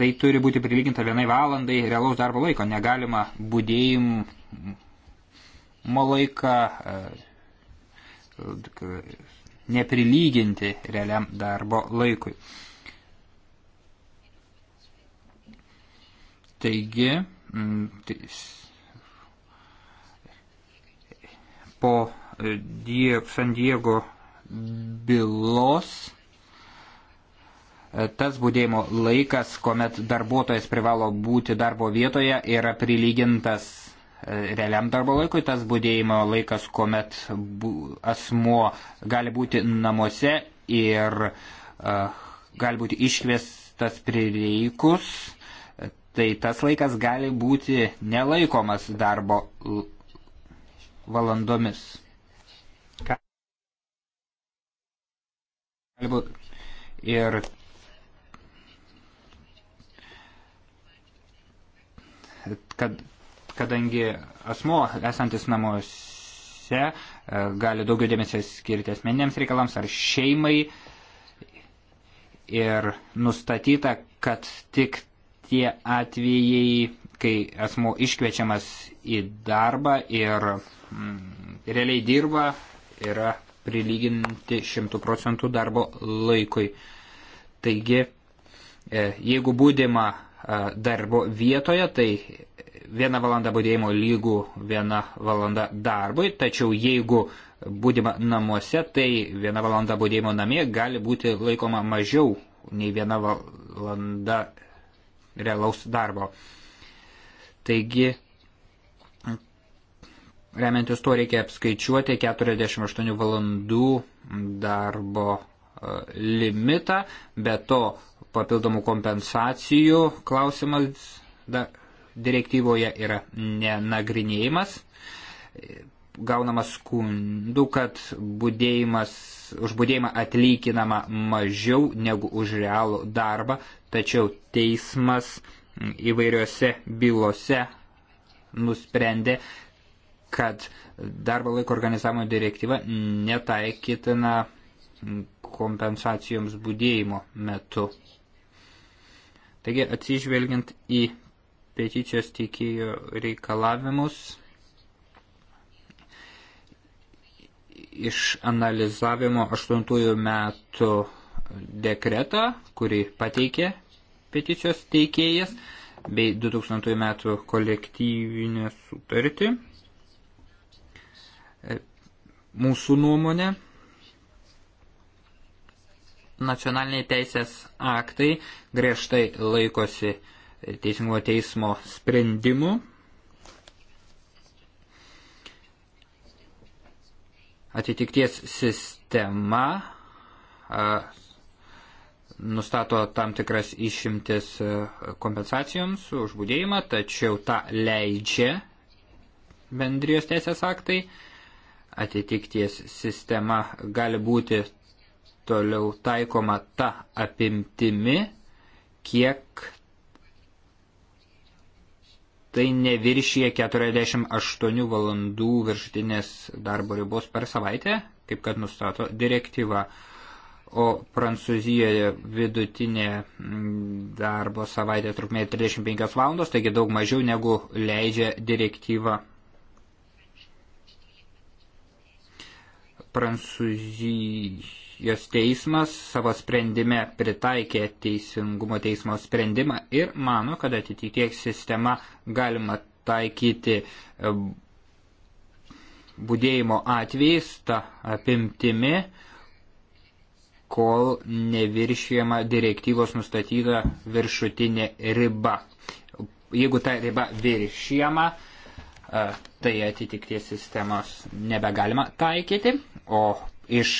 tai turi būti prilyginta vienai valandai realaus darbo laiko. Negalima būdėjimo laiką e, neprilyginti realiam darbo laikui. Taigi, tai po e, San Diego bylos e, tas būdėjimo laikas, kuomet darbuotojas privalo būti darbo vietoje, yra prilygintas e, realiam darbo laikui, tas būdėjimo laikas, kuomet asmuo gali būti namuose ir uh, gali būti iškviestas prireikus, tai tas laikas gali būti nelaikomas darbo valandomis. Ir kad, kadangi asmo esantis namuose e, gali daugiau dėmesio skirti asmeniniams reikalams ar šeimai ir nustatyta, kad tik tie atvejai, kai asmo iškviečiamas į darbą ir mm, realiai dirba, yra prilyginti 100 procentų darbo laikui. Taigi, e, jeigu būdima e, darbo vietoje, tai viena valanda būdėjimo lygų viena valanda darbui, tačiau jeigu būdima namuose, tai viena valanda būdėjimo namie gali būti laikoma mažiau nei viena valanda realaus darbo. Taigi, Remiantis tuo reikia apskaičiuoti 48 valandų darbo e, limitą, be to papildomų kompensacijų klausimas da, direktyvoje yra nenagrinėjimas. Gaunama skundų, kad budėjimas, už budėjimą atlyginama mažiau negu už realų darbą, tačiau teismas įvairiose bylose nusprendė, kad darbo laiko organizavimo direktyva netaikytina kompensacijoms būdėjimo metu. Taigi atsižvelgiant į peticijos teikėjo reikalavimus, iš analizavimo 8 metų dekretą, kurį pateikė peticijos teikėjas, bei 2000 metų kolektyvinę sutartį, Mūsų nuomonė, nacionaliniai teisės aktai griežtai laikosi teisingo teismo sprendimų. Atitikties sistema a, nustato tam tikras išimtis kompensacijoms už būdėjimą, tačiau tą leidžia bendrijos teisės aktai. A, atitikties sistema gali būti toliau taikoma ta apimtimi, kiek tai neviršyje 48 valandų viršutinės darbo ribos per savaitę, kaip kad nustato direktyva. O Prancūzijoje vidutinė mm, darbo savaitė trukmė 35 valandos, taigi daug mažiau negu leidžia direktyva Prancūzijos teismas savo sprendime pritaikė teisingumo teismo sprendimą ir mano, kad atitiek sistema galima taikyti e, būdėjimo atvejais tą apimtimi, kol neviršijama direktyvos nustatyta viršutinė riba. Jeigu ta riba viršijama, E, tai atitikties sistemos nebegalima taikyti, o iš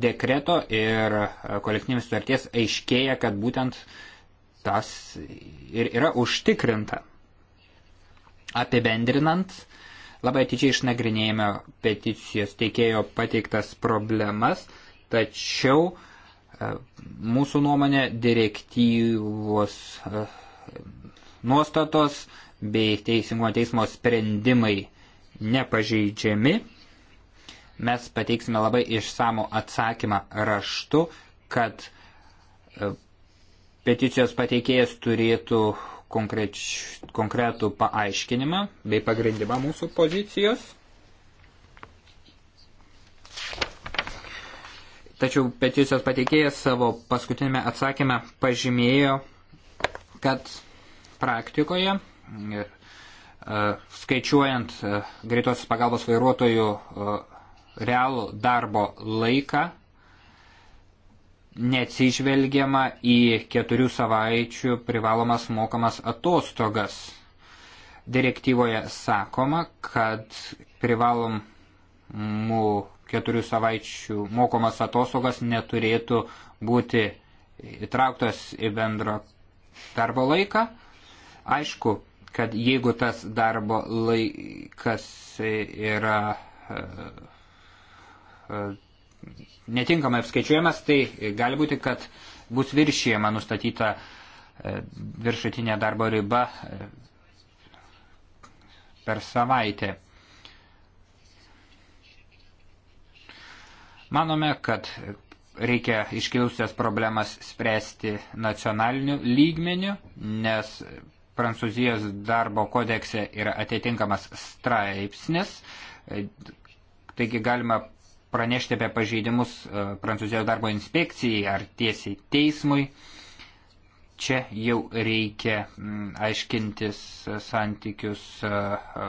dekreto ir e, kolektyvinės sutarties aiškėja, kad būtent tas ir yra užtikrinta. Apibendrinant, labai atidžiai išnagrinėjame peticijos teikėjo pateiktas problemas, tačiau e, mūsų nuomonė direktyvos nuostatos bei teisingumo teismo sprendimai nepažeidžiami. Mes pateiksime labai išsamų atsakymą raštu, kad e, peticijos pateikėjas turėtų konkreč, konkretų paaiškinimą bei pagrindimą mūsų pozicijos. Tačiau peticijos pateikėjas savo paskutinėme atsakyme pažymėjo, kad praktikoje E, skaičiuojant e, greitosios pagalbos vairuotojų e, realų darbo laiką, neatsižvelgiama į keturių savaičių privalomas mokamas atostogas. Direktyvoje sakoma, kad privalomų keturių savaičių mokamas atostogas neturėtų būti įtrauktas į bendrą darbo laiką. Aišku, kad jeigu tas darbo laikas yra e, e, netinkamai apskaičiuojamas, tai gali būti, kad bus viršijama nustatyta e, viršutinė darbo riba per savaitę. Manome, kad reikia iškilusias problemas spręsti nacionaliniu lygmeniu, nes Prancūzijos darbo kodekse yra atitinkamas straipsnis, taigi galima pranešti apie pažeidimus e, Prancūzijos darbo inspekcijai ar tiesiai teismui. Čia jau reikia mm, aiškintis santykius e, e,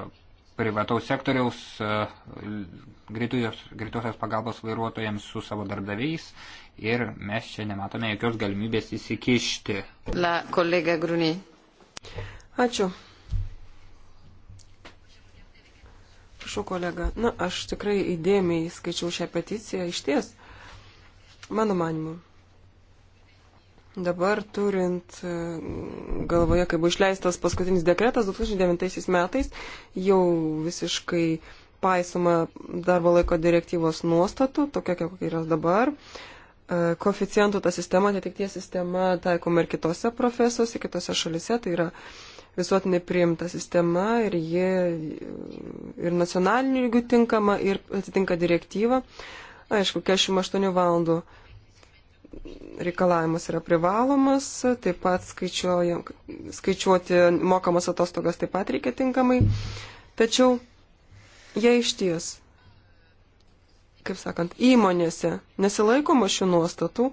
privataus sektoriaus greitosios pagalbos vairuotojams su savo darbdaviais ir mes čia nematome jokios galimybės įsikišti. La kolega Gruni. Ačiū. Prašau, kolega. Na, aš tikrai įdėmiai skaičiau šią peticiją iš ties. Mano manimu. Dabar turint e, galvoje, kai buvo išleistas paskutinis dekretas 2009 metais, jau visiškai paisoma darbo laiko direktyvos nuostatų, tokia, kokia yra dabar. Uh, E, koficijantų ta sistema, netikties sistema taikoma ir kitose profesijose, kitose šalise, tai yra visuotinai priimta sistema ir ji ir nacionaliniu lygiu tinkama ir atitinka direktyvą. Aišku, 48 valandų reikalavimas yra privalomas, taip pat skaičiuoti mokamas atostogas taip pat reikia tinkamai. Tačiau jei iš ties kaip sakant, įmonėse nesilaikoma šių nuostatų,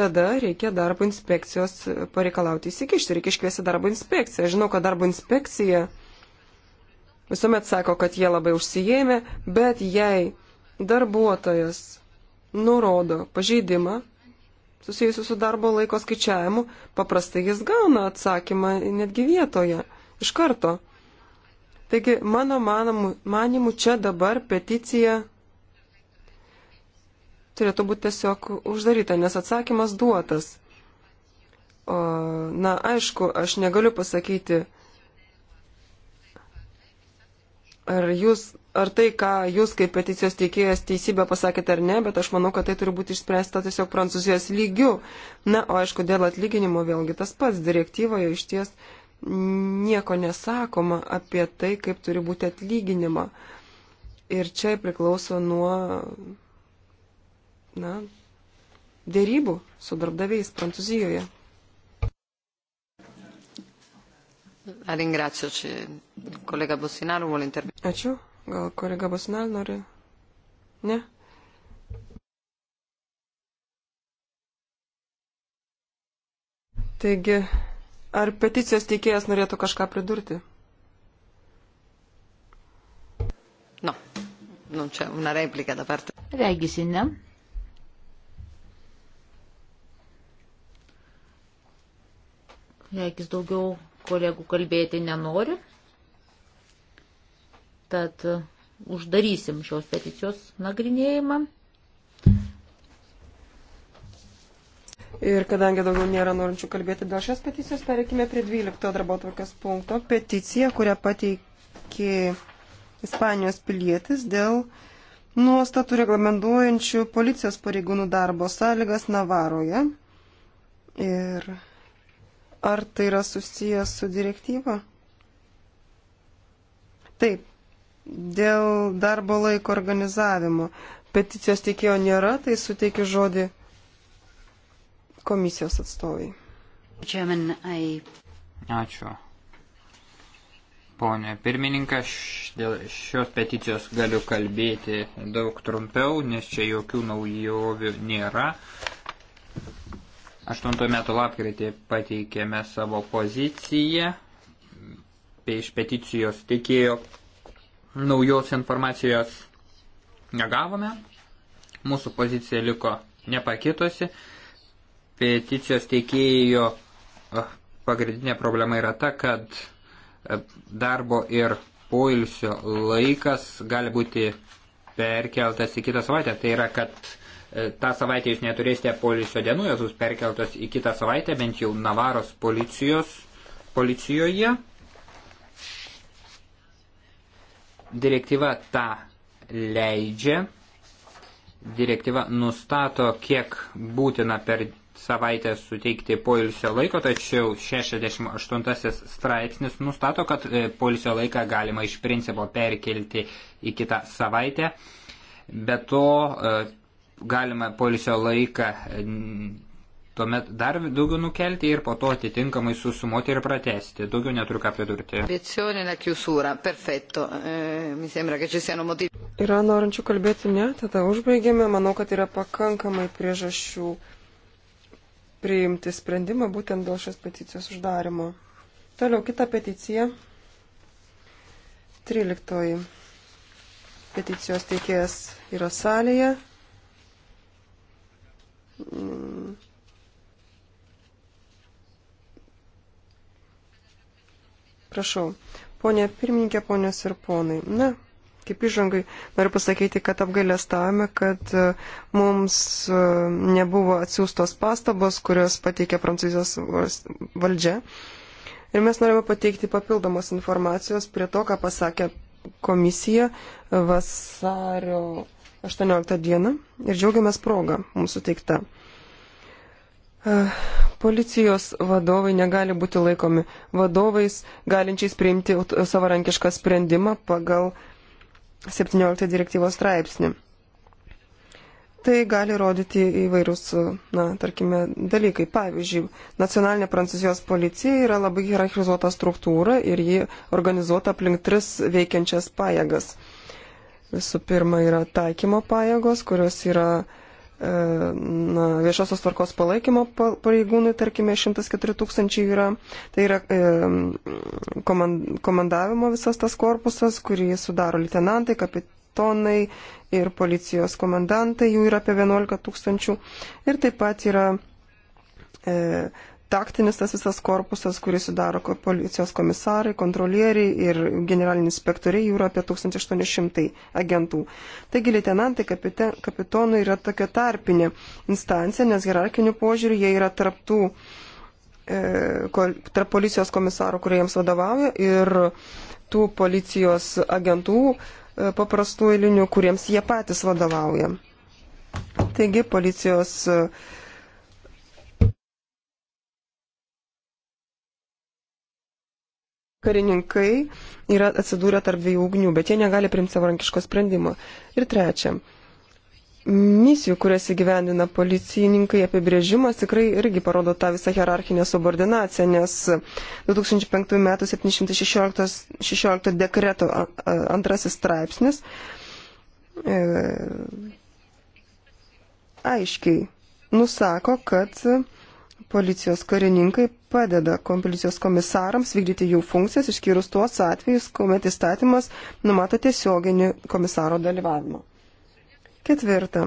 tada reikia darbo inspekcijos pareikalauti įsikišti, reikia iškviesti darbo inspekciją. Aš žinau, kad darbo inspekcija visuomet sako, kad jie labai užsijėmė, bet jei darbuotojas nurodo pažeidimą susijusiu su darbo laiko skaičiavimu, paprastai jis gauna atsakymą netgi vietoje, iš karto. Taigi, mano manimu, manimu čia dabar peticija turėtų būti tiesiog uždaryta, nes atsakymas duotas. O, na, aišku, aš negaliu pasakyti, ar, jūs, ar tai, ką jūs kaip peticijos teikėjas teisybę pasakėte ar ne, bet aš manau, kad tai turi būti išspręsta tiesiog prancūzijos lygių. Na, o aišku, dėl atlyginimo vėlgi tas pats direktyvoje iš ties nieko nesakoma apie tai, kaip turi būti atlyginima. Ir čia priklauso nuo na, dėrybų su darbdaviais Prancūzijoje. Ačiū. Gal kolega Bosinal nori? Ne? Taigi, ar peticijos teikėjas norėtų kažką pridurti? No, non c'è una replica da parte. Regisi, ne? Jeigu daugiau kolegų kalbėti nenori, tad e, uždarysim šios peticijos nagrinėjimą. Ir kadangi daugiau nėra norinčių kalbėti dėl šios peticijos, pereikime prie 12 darbo tvarkės punkto. Peticija, kurią pateikė Ispanijos pilietis dėl nuostatų reglamentuojančių policijos pareigūnų darbo sąlygas Navaroje. Ir Ar tai yra susijęs su direktyva? Taip, dėl darbo laiko organizavimo. Peticijos teikėjo nėra, tai suteikiu žodį komisijos atstovai. German, I... Ačiū. Pone pirmininkas, dėl šios peticijos galiu kalbėti daug trumpiau, nes čia jokių naujovių nėra. 8 metų lapkritį pateikėme savo poziciją, iš peticijos tikėjo naujos informacijos negavome, mūsų pozicija liko nepakitusi, peticijos teikėjo pagrindinė problema yra ta, kad e, darbo ir poilsio laikas gali būti perkeltas į kitą savaitę. Tai yra, kad E, tą savaitę jūs neturėsite polisio dienų, jos bus perkeltos į kitą savaitę, bent jau Navaros policijos, policijoje. Direktyva tą leidžia. Direktyva nustato, kiek būtina per savaitę suteikti poilsio laiko, tačiau 68 straipsnis nustato, kad e, poilsio laiką galima iš principo perkelti į kitą savaitę. Be to, e, galima polisio laiką tuomet dar daugiau nukelti ir po to atitinkamai susumuoti ir pratesti. Daugiau neturiu ką pridurti. Eh, yra norinčių kalbėti, ne, tada užbaigėme. Manau, kad yra pakankamai priežasčių priimti sprendimą būtent dėl šios peticijos uždarimo. Toliau kita peticija. 13. Peticijos teikėjas yra salėje. Prašau. Pone pirmininkė, ponios ir ponai. Na, kaip įžangai noriu pasakyti, kad apgailestavome, kad e, mums e, nebuvo atsiųstos pastabos, kurios pateikė Prancūzijos valdžia. Ir mes norime pateikti papildomos informacijos prie to, ką pasakė komisija e, vasario 18 dieną ir džiaugiamės progą mums suteikta. E, policijos vadovai negali būti laikomi vadovais, galinčiais priimti savarankišką sprendimą pagal 17 direktyvos straipsnį. Tai gali rodyti įvairūs, na, tarkime, dalykai. Pavyzdžiui, nacionalinė prancūzijos policija yra labai hierarchizuota struktūra ir ji organizuota aplink tris veikiančias pajėgas. Visų pirma, yra taikymo pajėgos, kurios yra e, na, viešosios tvarkos palaikymo pareigūnai, tarkime, 104 tūkstančiai yra. Tai yra e, komandavimo visas tas korpusas, kurį sudaro leitenantai, kapitonai ir policijos komandantai, jų yra apie 11 tūkstančių. Ir taip pat yra e, taktinis tas visas korpusas, kurį sudaro policijos komisarai, kontrolieriai ir generaliniai inspektoriai, jų yra apie 1800 agentų. Taigi, leitenantai kapite, kapitonai yra tokia tarpinė instancija, nes hierarchiniu požiūriu jie yra tarptų e, tarp policijos komisarų, kurie jiems vadovauja, ir tų policijos agentų e, paprastų eilinių, kuriems jie patys vadovauja. Taigi policijos uh, karininkai yra atsidūrę tarp dviejų ugnių, bet jie negali primti savarankiško sprendimo. Ir trečia, misijų, kurias įgyvendina policininkai, apibrėžimas tikrai irgi parodo tą visą hierarchinę subordinaciją, nes 2005 m. 716 16 dekreto antrasis straipsnis e, aiškiai nusako, kad policijos karininkai padeda policijos komisarams vykdyti jų funkcijas, išskyrus tuos atvejus, kuomet įstatymas numato tiesioginį komisaro dalyvavimą. Ketvirta.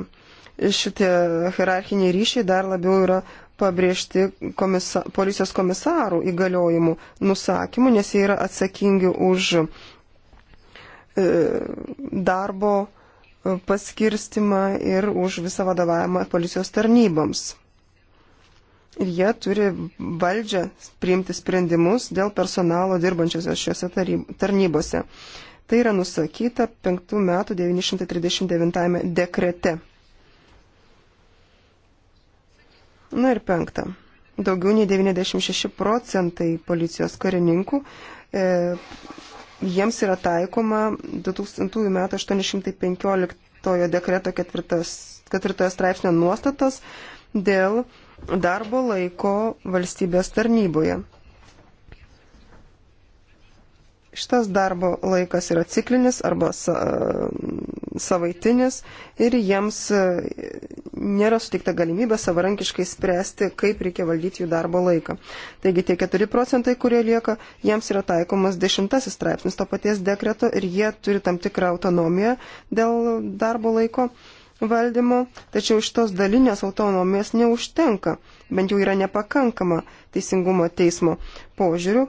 Šitie hierarchiniai ryšiai dar labiau yra pabrėžti komisa, policijos komisarų įgaliojimų nusakymų, nes jie yra atsakingi už e, darbo e, paskirstimą ir už visą vadovavimą policijos tarnyboms ir jie turi valdžią priimti sprendimus dėl personalo dirbančiose šiuose tarnybose. Tai yra nusakyta 5 metų 939 dekrete. Na ir penkta. Daugiau nei 96 procentai policijos karininkų, e, jiems yra taikoma 2000 m. 815 dekreto ketvirtas, ketvirtojo straipsnio nuostatos dėl darbo laiko valstybės tarnyboje. Šitas darbo laikas yra ciklinis arba sa savaitinis ir jiems e, nėra suteikta galimybė savarankiškai spręsti, kaip reikia valdyti jų darbo laiką. Taigi tie 4 procentai, kurie lieka, jiems yra taikomas 10 straipsnis to paties dekreto ir jie turi tam tikrą autonomiją dėl darbo laiko. Uh, valdymo, tačiau šitos dalinės autonomijos neužtenka, bent jau yra nepakankama teisingumo teismo požiūriu.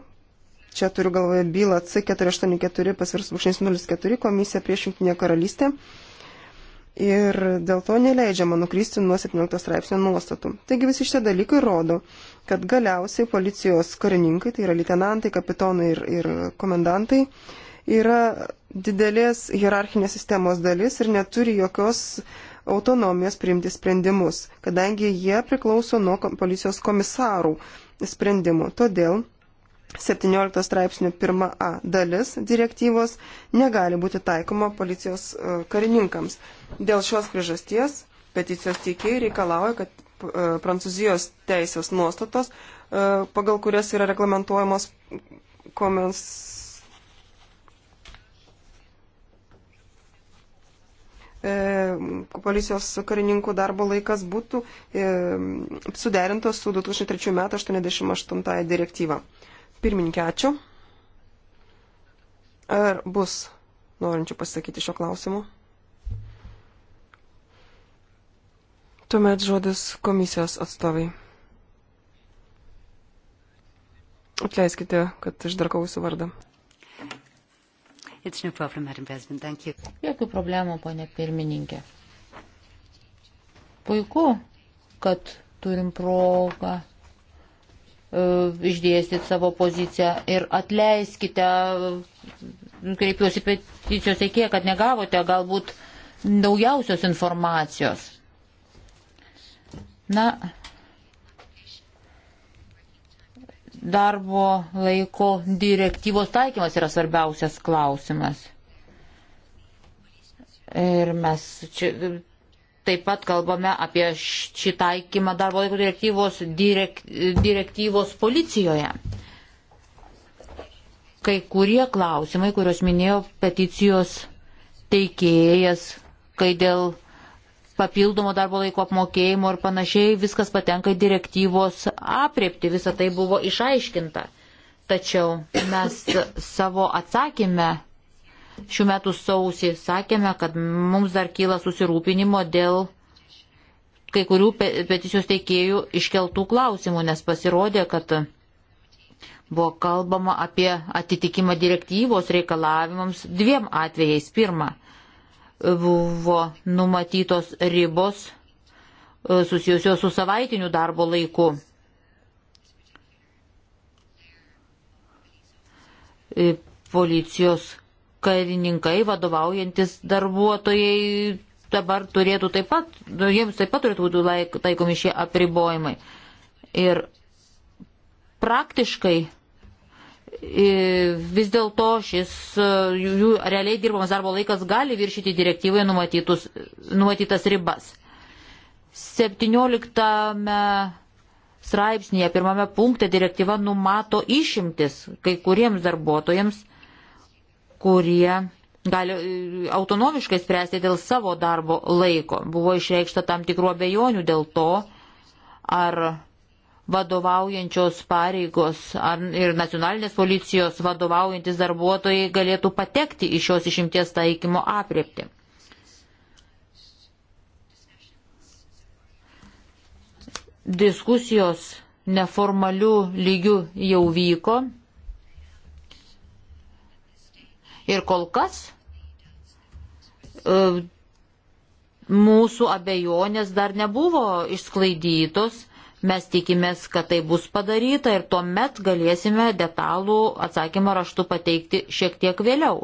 Čia turiu galvoje bylą C484 pasvirs 04 komisija prieš Junktinę karalystę. Ir dėl to neleidžiama nukrysti nuo 17 straipsnio nuostatų. Taigi visi šitie dalykai rodo, kad galiausiai policijos karininkai, tai yra litenantai, kapitonai ir, ir komendantai, yra didelės hierarchinės sistemos dalis ir neturi jokios autonomijos priimti sprendimus, kadangi jie priklauso nuo policijos komisarų sprendimų. Todėl 17 straipsnio 1a dalis direktyvos negali būti taikoma policijos e, karininkams. Dėl šios priežasties peticijos teikėjai reikalauja, kad e, Prancūzijos teisės nuostatos, e, pagal kurias yra reglamentuojamos komis E, policijos karininkų darbo laikas būtų e, suderintas su 2003 m. 88 direktyva. Pirmininkė, ačiū. Ar bus norinčių pasakyti šio klausimu? Tuomet žodis komisijos atstovai. Atleiskite, kad išdarkau jūsų vardą. It's no problem, Madam President. Thank you. Jokių problemų, ponė pirmininkė. Puiku, kad turim progą e, išdėstyti savo poziciją ir atleiskite, e, kreipiuosi peticijos teikėją, kad negavote galbūt daugiausios informacijos. Na, darbo laiko direktyvos taikymas yra svarbiausias klausimas. Ir mes čia taip pat kalbame apie šį taikymą darbo laiko direktyvos, direk, direktyvos policijoje. Kai kurie klausimai, kuriuos minėjo peticijos teikėjas, kai dėl papildomo darbo laiko apmokėjimo ir panašiai, viskas patenka į direktyvos apriepti, visa tai buvo išaiškinta. Tačiau mes savo atsakymę šių metų sausį sakėme, kad mums dar kyla susirūpinimo dėl kai kurių peticijos teikėjų iškeltų klausimų, nes pasirodė, kad buvo kalbama apie atitikimą direktyvos reikalavimams dviem atvejais. Pirma, buvo numatytos ribos e, susijusios su savaitiniu darbo laiku. E, policijos karininkai, vadovaujantis darbuotojai dabar turėtų taip pat, nu, jiems taip pat turėtų būti taikomi šie apribojimai. Ir praktiškai vis dėlto šis e, jų realiai dirbamas darbo laikas gali viršyti direktyvoje numatytas ribas. 17 straipsnėje, pirmame punkte direktyva numato išimtis kai kuriems darbuotojams, kurie gali e, autonomiškai spręsti dėl savo darbo laiko. Buvo išreikšta tam tikrų abejonių dėl to, ar vadovaujančios pareigos ar, ir nacionalinės policijos vadovaujantis darbuotojai galėtų patekti į šios išimties taikymo apriepti. Diskusijos neformalių lygių jau vyko ir kol kas e, mūsų abejonės dar nebuvo išsklaidytos Mes tikimės, kad tai bus padaryta ir tuomet galėsime detalų atsakymą raštu pateikti šiek tiek vėliau.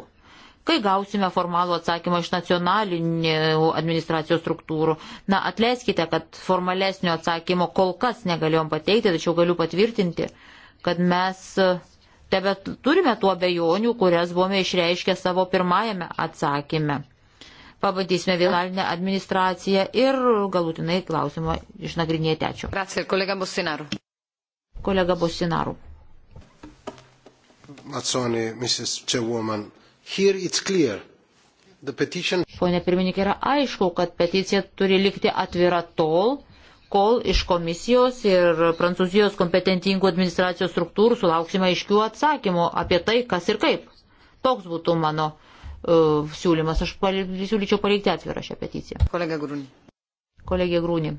Kai gausime formalų atsakymą iš nacionalinių administracijos struktūrų, na atleiskite, kad formalesnio atsakymo kol kas negalėjom pateikti, tačiau galiu patvirtinti, kad mes tebe turime tų abejonių, kurias buvome išreiškę savo pirmajame atsakyme pabandysime vienalinę administraciją ir galutinai klausimą išnagrinėti. Ačiū. Grazie, kolega Bostinaru. Kolega Bostinaru. Matsoni, Mrs. Chairwoman, here it's clear. Petition... Pone pirmininkė, yra aišku, kad peticija turi likti atvira tol, kol iš komisijos ir Prancūzijos kompetentingų administracijos struktūrų sulauksime aiškių atsakymų apie tai, kas ir kaip. Toks būtų mano uh, E, siūlymas. Aš siūlyčiau palikti atvirą šią peticiją. Kolega Grūni. Kolegė Grūni.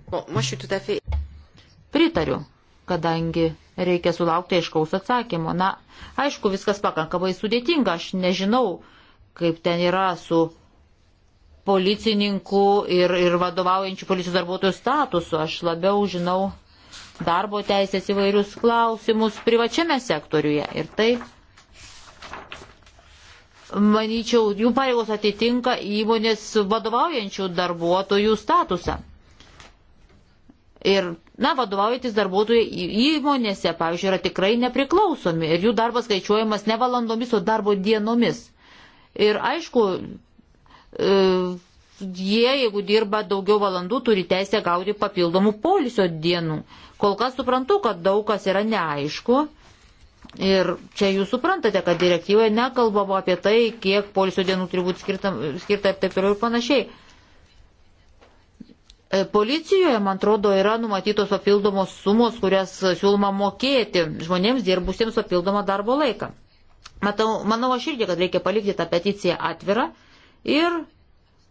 Pritariu, kadangi reikia sulaukti aiškaus atsakymo. Na, aišku, viskas pakankamai sudėtinga. Aš nežinau, kaip ten yra su policininkų ir, ir vadovaujančių policijos darbuotojų statusu. Aš labiau žinau darbo teisės įvairius klausimus privačiame sektoriuje. Ir tai manyčiau, jų pareigos atitinka įmonės vadovaujančių darbuotojų statusą. Ir, na, vadovaujantis darbuotojai įmonėse, pavyzdžiui, yra tikrai nepriklausomi ir jų darbas skaičiuojamas ne valandomis, o darbo dienomis. Ir aišku, e, jie, jeigu dirba daugiau valandų, turi teisę gauti papildomų polisio dienų. Kol kas suprantu, kad daug kas yra neaišku Ir čia jūs suprantate, kad direktyvoje nekalbama apie tai, kiek polisio dienų turi būti skirta, skirta ir taip toliau ir panašiai. E, policijoje, man atrodo, yra numatytos papildomos sumos, kurias siūloma mokėti žmonėms dirbusiems papildomą darbo laiką. Matau, manau aš irgi, kad reikia palikti tą peticiją atvirą ir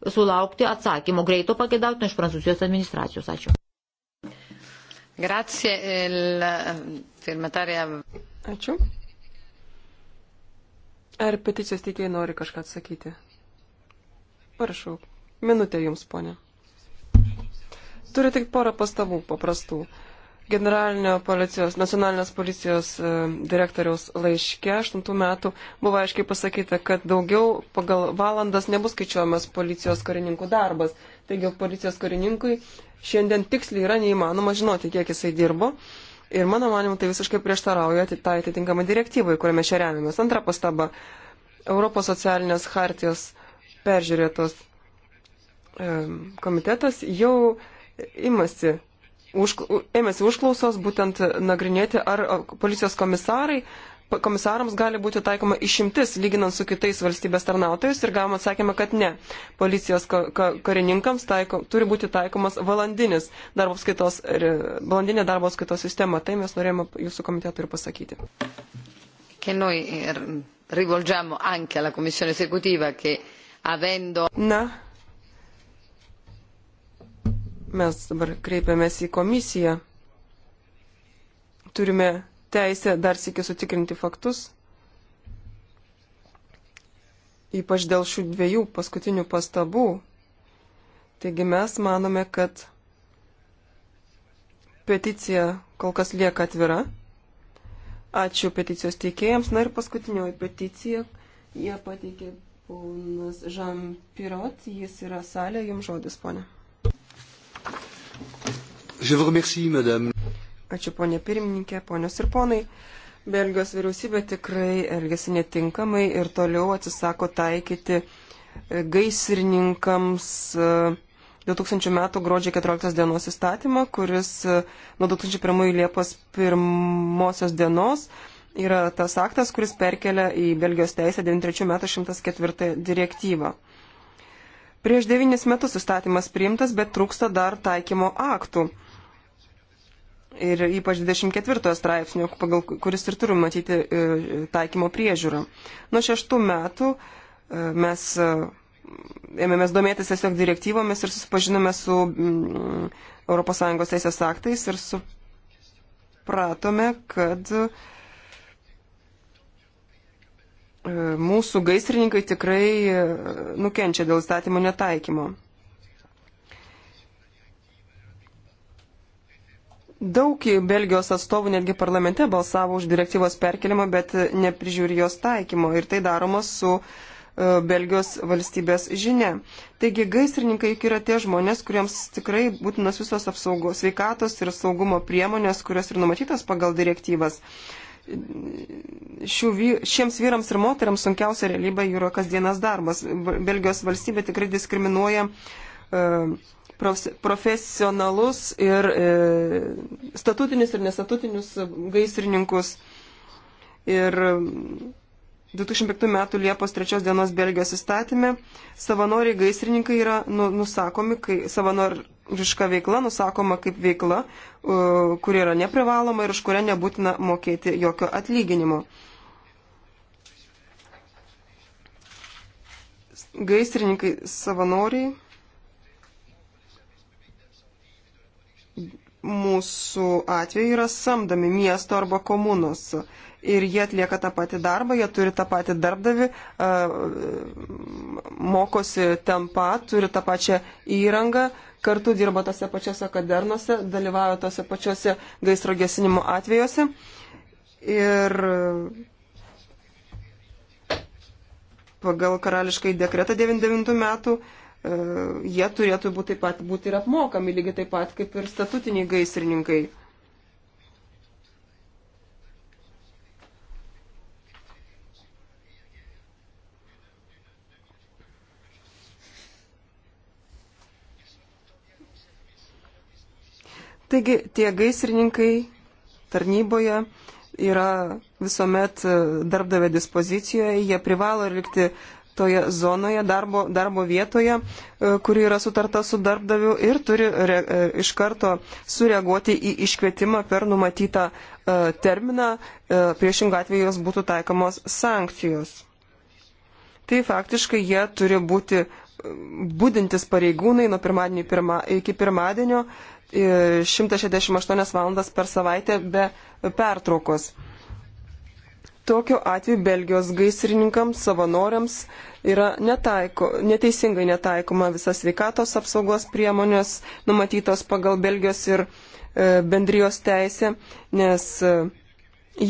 sulaukti atsakymo greito pagėdautino iš Prancūzijos administracijos. Ačiū. Grazie, il firmataria Ačiū. Ar peticijos teikėjai nori kažką atsakyti? Parašau. Minutė jums, ponė. Turiu tik porą pastabų paprastų. Generalinio policijos, nacionalinės policijos e, direktoriaus laiške 8 metų buvo aiškiai pasakyta, kad daugiau pagal valandas nebus skaičiuojamas policijos karininkų darbas. Taigi policijos karininkui šiandien tiksliai yra neįmanoma žinoti, kiek jisai dirbo. Uh, Ir mano manimu, tai visiškai prieštarauja tai atitinkamai direktyvai, kurią mes čia remiamės. Antra pastaba. Europos socialinės hartijos peržiūrėtos komitetas jau imasi, už, ėmėsi užklausos būtent nagrinėti, ar policijos komisarai komisarams gali būti taikoma išimtis lyginant su kitais valstybės tarnautojais ir gavom atsakymą, kad ne. Policijos ka ka karininkams taiko, turi būti taikomas valandinis darbo skaitos, valandinė darbo skaitos sistema. Tai mes norėjome jūsų komitetui ir pasakyti. Eh, Na, mes dabar kreipiamės į komisiją. Turime teisę dar sėki sutikrinti faktus, ypač dėl šių dviejų paskutinių pastabų. Taigi mes manome, kad peticija kol kas lieka atvira. Ačiū peticijos teikėjams. Na ir paskutinioji peticija. Jie pateikė ponas Žan Pirot. Jis yra salė. Jums žodis, ponė. Je vous remercie, madame Ačiū ponė pirmininkė, ponios ir ponai. Belgijos vyriausybė tikrai elgesi netinkamai ir toliau atsisako taikyti e, gaisrininkams 2000 e, m. gruodžio 14 dienos įstatymą, kuris e, nuo 2001 Liepos 1 dienos yra tas aktas, kuris perkelia į Belgijos teisę 93 m. 104 direktyvą. Prieš devynis metus įstatymas priimtas, bet trūksta dar taikymo aktų ir ypač 24 straipsnio, pagal kuris ir turim matyti e, taikymo priežiūrą. Nuo šeštų metų e, mes e, ėmėmės domėtis tiesiog direktyvomis ir susipažinome su mm, ES teisės aktais ir supratome, kad mūsų gaisrininkai tikrai nukenčia dėl įstatymo netaikymo. Daug Belgijos atstovų netgi parlamente balsavo už direktyvos perkelimą, bet neprižiūri jos taikymo ir tai daroma su e, Belgijos valstybės žinia. Taigi gaisrininkai juk yra tie žmonės, kuriems tikrai būtinas visos apsaugos, sveikatos ir saugumo priemonės, kurios ir numatytas pagal direktyvas. Šių, šiems vyrams ir moteriams sunkiausia realybė yra kasdienas darbas. Belgijos valstybė tikrai diskriminuoja uh, profesionalus ir e, statutinius ir nestatutinius gaisrininkus. Ir 2005 mm, m. Liepos 3 dienos Belgijos įstatymė savanoriai gaisrininkai yra nu, nusakomi, kai savanoriška veikla nusakoma kaip veikla, kuri yra neprivaloma ir už kurią nebūtina mokėti jokio atlyginimo. Gaisrininkai savanoriai mūsų atveju yra samdomi miesto arba komunos. Ir jie atlieka tą patį darbą, jie turi tą patį darbdavį, mokosi ten pat, turi tą pačią įrangą, kartu dirba tose pačiose kadernose, dalyvauja tose pačiose gaisro gesinimo atvejuose. Ir pagal karališkai dekretą 99 metų E, jie turėtų būti taip pat būti ir apmokami, lygiai taip pat kaip ir statutiniai gaisrininkai. Taigi tie gaisrininkai tarnyboje yra visuomet e, darbdavė dispozicijoje, jie privalo likti uh, toje zonoje, darbo, darbo vietoje, e, kuri yra sutarta su darbdaviu ir turi re, e, iš karto sureaguoti į iškvietimą per numatytą e, terminą, priešingą atveju jos būtų taikomos sankcijos. Tai faktiškai jie turi būti būdintis pareigūnai nuo pirmadienio pirma, iki pirmadienio 168 valandas per savaitę be pertraukos. Tokiu atveju Belgijos gaisrininkams, savanoriams yra netaiko, neteisingai netaikoma visas sveikatos apsaugos priemonės numatytos pagal Belgijos ir e, bendrijos teisę, nes e,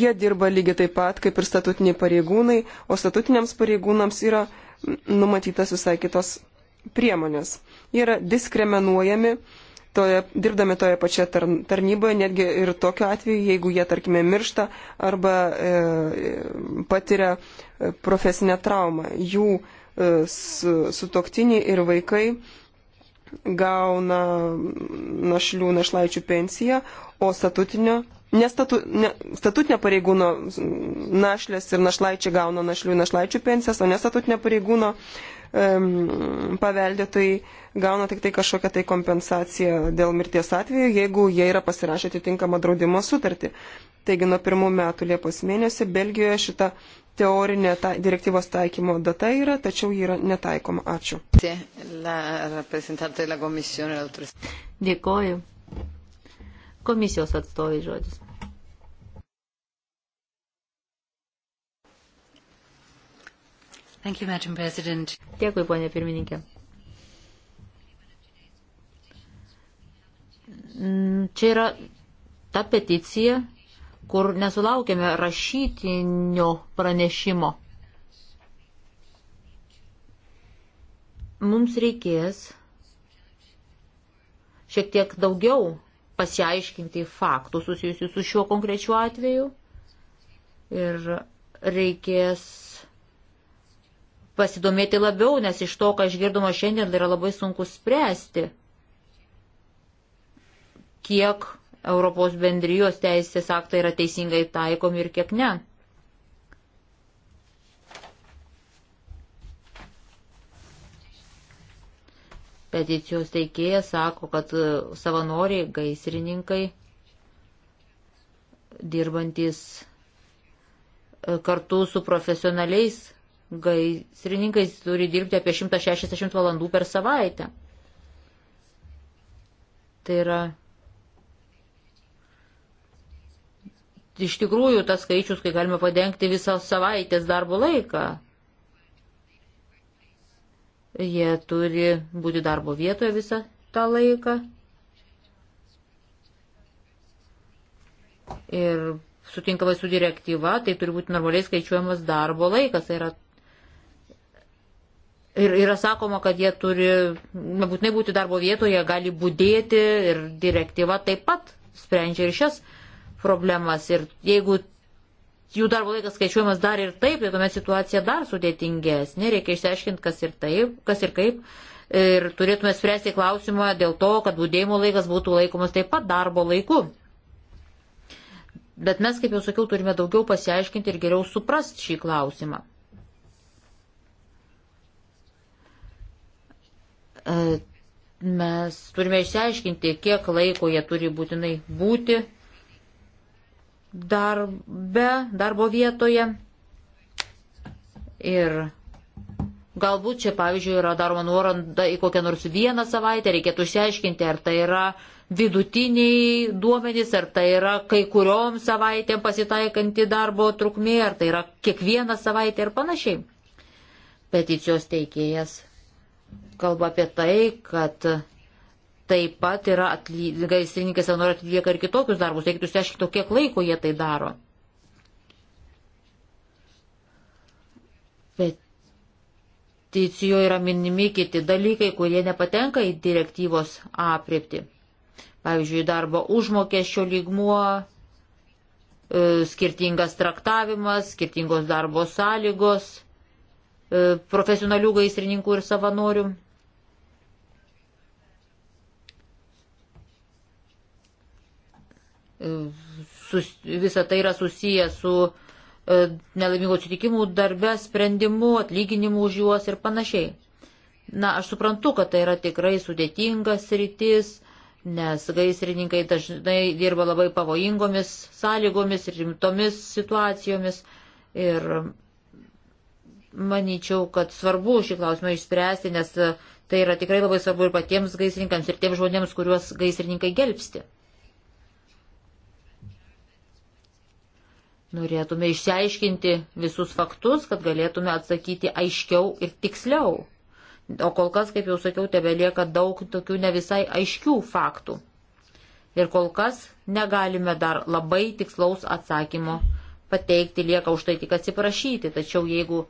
jie dirba lygiai taip pat kaip ir statutiniai pareigūnai, o statutiniams pareigūnams yra numatytas visai kitos priemonės. Jie yra diskriminuojami toje, dirbdami toje pačioje tarnyboje, netgi ir tokiu atveju, jeigu jie, tarkime, miršta arba e, e patiria e, profesinę traumą. Jų e, sutoktiniai ir vaikai gauna našlių našlaičių pensiją, o statutinio, nestatu, ne, statutinio pareigūno našlės ir našlaičiai gauna našlių našlaičių pensijas, o nestatutinio pareigūno e, um, paveldėtojai gauna tik tai kažkokią tai kompensaciją dėl mirties atveju, jeigu jie yra pasirašę atitinkamą draudimo sutartį. Taigi nuo pirmų metų Liepos mėnesį Belgijoje šita teorinė ta, direktyvos taikymo data yra, tačiau ji yra netaikoma. Ačiū. Dėkoju. Komisijos atstovai žodis. Thank you, Madam President. Dėkui, ponė pirmininkė. Mm, čia yra ta peticija, kur nesulaukėme rašytinio pranešimo. Mums reikės šiek tiek daugiau pasiaiškinti faktų susijusių su šiuo konkrečiu atveju ir reikės pasidomėti labiau, nes iš to, ką išgirdoma šiandien, yra labai sunku spręsti, kiek Europos bendrijos teisės aktai yra teisingai taikomi ir kiek ne. Peticijos teikėjas sako, kad savanoriai, gaisrininkai, dirbantis kartu su profesionaliais gaisrininkai turi dirbti apie 160 valandų per savaitę. Tai yra iš tikrųjų tas skaičius, kai galime padengti visą savaitės darbo laiką. Jie turi būti darbo vietoje visą tą laiką. Ir sutinkamai su direktyva, tai turi būti normaliai skaičiuojamas darbo laikas. Tai yra Ir yra sakoma, kad jie turi nebūtinai būti darbo vietoje, gali būdėti ir direktyva taip pat sprendžia ir šias problemas. Ir jeigu jų darbo laikas skaičiuojamas dar ir taip, tai tuomet situacija dar sudėtingesnė, reikia išsiaiškinti, kas ir taip, kas ir kaip. Ir turėtume spręsti klausimą dėl to, kad būdėjimo laikas būtų laikomas taip pat darbo laiku. Bet mes, kaip jau sakiau, turime daugiau pasiaiškinti ir geriau suprasti šį klausimą. E, mes turime išsiaiškinti, kiek laiko jie turi būtinai būti darbe, darbo vietoje. Ir galbūt čia, pavyzdžiui, yra daroma nuoranda į kokią nors vieną savaitę, reikėtų išsiaiškinti, ar tai yra vidutiniai duomenys, ar tai yra kai kuriom savaitėm pasitaikanti darbo trukmė, ar tai yra kiekvieną savaitę ir panašiai. Peticijos teikėjas kalba apie tai, kad taip pat yra atly... gaisrininkai savanoriai atlieka ir kitokius darbus. Reikėtų išsiaiškinti, kiek laiko jie tai daro. Peticijoje yra minimi kiti dalykai, kurie nepatenka į direktyvos apriepti. Pavyzdžiui, darbo užmokesčio lygmuo, e, skirtingas traktavimas, skirtingos darbo sąlygos e, profesionalių gaisrininkų ir savanorių. sus, visa tai yra susiję su e, nelaimingo atsitikimų darbę sprendimu, atlyginimu už juos ir panašiai. Na, aš suprantu, kad tai yra tikrai sudėtingas rytis, nes gaisrininkai dažnai dirba labai pavojingomis sąlygomis ir rimtomis situacijomis. Ir manyčiau, kad svarbu šį klausimą išspręsti, nes tai yra tikrai labai svarbu ir patiems gaisrininkams, ir tiems žmonėms, kuriuos gaisrininkai gelbsti. Norėtume išsiaiškinti visus faktus, kad galėtume atsakyti aiškiau ir tiksliau. O kol kas, kaip jau sakiau, tebelieka daug tokių ne visai aiškių faktų. Ir kol kas negalime dar labai tikslaus atsakymo pateikti, lieka už tai tik atsiprašyti. Tačiau jeigu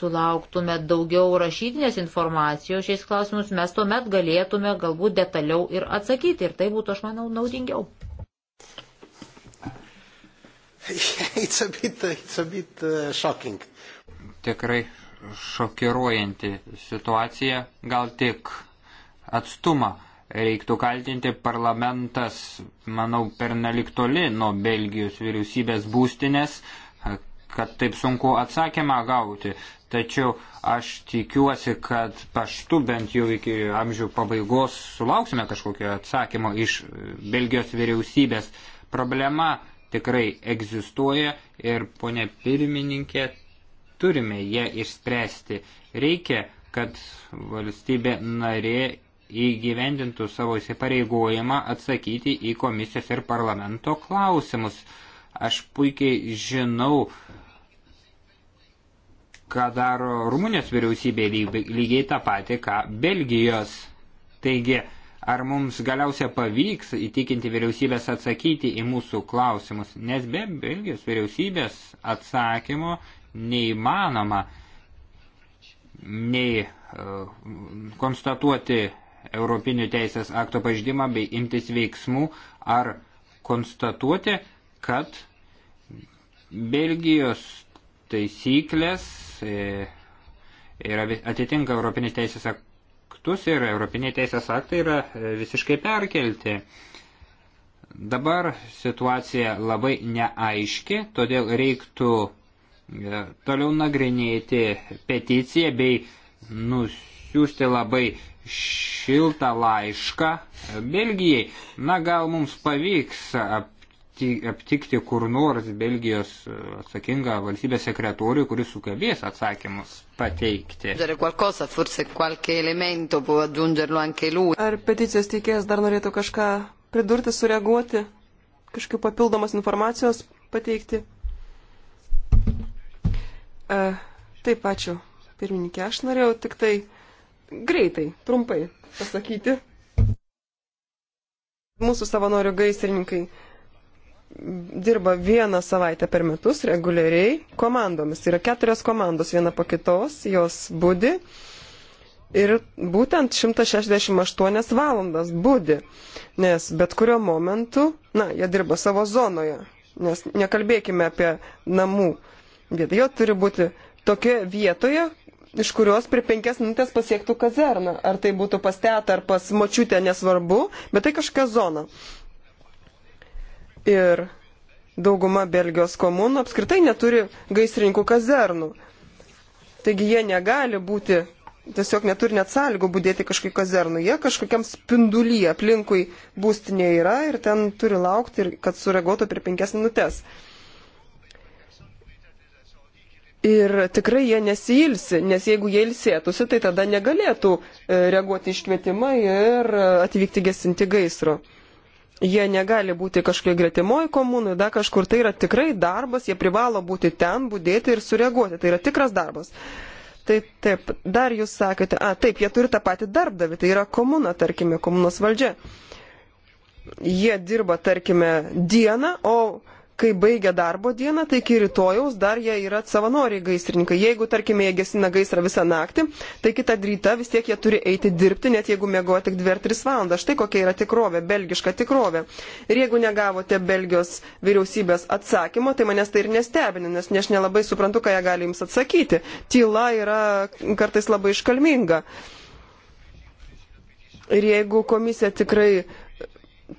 sulauktume daugiau rašytinės informacijos šiais klausimus, mes tuomet galėtume galbūt detaliau ir atsakyti. Ir tai būtų, aš manau, naudingiau. It's a bit, it's a bit uh, shocking. Tikrai šokiruojanti situacija, gal tik atstumą reiktų kaltinti. Parlamentas, manau, pernelik toli nuo Belgijos vyriausybės būstinės, kad taip sunku atsakymą gauti. Tačiau aš tikiuosi, kad paštu bent jau iki amžių pabaigos sulauksime kažkokio atsakymo iš Belgijos vyriausybės. Problema tikrai egzistuoja ir, ponė pirmininkė, turime ją išspręsti. Reikia, kad valstybė narė įgyvendintų savo įsipareigojimą atsakyti į komisijos ir parlamento klausimus. Aš puikiai žinau, ką daro Rumunijos vyriausybė lygiai tą patį, ką Belgijos. Taigi, ar mums galiausia pavyks įtikinti vyriausybės atsakyti į mūsų klausimus, nes be Belgijos vyriausybės atsakymo neįmanoma nei uh, konstatuoti Europinių teisės akto pažydimą bei imtis veiksmų ar konstatuoti, kad Belgijos taisyklės e, yra, atitinka Europinės teisės akto aktus ir europiniai teisės aktai yra e, visiškai perkelti. Dabar situacija labai neaiški, todėl reiktų e, toliau nagrinėti peticiją bei nusiųsti labai šiltą laišką Belgijai. Na, gal mums pavyks aptikti kur nors Belgijos e, atsakingą valstybės sekretorių, kuris sugebės atsakymus pateikti. Ar peticijos teikėjas dar norėtų kažką pridurti, sureaguoti, kažkaip papildomas informacijos pateikti? A, e, taip, ačiū. Pirmininkė, aš norėjau tik tai greitai, trumpai pasakyti. Mūsų savanorių gaisrininkai dirba vieną savaitę per metus reguliariai komandomis. Yra keturios komandos viena po kitos, jos būdi ir būtent 168 valandas būdi, nes bet kurio momentu, na, jie dirba savo zonoje, nes nekalbėkime apie namų vietą, jo turi būti tokioje vietoje, iš kurios per penkias minutės pasiektų kazerną, ar tai būtų pas tetą, ar pas močiutę, nesvarbu, bet tai kažkokia zona. Ir dauguma Belgijos komunų apskritai neturi gaisrininkų kazernų. Taigi jie negali būti, tiesiog neturi net sąlygų būdėti kažkokiu kazernu. Jie kažkokiam spinduly aplinkui būstinė yra ir ten turi laukti, kad sureaguotų per penkias minutės. Ir tikrai jie nesiilsi, nes jeigu jie ilsėtųsi, tai tada negalėtų e, reaguoti iškvietimą ir e, atvykti gesinti gaisro. Jie negali būti kažkokie gretimoji komunai, dar kažkur. Tai yra tikrai darbas, jie privalo būti ten, būdėti ir sureaguoti. Tai yra tikras darbas. Tai taip, dar jūs sakėte, a, taip, jie turi tą patį darbdavį, tai yra komuna, tarkime, komunos valdžia. Jie dirba, tarkime, dieną, o kai baigia darbo dieną, tai iki rytojaus dar jie yra savanoriai gaisrininkai. Jeigu, tarkime, jie gesina gaisrą visą naktį, tai kitą rytą vis tiek jie turi eiti dirbti, net jeigu mėgoja tik 2 ar 3 valandas. Štai kokia yra tikrovė, belgiška tikrovė. Ir jeigu negavote Belgijos vyriausybės atsakymo, tai manęs tai ir nestebina, nes aš nelabai suprantu, ką jie gali jums atsakyti. Tyla yra kartais labai iškalminga. Ir jeigu komisija tikrai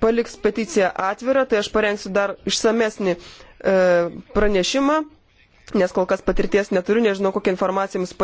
paliks peticiją atvirą, tai aš parengsiu dar išsamesnį e, pranešimą, nes kol kas patirties neturiu, nežinau, kokią informaciją jums patikti.